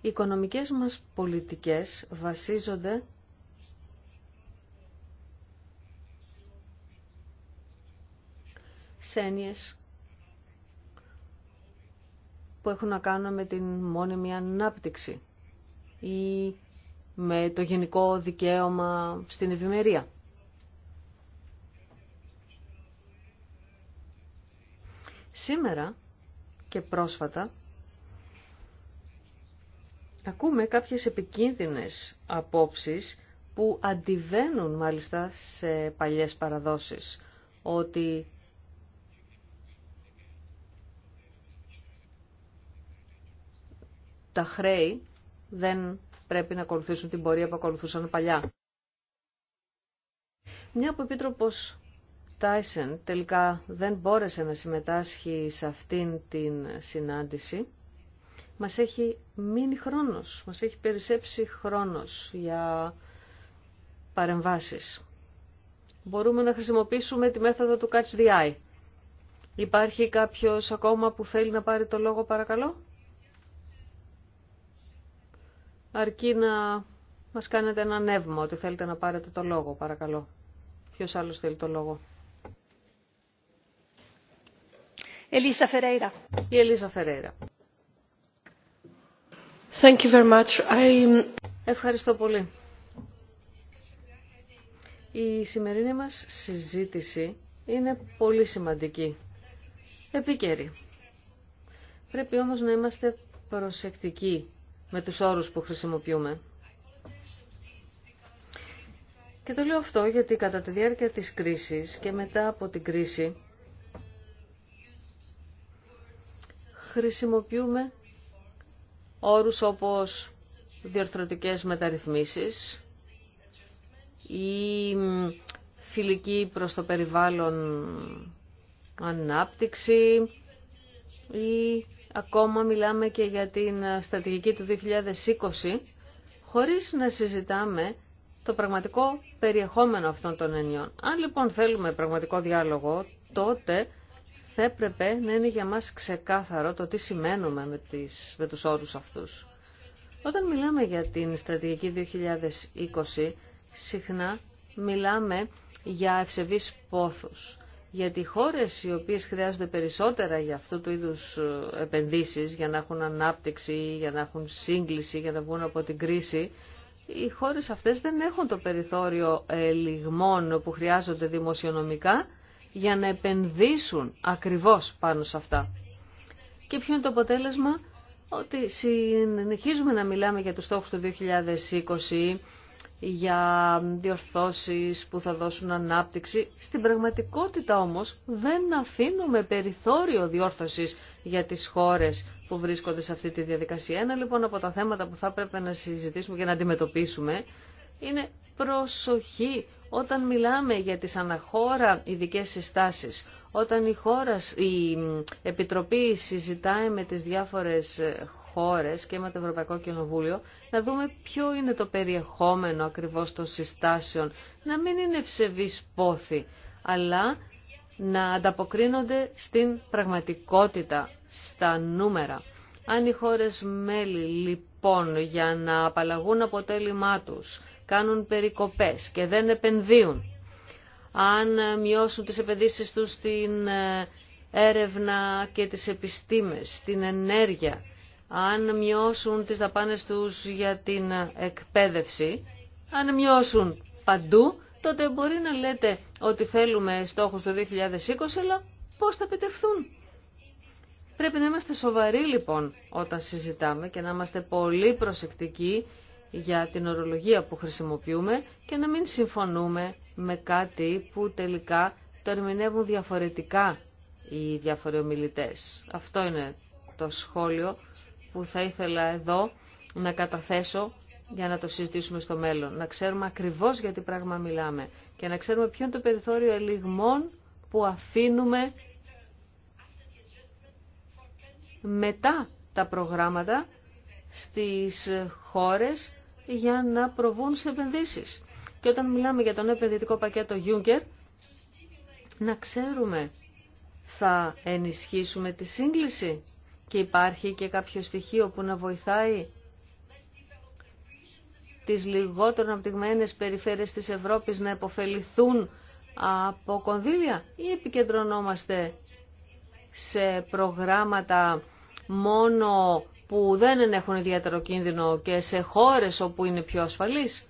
Οι οικονομικές μας πολιτικές βασίζονται ξένιες που έχουν να κάνουν με την μόνιμη ανάπτυξη ή με το γενικό δικαίωμα στην ευημερία. Σήμερα και πρόσφατα ακούμε κάποιες επικίνδυνες απόψεις που αντιβαίνουν μάλιστα σε παλιές παραδόσεις ότι τα χρέη δεν πρέπει να ακολουθήσουν την πορεία που ακολουθούσαν παλιά. Μια που ο Επίτροπος Τάισεν τελικά δεν μπόρεσε να συμμετάσχει σε αυτήν την συνάντηση, μας έχει μείνει χρόνος, μας έχει περισσέψει χρόνος για παρεμβάσεις. Μπορούμε να χρησιμοποιήσουμε τη μέθοδο του Catch the Eye. Υπάρχει κάποιος ακόμα που θέλει να πάρει το λόγο παρακαλώ αρκεί να μας κάνετε ένα νεύμα ότι θέλετε να πάρετε το λόγο, παρακαλώ. Ποιος άλλος θέλει το λόγο. Ελίσα Φερέιρα. Η Ελίζα Φερέιρα. Ευχαριστώ πολύ. Η σημερινή μας συζήτηση είναι πολύ σημαντική. Επίκαιρη. Πρέπει όμως να είμαστε προσεκτικοί με τους όρους που χρησιμοποιούμε. Και το λέω αυτό γιατί κατά τη διάρκεια της κρίσης και μετά από την κρίση χρησιμοποιούμε όρους όπως διορθωτικές μεταρρυθμίσεις ή φιλική προς το περιβάλλον ανάπτυξη ή Ακόμα μιλάμε και για την ε, στρατηγική του 2020, χωρίς να συζητάμε το πραγματικό περιεχόμενο αυτών των ενιών. Αν λοιπόν θέλουμε πραγματικό διάλογο, τότε θα έπρεπε να είναι για μας ξεκάθαρο το τι σημαίνουμε με, τις, με τους όρους αυτούς. Όταν μιλάμε για την στρατηγική 2020, συχνά μιλάμε για ευσεβείς πόθους γιατί οι χώρες οι οποίες χρειάζονται περισσότερα για αυτού του είδους ε, επενδύσεις, για να έχουν ανάπτυξη, για να έχουν σύγκληση, για να βγουν από την κρίση, οι χώρες αυτές δεν έχουν το περιθώριο ε, λιγμών που χρειάζονται δημοσιονομικά για να επενδύσουν ακριβώς πάνω σε αυτά. Και ποιο είναι το αποτέλεσμα? Ότι συνεχίζουμε να μιλάμε για τους στόχους του 2020, για διορθώσεις που θα δώσουν ανάπτυξη. Στην πραγματικότητα όμως δεν αφήνουμε περιθώριο διόρθωσης για τις χώρες που βρίσκονται σε αυτή τη διαδικασία. Ένα λοιπόν από τα θέματα που θα πρέπει να συζητήσουμε και να αντιμετωπίσουμε είναι προσοχή όταν μιλάμε για τις αναχώρα ειδικέ συστάσεις. Όταν η, χώρα, η Επιτροπή συζητάει με τις διάφορες χώρες και με το Ευρωπαϊκό Κοινοβούλιο να δούμε ποιο είναι το περιεχόμενο ακριβώς των συστάσεων. Να μην είναι ψευής πόθη, αλλά να ανταποκρίνονται στην πραγματικότητα, στα νούμερα. Αν οι χώρες μέλη λοιπόν για να απαλλαγούν από τους κάνουν περικοπές και δεν επενδύουν, αν μειώσουν τις επενδύσεις τους στην ε, έρευνα και τις επιστήμες, στην ενέργεια, αν μειώσουν τις δαπάνες τους για την εκπαίδευση, αν μειώσουν παντού, τότε μπορεί να λέτε ότι θέλουμε στόχους το 2020, αλλά πώς θα πετευθούν. Πρέπει να είμαστε σοβαροί λοιπόν όταν συζητάμε και να είμαστε πολύ προσεκτικοί για την ορολογία που χρησιμοποιούμε και να μην συμφωνούμε με κάτι που τελικά το ερμηνεύουν διαφορετικά οι διάφοροι Αυτό είναι το σχόλιο που θα ήθελα εδώ να καταθέσω για να το συζητήσουμε στο μέλλον. Να ξέρουμε ακριβώς για τι πράγμα μιλάμε και να ξέρουμε ποιο είναι το περιθώριο ελιγμών που αφήνουμε μετά τα προγράμματα στις χώρες για να προβούν σε επενδύσεις. Και όταν μιλάμε για τον επενδυτικό πακέτο Juncker, να ξέρουμε θα ενισχύσουμε τη σύγκληση και υπάρχει και κάποιο στοιχείο που να βοηθάει τις λιγότερο αναπτυγμένες περιφέρειες της Ευρώπης να υποφεληθούν από κονδύλια ή επικεντρωνόμαστε σε προγράμματα μόνο που δεν έχουν ιδιαίτερο κίνδυνο και σε χώρες όπου είναι πιο ασφαλείς.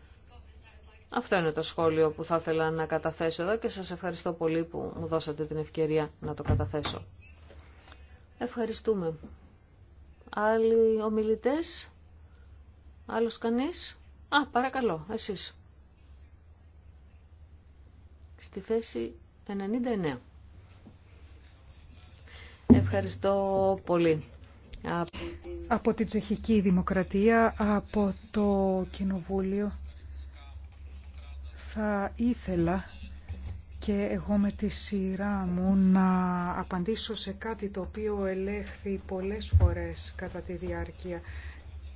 Αυτό είναι το σχόλιο που θα ήθελα να καταθέσω εδώ και σας ευχαριστώ πολύ που μου δώσατε την ευκαιρία να το καταθέσω. Ευχαριστούμε. Άλλοι ομιλητές, άλλος κανείς. Α, παρακαλώ, εσείς. Στη θέση 99. Ευχαριστώ πολύ. Από την Τσεχική Δημοκρατία, από το Κοινοβούλιο, θα ήθελα και εγώ με τη σειρά μου να απαντήσω σε κάτι το οποίο ελέγχθη πολλές φορές κατά τη διάρκεια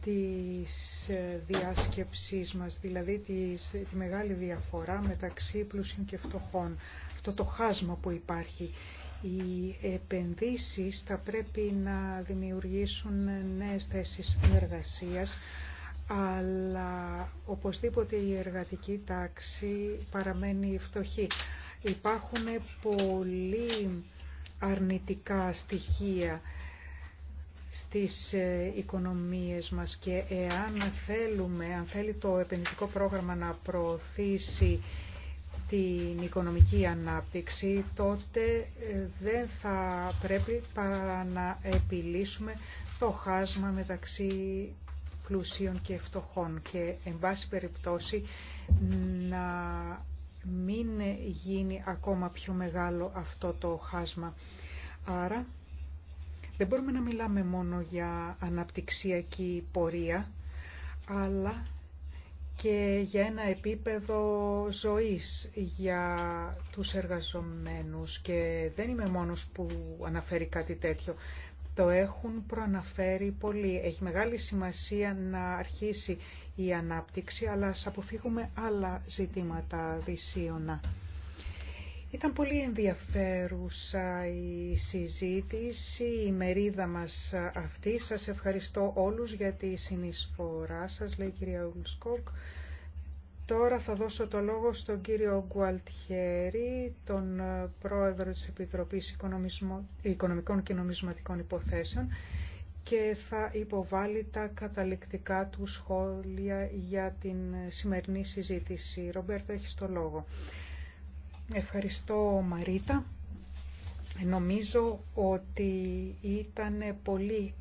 της ε, διάσκεψής μας, δηλαδή τη, τη μεγάλη διαφορά μεταξύ πλούσιων και φτωχών, αυτό το χάσμα που υπάρχει. Οι επενδύσεις θα πρέπει να δημιουργήσουν νέες θέσεις εργασίας, αλλά οπωσδήποτε η εργατική τάξη παραμένει φτωχή. Υπάρχουν πολύ αρνητικά στοιχεία στις ε, οικονομίες μας και εάν θέλουμε, αν θέλει το επενδυτικό πρόγραμμα να προωθήσει την οικονομική ανάπτυξη, τότε ε, δεν θα πρέπει παρά να επιλύσουμε το χάσμα μεταξύ πλουσίων και φτωχών και, εν περιπτώσει, να μην γίνει ακόμα πιο μεγάλο αυτό το χάσμα. Άρα δεν μπορούμε να μιλάμε μόνο για αναπτυξιακή πορεία, αλλά και για ένα επίπεδο ζωής για τους εργαζομένους και δεν είμαι μόνος που αναφέρει κάτι τέτοιο. Το έχουν προαναφέρει πολύ. Έχει μεγάλη σημασία να αρχίσει η ανάπτυξη, αλλά ας αποφύγουμε άλλα ζητήματα δυσίωνα. Ήταν πολύ ενδιαφέρουσα η συζήτηση, η μερίδα μας αυτή. Σας ευχαριστώ όλους για τη συνεισφορά σας, λέει η κυρία Ουλσκοκ. Τώρα θα δώσω το λόγο στον κύριο Γκουαλτιέρη, τον πρόεδρο της Επιτροπής Οικονομικών και Νομισματικών Υποθέσεων και θα υποβάλει τα καταληκτικά του σχόλια για την σημερινή συζήτηση. Ρομπέρτο, έχεις το λόγο. Ευχαριστώ Μαρίτα. Νομίζω ότι ήταν πολύ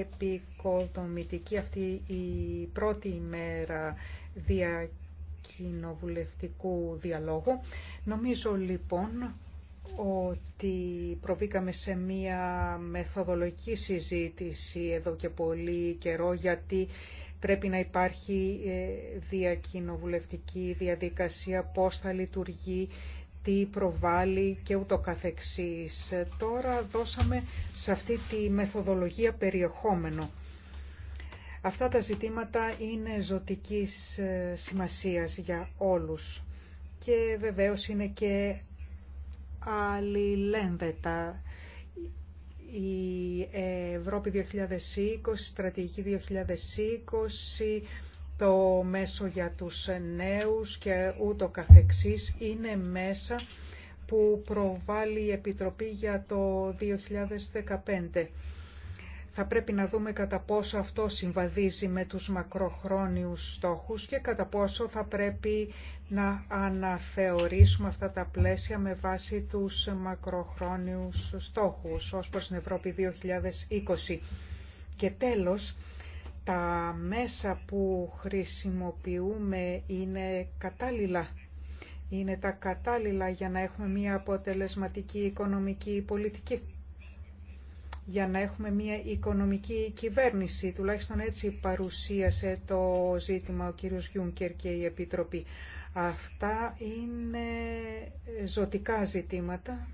επικοδομητική αυτή η πρώτη ημέρα κοινοβουλευτικού διαλόγου. Νομίζω λοιπόν ότι προβήκαμε σε μία μεθοδολογική συζήτηση εδώ και πολύ καιρό γιατί πρέπει να υπάρχει ε, διακοινοβουλευτική διαδικασία, πώς θα λειτουργεί, τι προβάλλει και ούτω καθεξής. Τώρα δώσαμε σε αυτή τη μεθοδολογία περιεχόμενο. Αυτά τα ζητήματα είναι ζωτικής ε, σημασίας για όλους και βεβαίως είναι και αλληλένδετα. Η Ευρώπη 2020, η Στρατηγική 2020, το μέσο για τους νέους και ούτω καθεξής είναι μέσα που προβάλλει η Επιτροπή για το 2015. Θα πρέπει να δούμε κατά πόσο αυτό συμβαδίζει με τους μακροχρόνιους στόχους και κατά πόσο θα πρέπει να αναθεωρήσουμε αυτά τα πλαίσια με βάση τους μακροχρόνιους στόχους ως προς την Ευρώπη 2020. Και τέλος, τα μέσα που χρησιμοποιούμε είναι κατάλληλα είναι τα κατάλληλα για να έχουμε μια αποτελεσματική οικονομική πολιτική για να έχουμε μια οικονομική κυβέρνηση. Τουλάχιστον έτσι παρουσίασε το ζήτημα ο κύριος Γιούνκερ και η Επιτροπή. Αυτά είναι ζωτικά ζητήματα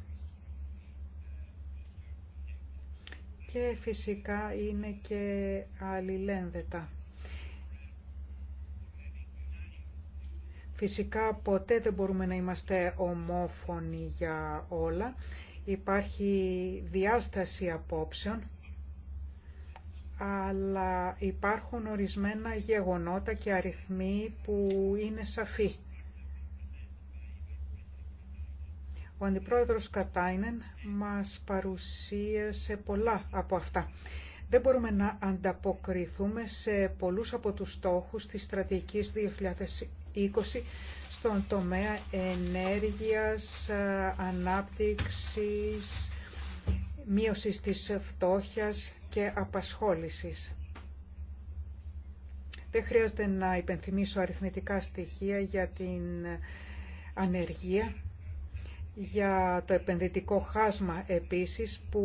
και φυσικά είναι και αλληλένδετα. Φυσικά ποτέ δεν μπορούμε να είμαστε ομόφωνοι για όλα Υπάρχει διάσταση απόψεων, αλλά υπάρχουν ορισμένα γεγονότα και αριθμοί που είναι σαφή. Ο Αντιπρόεδρος Κατάινεν μας παρουσίασε πολλά από αυτά. Δεν μπορούμε να ανταποκριθούμε σε πολλούς από τους στόχους της στρατηγικής 2020 στον τομέα ενέργειας, ανάπτυξης, μείωσης της φτώχειας και απασχόλησης. Δεν χρειάζεται να υπενθυμίσω αριθμητικά στοιχεία για την ανεργία για το επενδυτικό χάσμα επίσης που,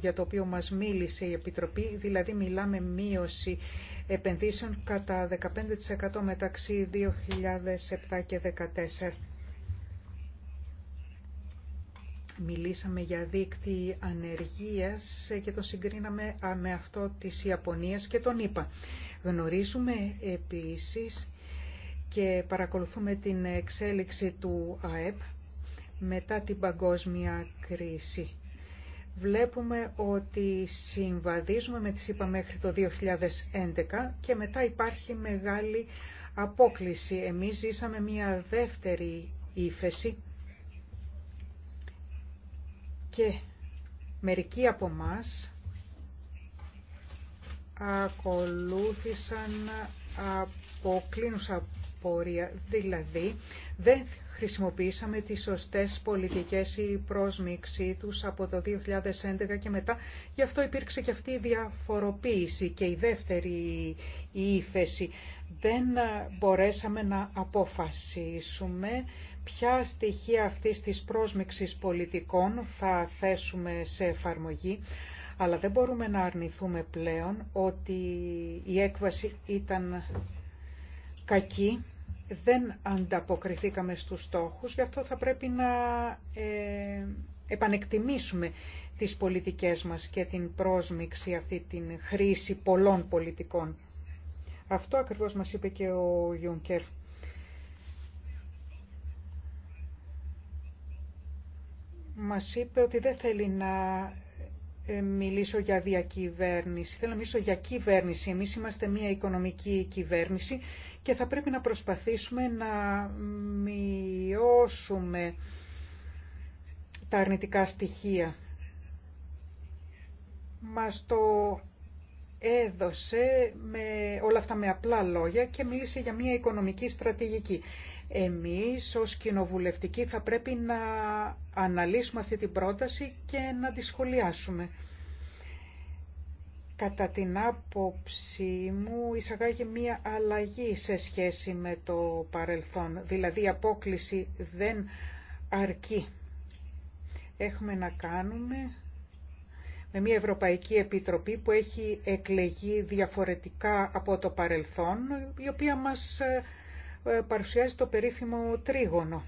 για το οποίο μας μίλησε η Επιτροπή, δηλαδή μιλάμε μείωση επενδύσεων κατά 15% μεταξύ 2007 και 2014. Μιλήσαμε για δίκτυ ανεργίας και το συγκρίναμε με αυτό της Ιαπωνίας και τον είπα. Γνωρίζουμε επίσης και παρακολουθούμε την εξέλιξη του ΑΕΠ μετά την παγκόσμια κρίση. Βλέπουμε ότι συμβαδίζουμε με τις είπα μέχρι το 2011 και μετά υπάρχει μεγάλη απόκληση. Εμείς ζήσαμε μια δεύτερη ύφεση και μερικοί από μας ακολούθησαν αποκλίνουσα πορεία, δηλαδή δεν χρησιμοποιήσαμε τις σωστές πολιτικές η πρόσμιξή τους από το 2011 και μετά. Γι' αυτό υπήρξε και αυτή η διαφοροποίηση και η δεύτερη ύφεση. Δεν μπορέσαμε να αποφασίσουμε ποια στοιχεία αυτής της πρόσμιξης πολιτικών θα θέσουμε σε εφαρμογή αλλά δεν μπορούμε να αρνηθούμε πλέον ότι η έκβαση ήταν κακή δεν ανταποκριθήκαμε στους στόχους, γι' αυτό θα πρέπει να ε, επανεκτιμήσουμε τις πολιτικές μας και την πρόσμιξη αυτή την χρήση πολλών πολιτικών. Αυτό ακριβώς μας είπε και ο Γιούνκερ. Μας είπε ότι δεν θέλει να ε, μιλήσω για διακυβέρνηση. Θέλω να μιλήσω για κυβέρνηση. Εμείς είμαστε μια οικονομική κυβέρνηση και θα πρέπει να προσπαθήσουμε να μειώσουμε τα αρνητικά στοιχεία. Μας το έδωσε με, όλα αυτά με απλά λόγια και μίλησε για μια οικονομική στρατηγική. Εμείς ως κοινοβουλευτικοί θα πρέπει να αναλύσουμε αυτή την πρόταση και να τη σχολιάσουμε κατά την άποψή μου εισαγάγει μία αλλαγή σε σχέση με το παρελθόν. Δηλαδή η απόκληση δεν αρκεί. Έχουμε να κάνουμε με μια Ευρωπαϊκή Επιτροπή που έχει εκλεγεί διαφορετικά από το παρελθόν, η οποία μας ε, παρουσιάζει το περίφημο τρίγωνο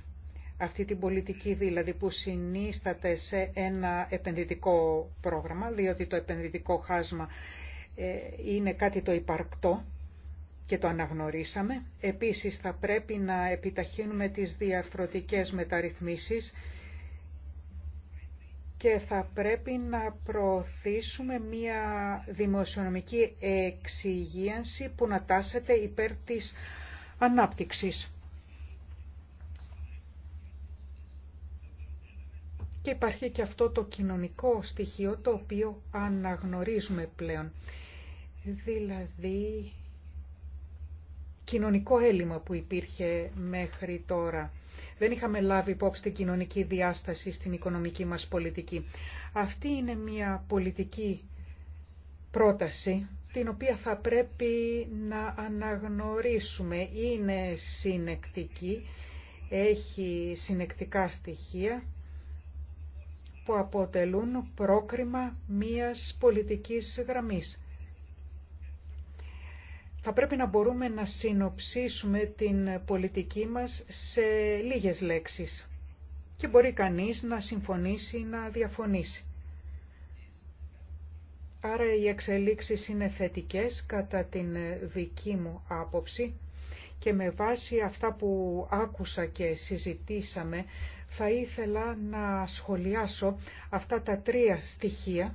αυτή την πολιτική δηλαδή που συνίσταται σε ένα επενδυτικό πρόγραμμα, διότι το επενδυτικό χάσμα ε, είναι κάτι το υπαρκτό και το αναγνωρίσαμε. Επίσης θα πρέπει να επιταχύνουμε τις διαρθρωτικές μεταρρυθμίσεις και θα πρέπει να προωθήσουμε μια δημοσιονομική εξυγίανση που να τάσεται υπέρ της ανάπτυξης. Και υπάρχει και αυτό το κοινωνικό στοιχείο το οποίο αναγνωρίζουμε πλέον. Δηλαδή, κοινωνικό έλλειμμα που υπήρχε μέχρι τώρα. Δεν είχαμε λάβει υπόψη την κοινωνική διάσταση στην οικονομική μας πολιτική. Αυτή είναι μια πολιτική πρόταση την οποία θα πρέπει να αναγνωρίσουμε. Είναι συνεκτική, έχει συνεκτικά στοιχεία που αποτελούν πρόκριμα μίας πολιτικής γραμμής. Θα πρέπει να μπορούμε να συνοψίσουμε την πολιτική μας σε λίγες λέξεις και μπορεί κανείς να συμφωνήσει ή να διαφωνήσει. Άρα οι εξελίξεις είναι θετικές κατά την δική μου άποψη και με βάση αυτά που άκουσα και συζητήσαμε θα ήθελα να σχολιάσω αυτά τα τρία στοιχεία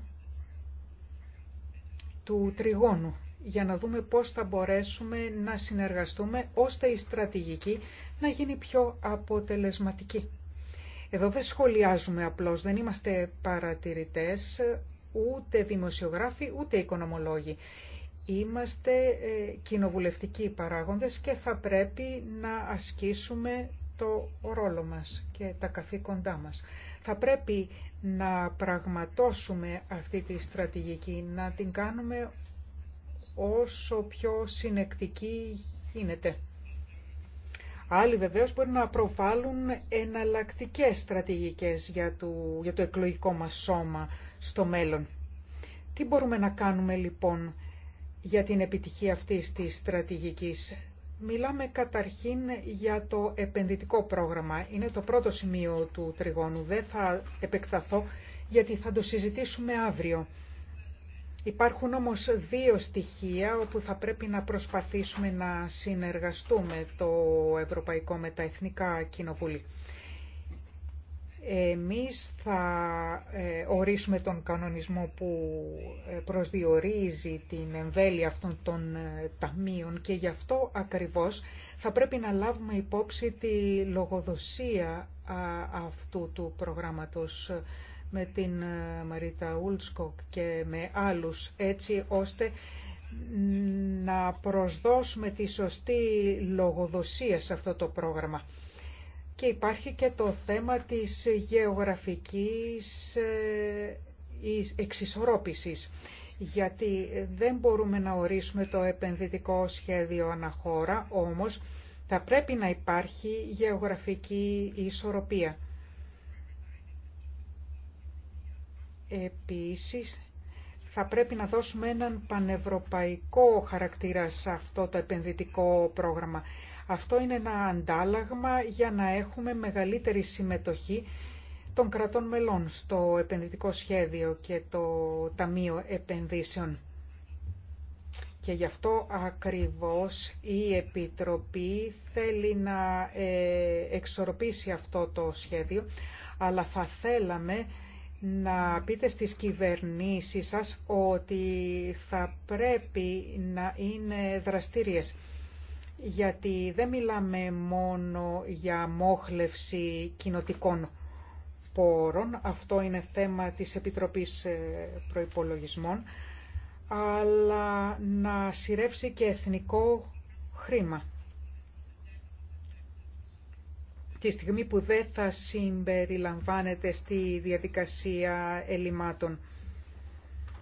του τριγώνου για να δούμε πώς θα μπορέσουμε να συνεργαστούμε ώστε η στρατηγική να γίνει πιο αποτελεσματική. Εδώ δεν σχολιάζουμε απλώς, δεν είμαστε παρατηρητές, ούτε δημοσιογράφοι, ούτε οικονομολόγοι. Είμαστε ε, κοινοβουλευτικοί παράγοντες και θα πρέπει να ασκήσουμε το ρόλο μας και τα καθήκοντά μας. Θα πρέπει να πραγματώσουμε αυτή τη στρατηγική, να την κάνουμε όσο πιο συνεκτική γίνεται. Άλλοι βεβαίως μπορεί να προβάλλουν εναλλακτικές στρατηγικές για το, για το εκλογικό μας σώμα στο μέλλον. Τι μπορούμε να κάνουμε λοιπόν για την επιτυχία αυτής της στρατηγικής. Μιλάμε καταρχήν για το επενδυτικό πρόγραμμα. Είναι το πρώτο σημείο του τριγώνου. Δεν θα επεκταθώ γιατί θα το συζητήσουμε αύριο. Υπάρχουν όμως δύο στοιχεία όπου θα πρέπει να προσπαθήσουμε να συνεργαστούμε το Ευρωπαϊκό με τα Εθνικά Κοινοβούλια. Εμείς θα ε, ορίσουμε τον κανονισμό που ε, προσδιορίζει την εμβέλεια αυτών των ε, ταμείων και γι' αυτό ακριβώς θα πρέπει να λάβουμε υπόψη τη λογοδοσία αυτού του προγράμματος με την Μαρίτα Ούλτσκοκ και με άλλους έτσι ώστε να προσδώσουμε τη σωστή λογοδοσία σε αυτό το πρόγραμμα. Και υπάρχει και το θέμα της γεωγραφικής ε, εξισορρόπησης, γιατί δεν μπορούμε να ορίσουμε το επενδυτικό σχέδιο αναχώρα, όμως θα πρέπει να υπάρχει γεωγραφική ισορροπία. Επίσης, θα πρέπει να δώσουμε έναν πανευρωπαϊκό χαρακτήρα σε αυτό το επενδυτικό πρόγραμμα. Αυτό είναι ένα αντάλλαγμα για να έχουμε μεγαλύτερη συμμετοχή των κρατών μελών στο επενδυτικό σχέδιο και το Ταμείο Επενδύσεων. Και γι' αυτό ακριβώς η Επιτροπή θέλει να ε, εξορροπήσει αυτό το σχέδιο, αλλά θα θέλαμε να πείτε στις κυβερνήσεις σας ότι θα πρέπει να είναι δραστήριες γιατί δεν μιλάμε μόνο για μόχλευση κοινοτικών πόρων, αυτό είναι θέμα της Επιτροπής ε, Προϋπολογισμών, αλλά να σειρεύσει και εθνικό χρήμα. Τη στιγμή που δεν θα συμπεριλαμβάνεται στη διαδικασία ελλημάτων,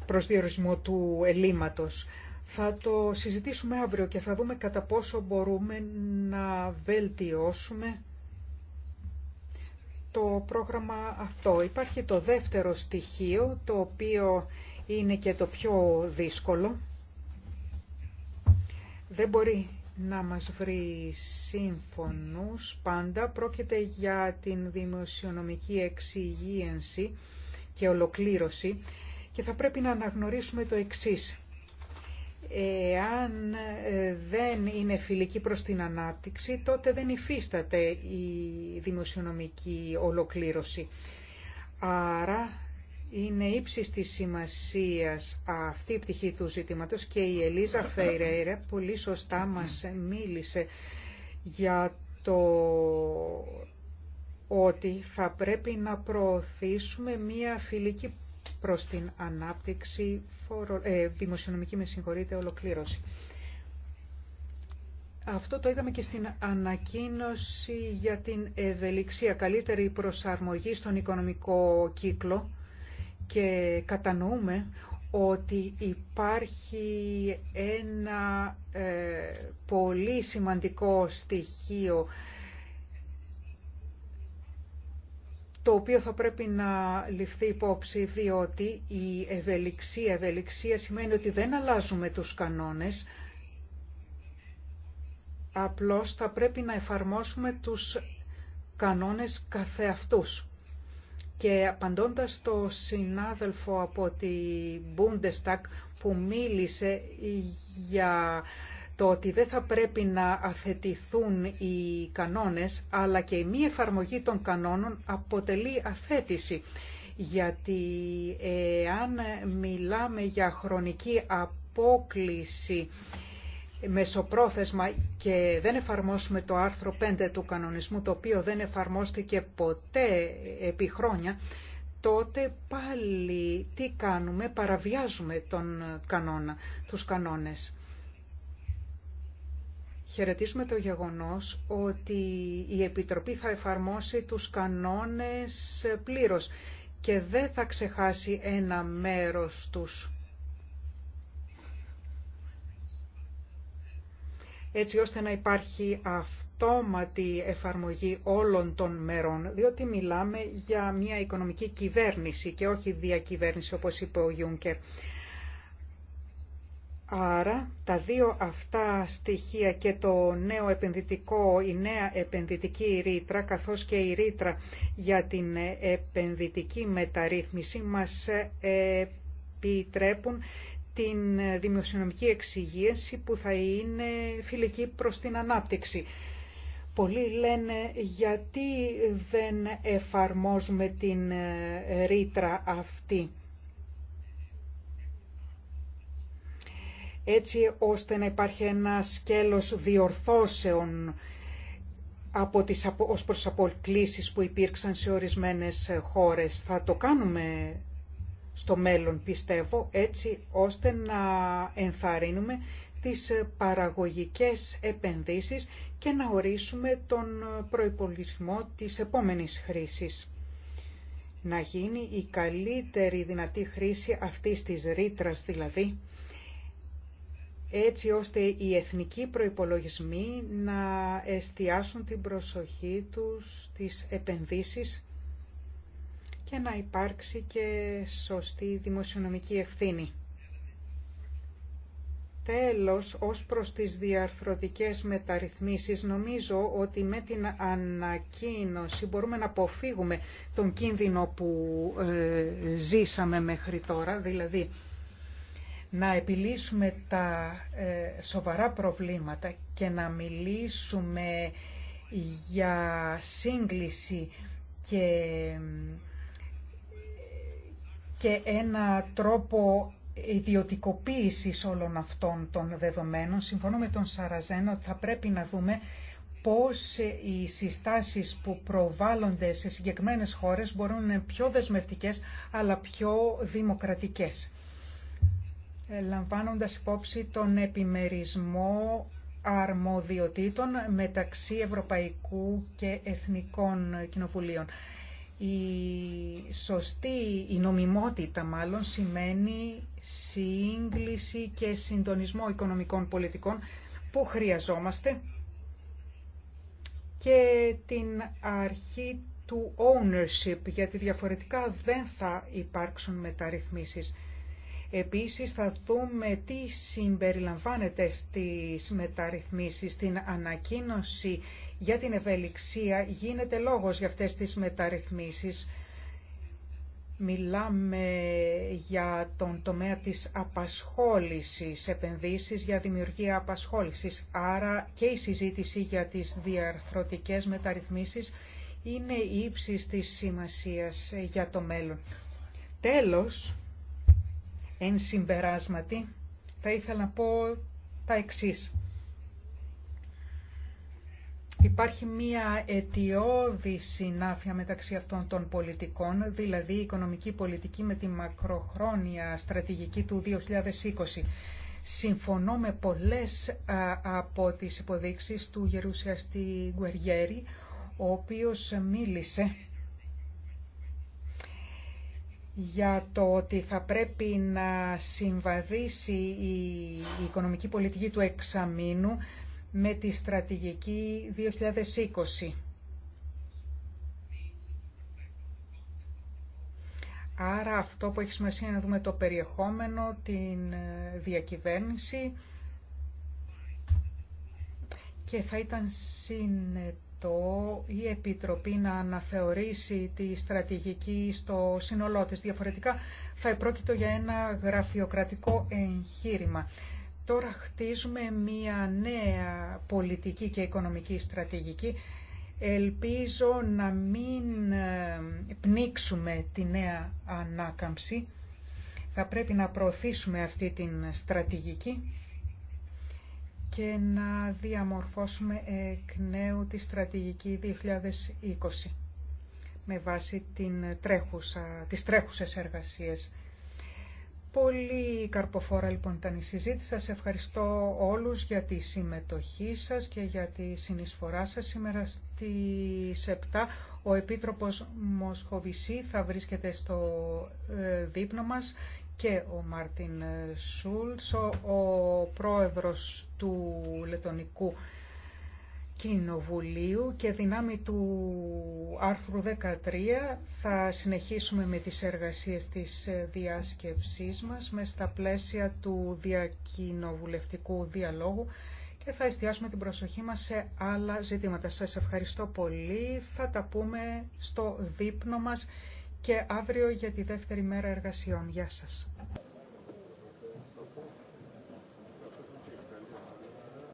προσδιορισμού του ελλείμματος. Θα το συζητήσουμε αύριο και θα δούμε κατά πόσο μπορούμε να βελτιώσουμε το πρόγραμμα αυτό. Υπάρχει το δεύτερο στοιχείο, το οποίο είναι και το πιο δύσκολο. Δεν μπορεί να μας βρει σύμφωνους πάντα. Πρόκειται για την δημοσιονομική εξυγίανση και ολοκλήρωση και θα πρέπει να αναγνωρίσουμε το εξής. Εάν ε, δεν είναι φιλική προς την ανάπτυξη, τότε δεν υφίσταται η δημοσιονομική ολοκλήρωση. Άρα είναι ύψη της σημασίας αυτή η πτυχή του ζητήματος και η Ελίζα Φεϊρέρε πολύ σωστά μας μίλησε για το ότι θα πρέπει να προωθήσουμε μία φιλική προς την ανάπτυξη, φορο, ε, δημοσιονομική με συγχωρείτε, ολοκλήρωση. Αυτό το είδαμε και στην ανακοίνωση για την ευελιξία, καλύτερη προσαρμογή στον οικονομικό κύκλο και κατανοούμε ότι υπάρχει ένα ε, πολύ σημαντικό στοιχείο το οποίο θα πρέπει να ληφθεί υπόψη διότι η ευελιξία, ευελιξία σημαίνει ότι δεν αλλάζουμε τους κανόνες, απλώς θα πρέπει να εφαρμόσουμε τους κανόνες καθεαυτούς. Και απαντώντας στο συνάδελφο από τη Bundestag που μίλησε για το ότι δεν θα πρέπει να αθετηθούν οι κανόνες, αλλά και η μη εφαρμογή των κανόνων αποτελεί αθέτηση. Γιατί ε, αν μιλάμε για χρονική απόκληση μεσοπρόθεσμα και δεν εφαρμόσουμε το άρθρο 5 του κανονισμού, το οποίο δεν εφαρμόστηκε ποτέ επί χρόνια, τότε πάλι τι κάνουμε, παραβιάζουμε τον κανόνα, τους κανόνες. Χαιρετίζουμε το γεγονός ότι η Επιτροπή θα εφαρμόσει τους κανόνες πλήρως και δεν θα ξεχάσει ένα μέρος τους. έτσι ώστε να υπάρχει αυτόματη εφαρμογή όλων των μερών, διότι μιλάμε για μια οικονομική κυβέρνηση και όχι διακυβέρνηση όπως είπε ο Γιούνκερ. Άρα τα δύο αυτά στοιχεία και το νέο επενδυτικό, η νέα επενδυτική ρήτρα καθώς και η ρήτρα για την επενδυτική μεταρρύθμιση μας επιτρέπουν την δημοσιονομική εξυγίαση που θα είναι φιλική προς την ανάπτυξη. Πολλοί λένε γιατί δεν εφαρμόζουμε την ρήτρα αυτή έτσι ώστε να υπάρχει ένα σκέλος διορθώσεων από τις, ως προς αποκλήσεις που υπήρξαν σε ορισμένες χώρες. Θα το κάνουμε στο μέλλον, πιστεύω, έτσι ώστε να ενθαρρύνουμε τις παραγωγικές επενδύσεις και να ορίσουμε τον προϋπολογισμό της επόμενης χρήσης. Να γίνει η καλύτερη δυνατή χρήση αυτής της ρήτρα δηλαδή, έτσι ώστε οι εθνικοί προϋπολογισμοί να εστιάσουν την προσοχή τους στις επενδύσεις και να υπάρξει και σωστή δημοσιονομική ευθύνη. Τέλος, ως προς τις διαρθρωτικές μεταρρυθμίσεις, νομίζω ότι με την ανακοίνωση μπορούμε να αποφύγουμε τον κίνδυνο που ε, ζήσαμε μέχρι τώρα, δηλαδή να επιλύσουμε τα ε, σοβαρά προβλήματα και να μιλήσουμε για σύγκληση και, και ένα τρόπο ιδιωτικοποίησης όλων αυτών των δεδομένων. Συμφωνώ με τον Σαραζένο θα πρέπει να δούμε πώς οι συστάσεις που προβάλλονται σε συγκεκριμένες χώρες μπορούν να είναι πιο δεσμευτικές αλλά πιο δημοκρατικές. Ε, λαμβάνοντας υπόψη τον επιμερισμό αρμοδιοτήτων μεταξύ Ευρωπαϊκού και Εθνικών Κοινοβουλίων. Η σωστή, η νομιμότητα μάλλον σημαίνει σύγκληση και συντονισμό οικονομικών πολιτικών που χρειαζόμαστε και την αρχή του ownership γιατί διαφορετικά δεν θα υπάρξουν μεταρρυθμίσεις. Επίσης θα δούμε τι συμπεριλαμβάνεται στις μεταρρυθμίσεις. την ανακοίνωση για την ευελιξία γίνεται λόγος για αυτές τις μεταρρυθμίσεις. Μιλάμε για τον τομέα της απασχόλησης, επενδύσεις για δημιουργία απασχόλησης. Άρα και η συζήτηση για τις διαρθρωτικές μεταρρυθμίσεις είναι ύψης της σημασίας για το μέλλον. Τέλος, Εν συμπεράσματι, θα ήθελα να πω τα εξής. Υπάρχει μία αιτιώδη συνάφεια μεταξύ αυτών των πολιτικών, δηλαδή η οικονομική πολιτική με τη μακροχρόνια στρατηγική του 2020. Συμφωνώ με πολλές από τις υποδείξεις του γερουσιαστή Γκουεριέρη, ο οποίος μίλησε για το ότι θα πρέπει να συμβαδίσει η οικονομική πολιτική του εξαμήνου με τη στρατηγική 2020. Άρα αυτό που έχει σημασία είναι να δούμε το περιεχόμενο, την ε, διακυβέρνηση και θα ήταν συνετό η Επιτροπή να αναθεωρήσει τη στρατηγική στο σύνολό της. Διαφορετικά θα επρόκειτο για ένα γραφειοκρατικό εγχείρημα. Τώρα χτίζουμε μία νέα πολιτική και οικονομική στρατηγική. Ελπίζω να μην ε, πνίξουμε τη νέα ανάκαμψη. Θα πρέπει να προωθήσουμε αυτή την στρατηγική και να διαμορφώσουμε εκ νέου τη στρατηγική 2020 με βάση την τρέχουσα, τις τρέχουσες εργασίες. Πολύ καρποφόρα λοιπόν ήταν η συζήτηση. Σας ευχαριστώ όλους για τη συμμετοχή σας και για τη συνεισφορά σας. Σήμερα στις 7 ο Επίτροπος Μοσχοβησή θα βρίσκεται στο ε, δείπνο μας και ο Μάρτιν Σούλς, ο πρόεδρος του Λετωνικού Κοινοβουλίου και δυνάμει του άρθρου 13 θα συνεχίσουμε με τις εργασίες της διάσκεψής μας με στα πλαίσια του διακοινοβουλευτικού διαλόγου και θα εστιάσουμε την προσοχή μας σε άλλα ζητήματα. Σας ευχαριστώ πολύ. Θα τα πούμε στο δείπνο μας και αύριο για τη δεύτερη μέρα εργασιών. Γεια σας.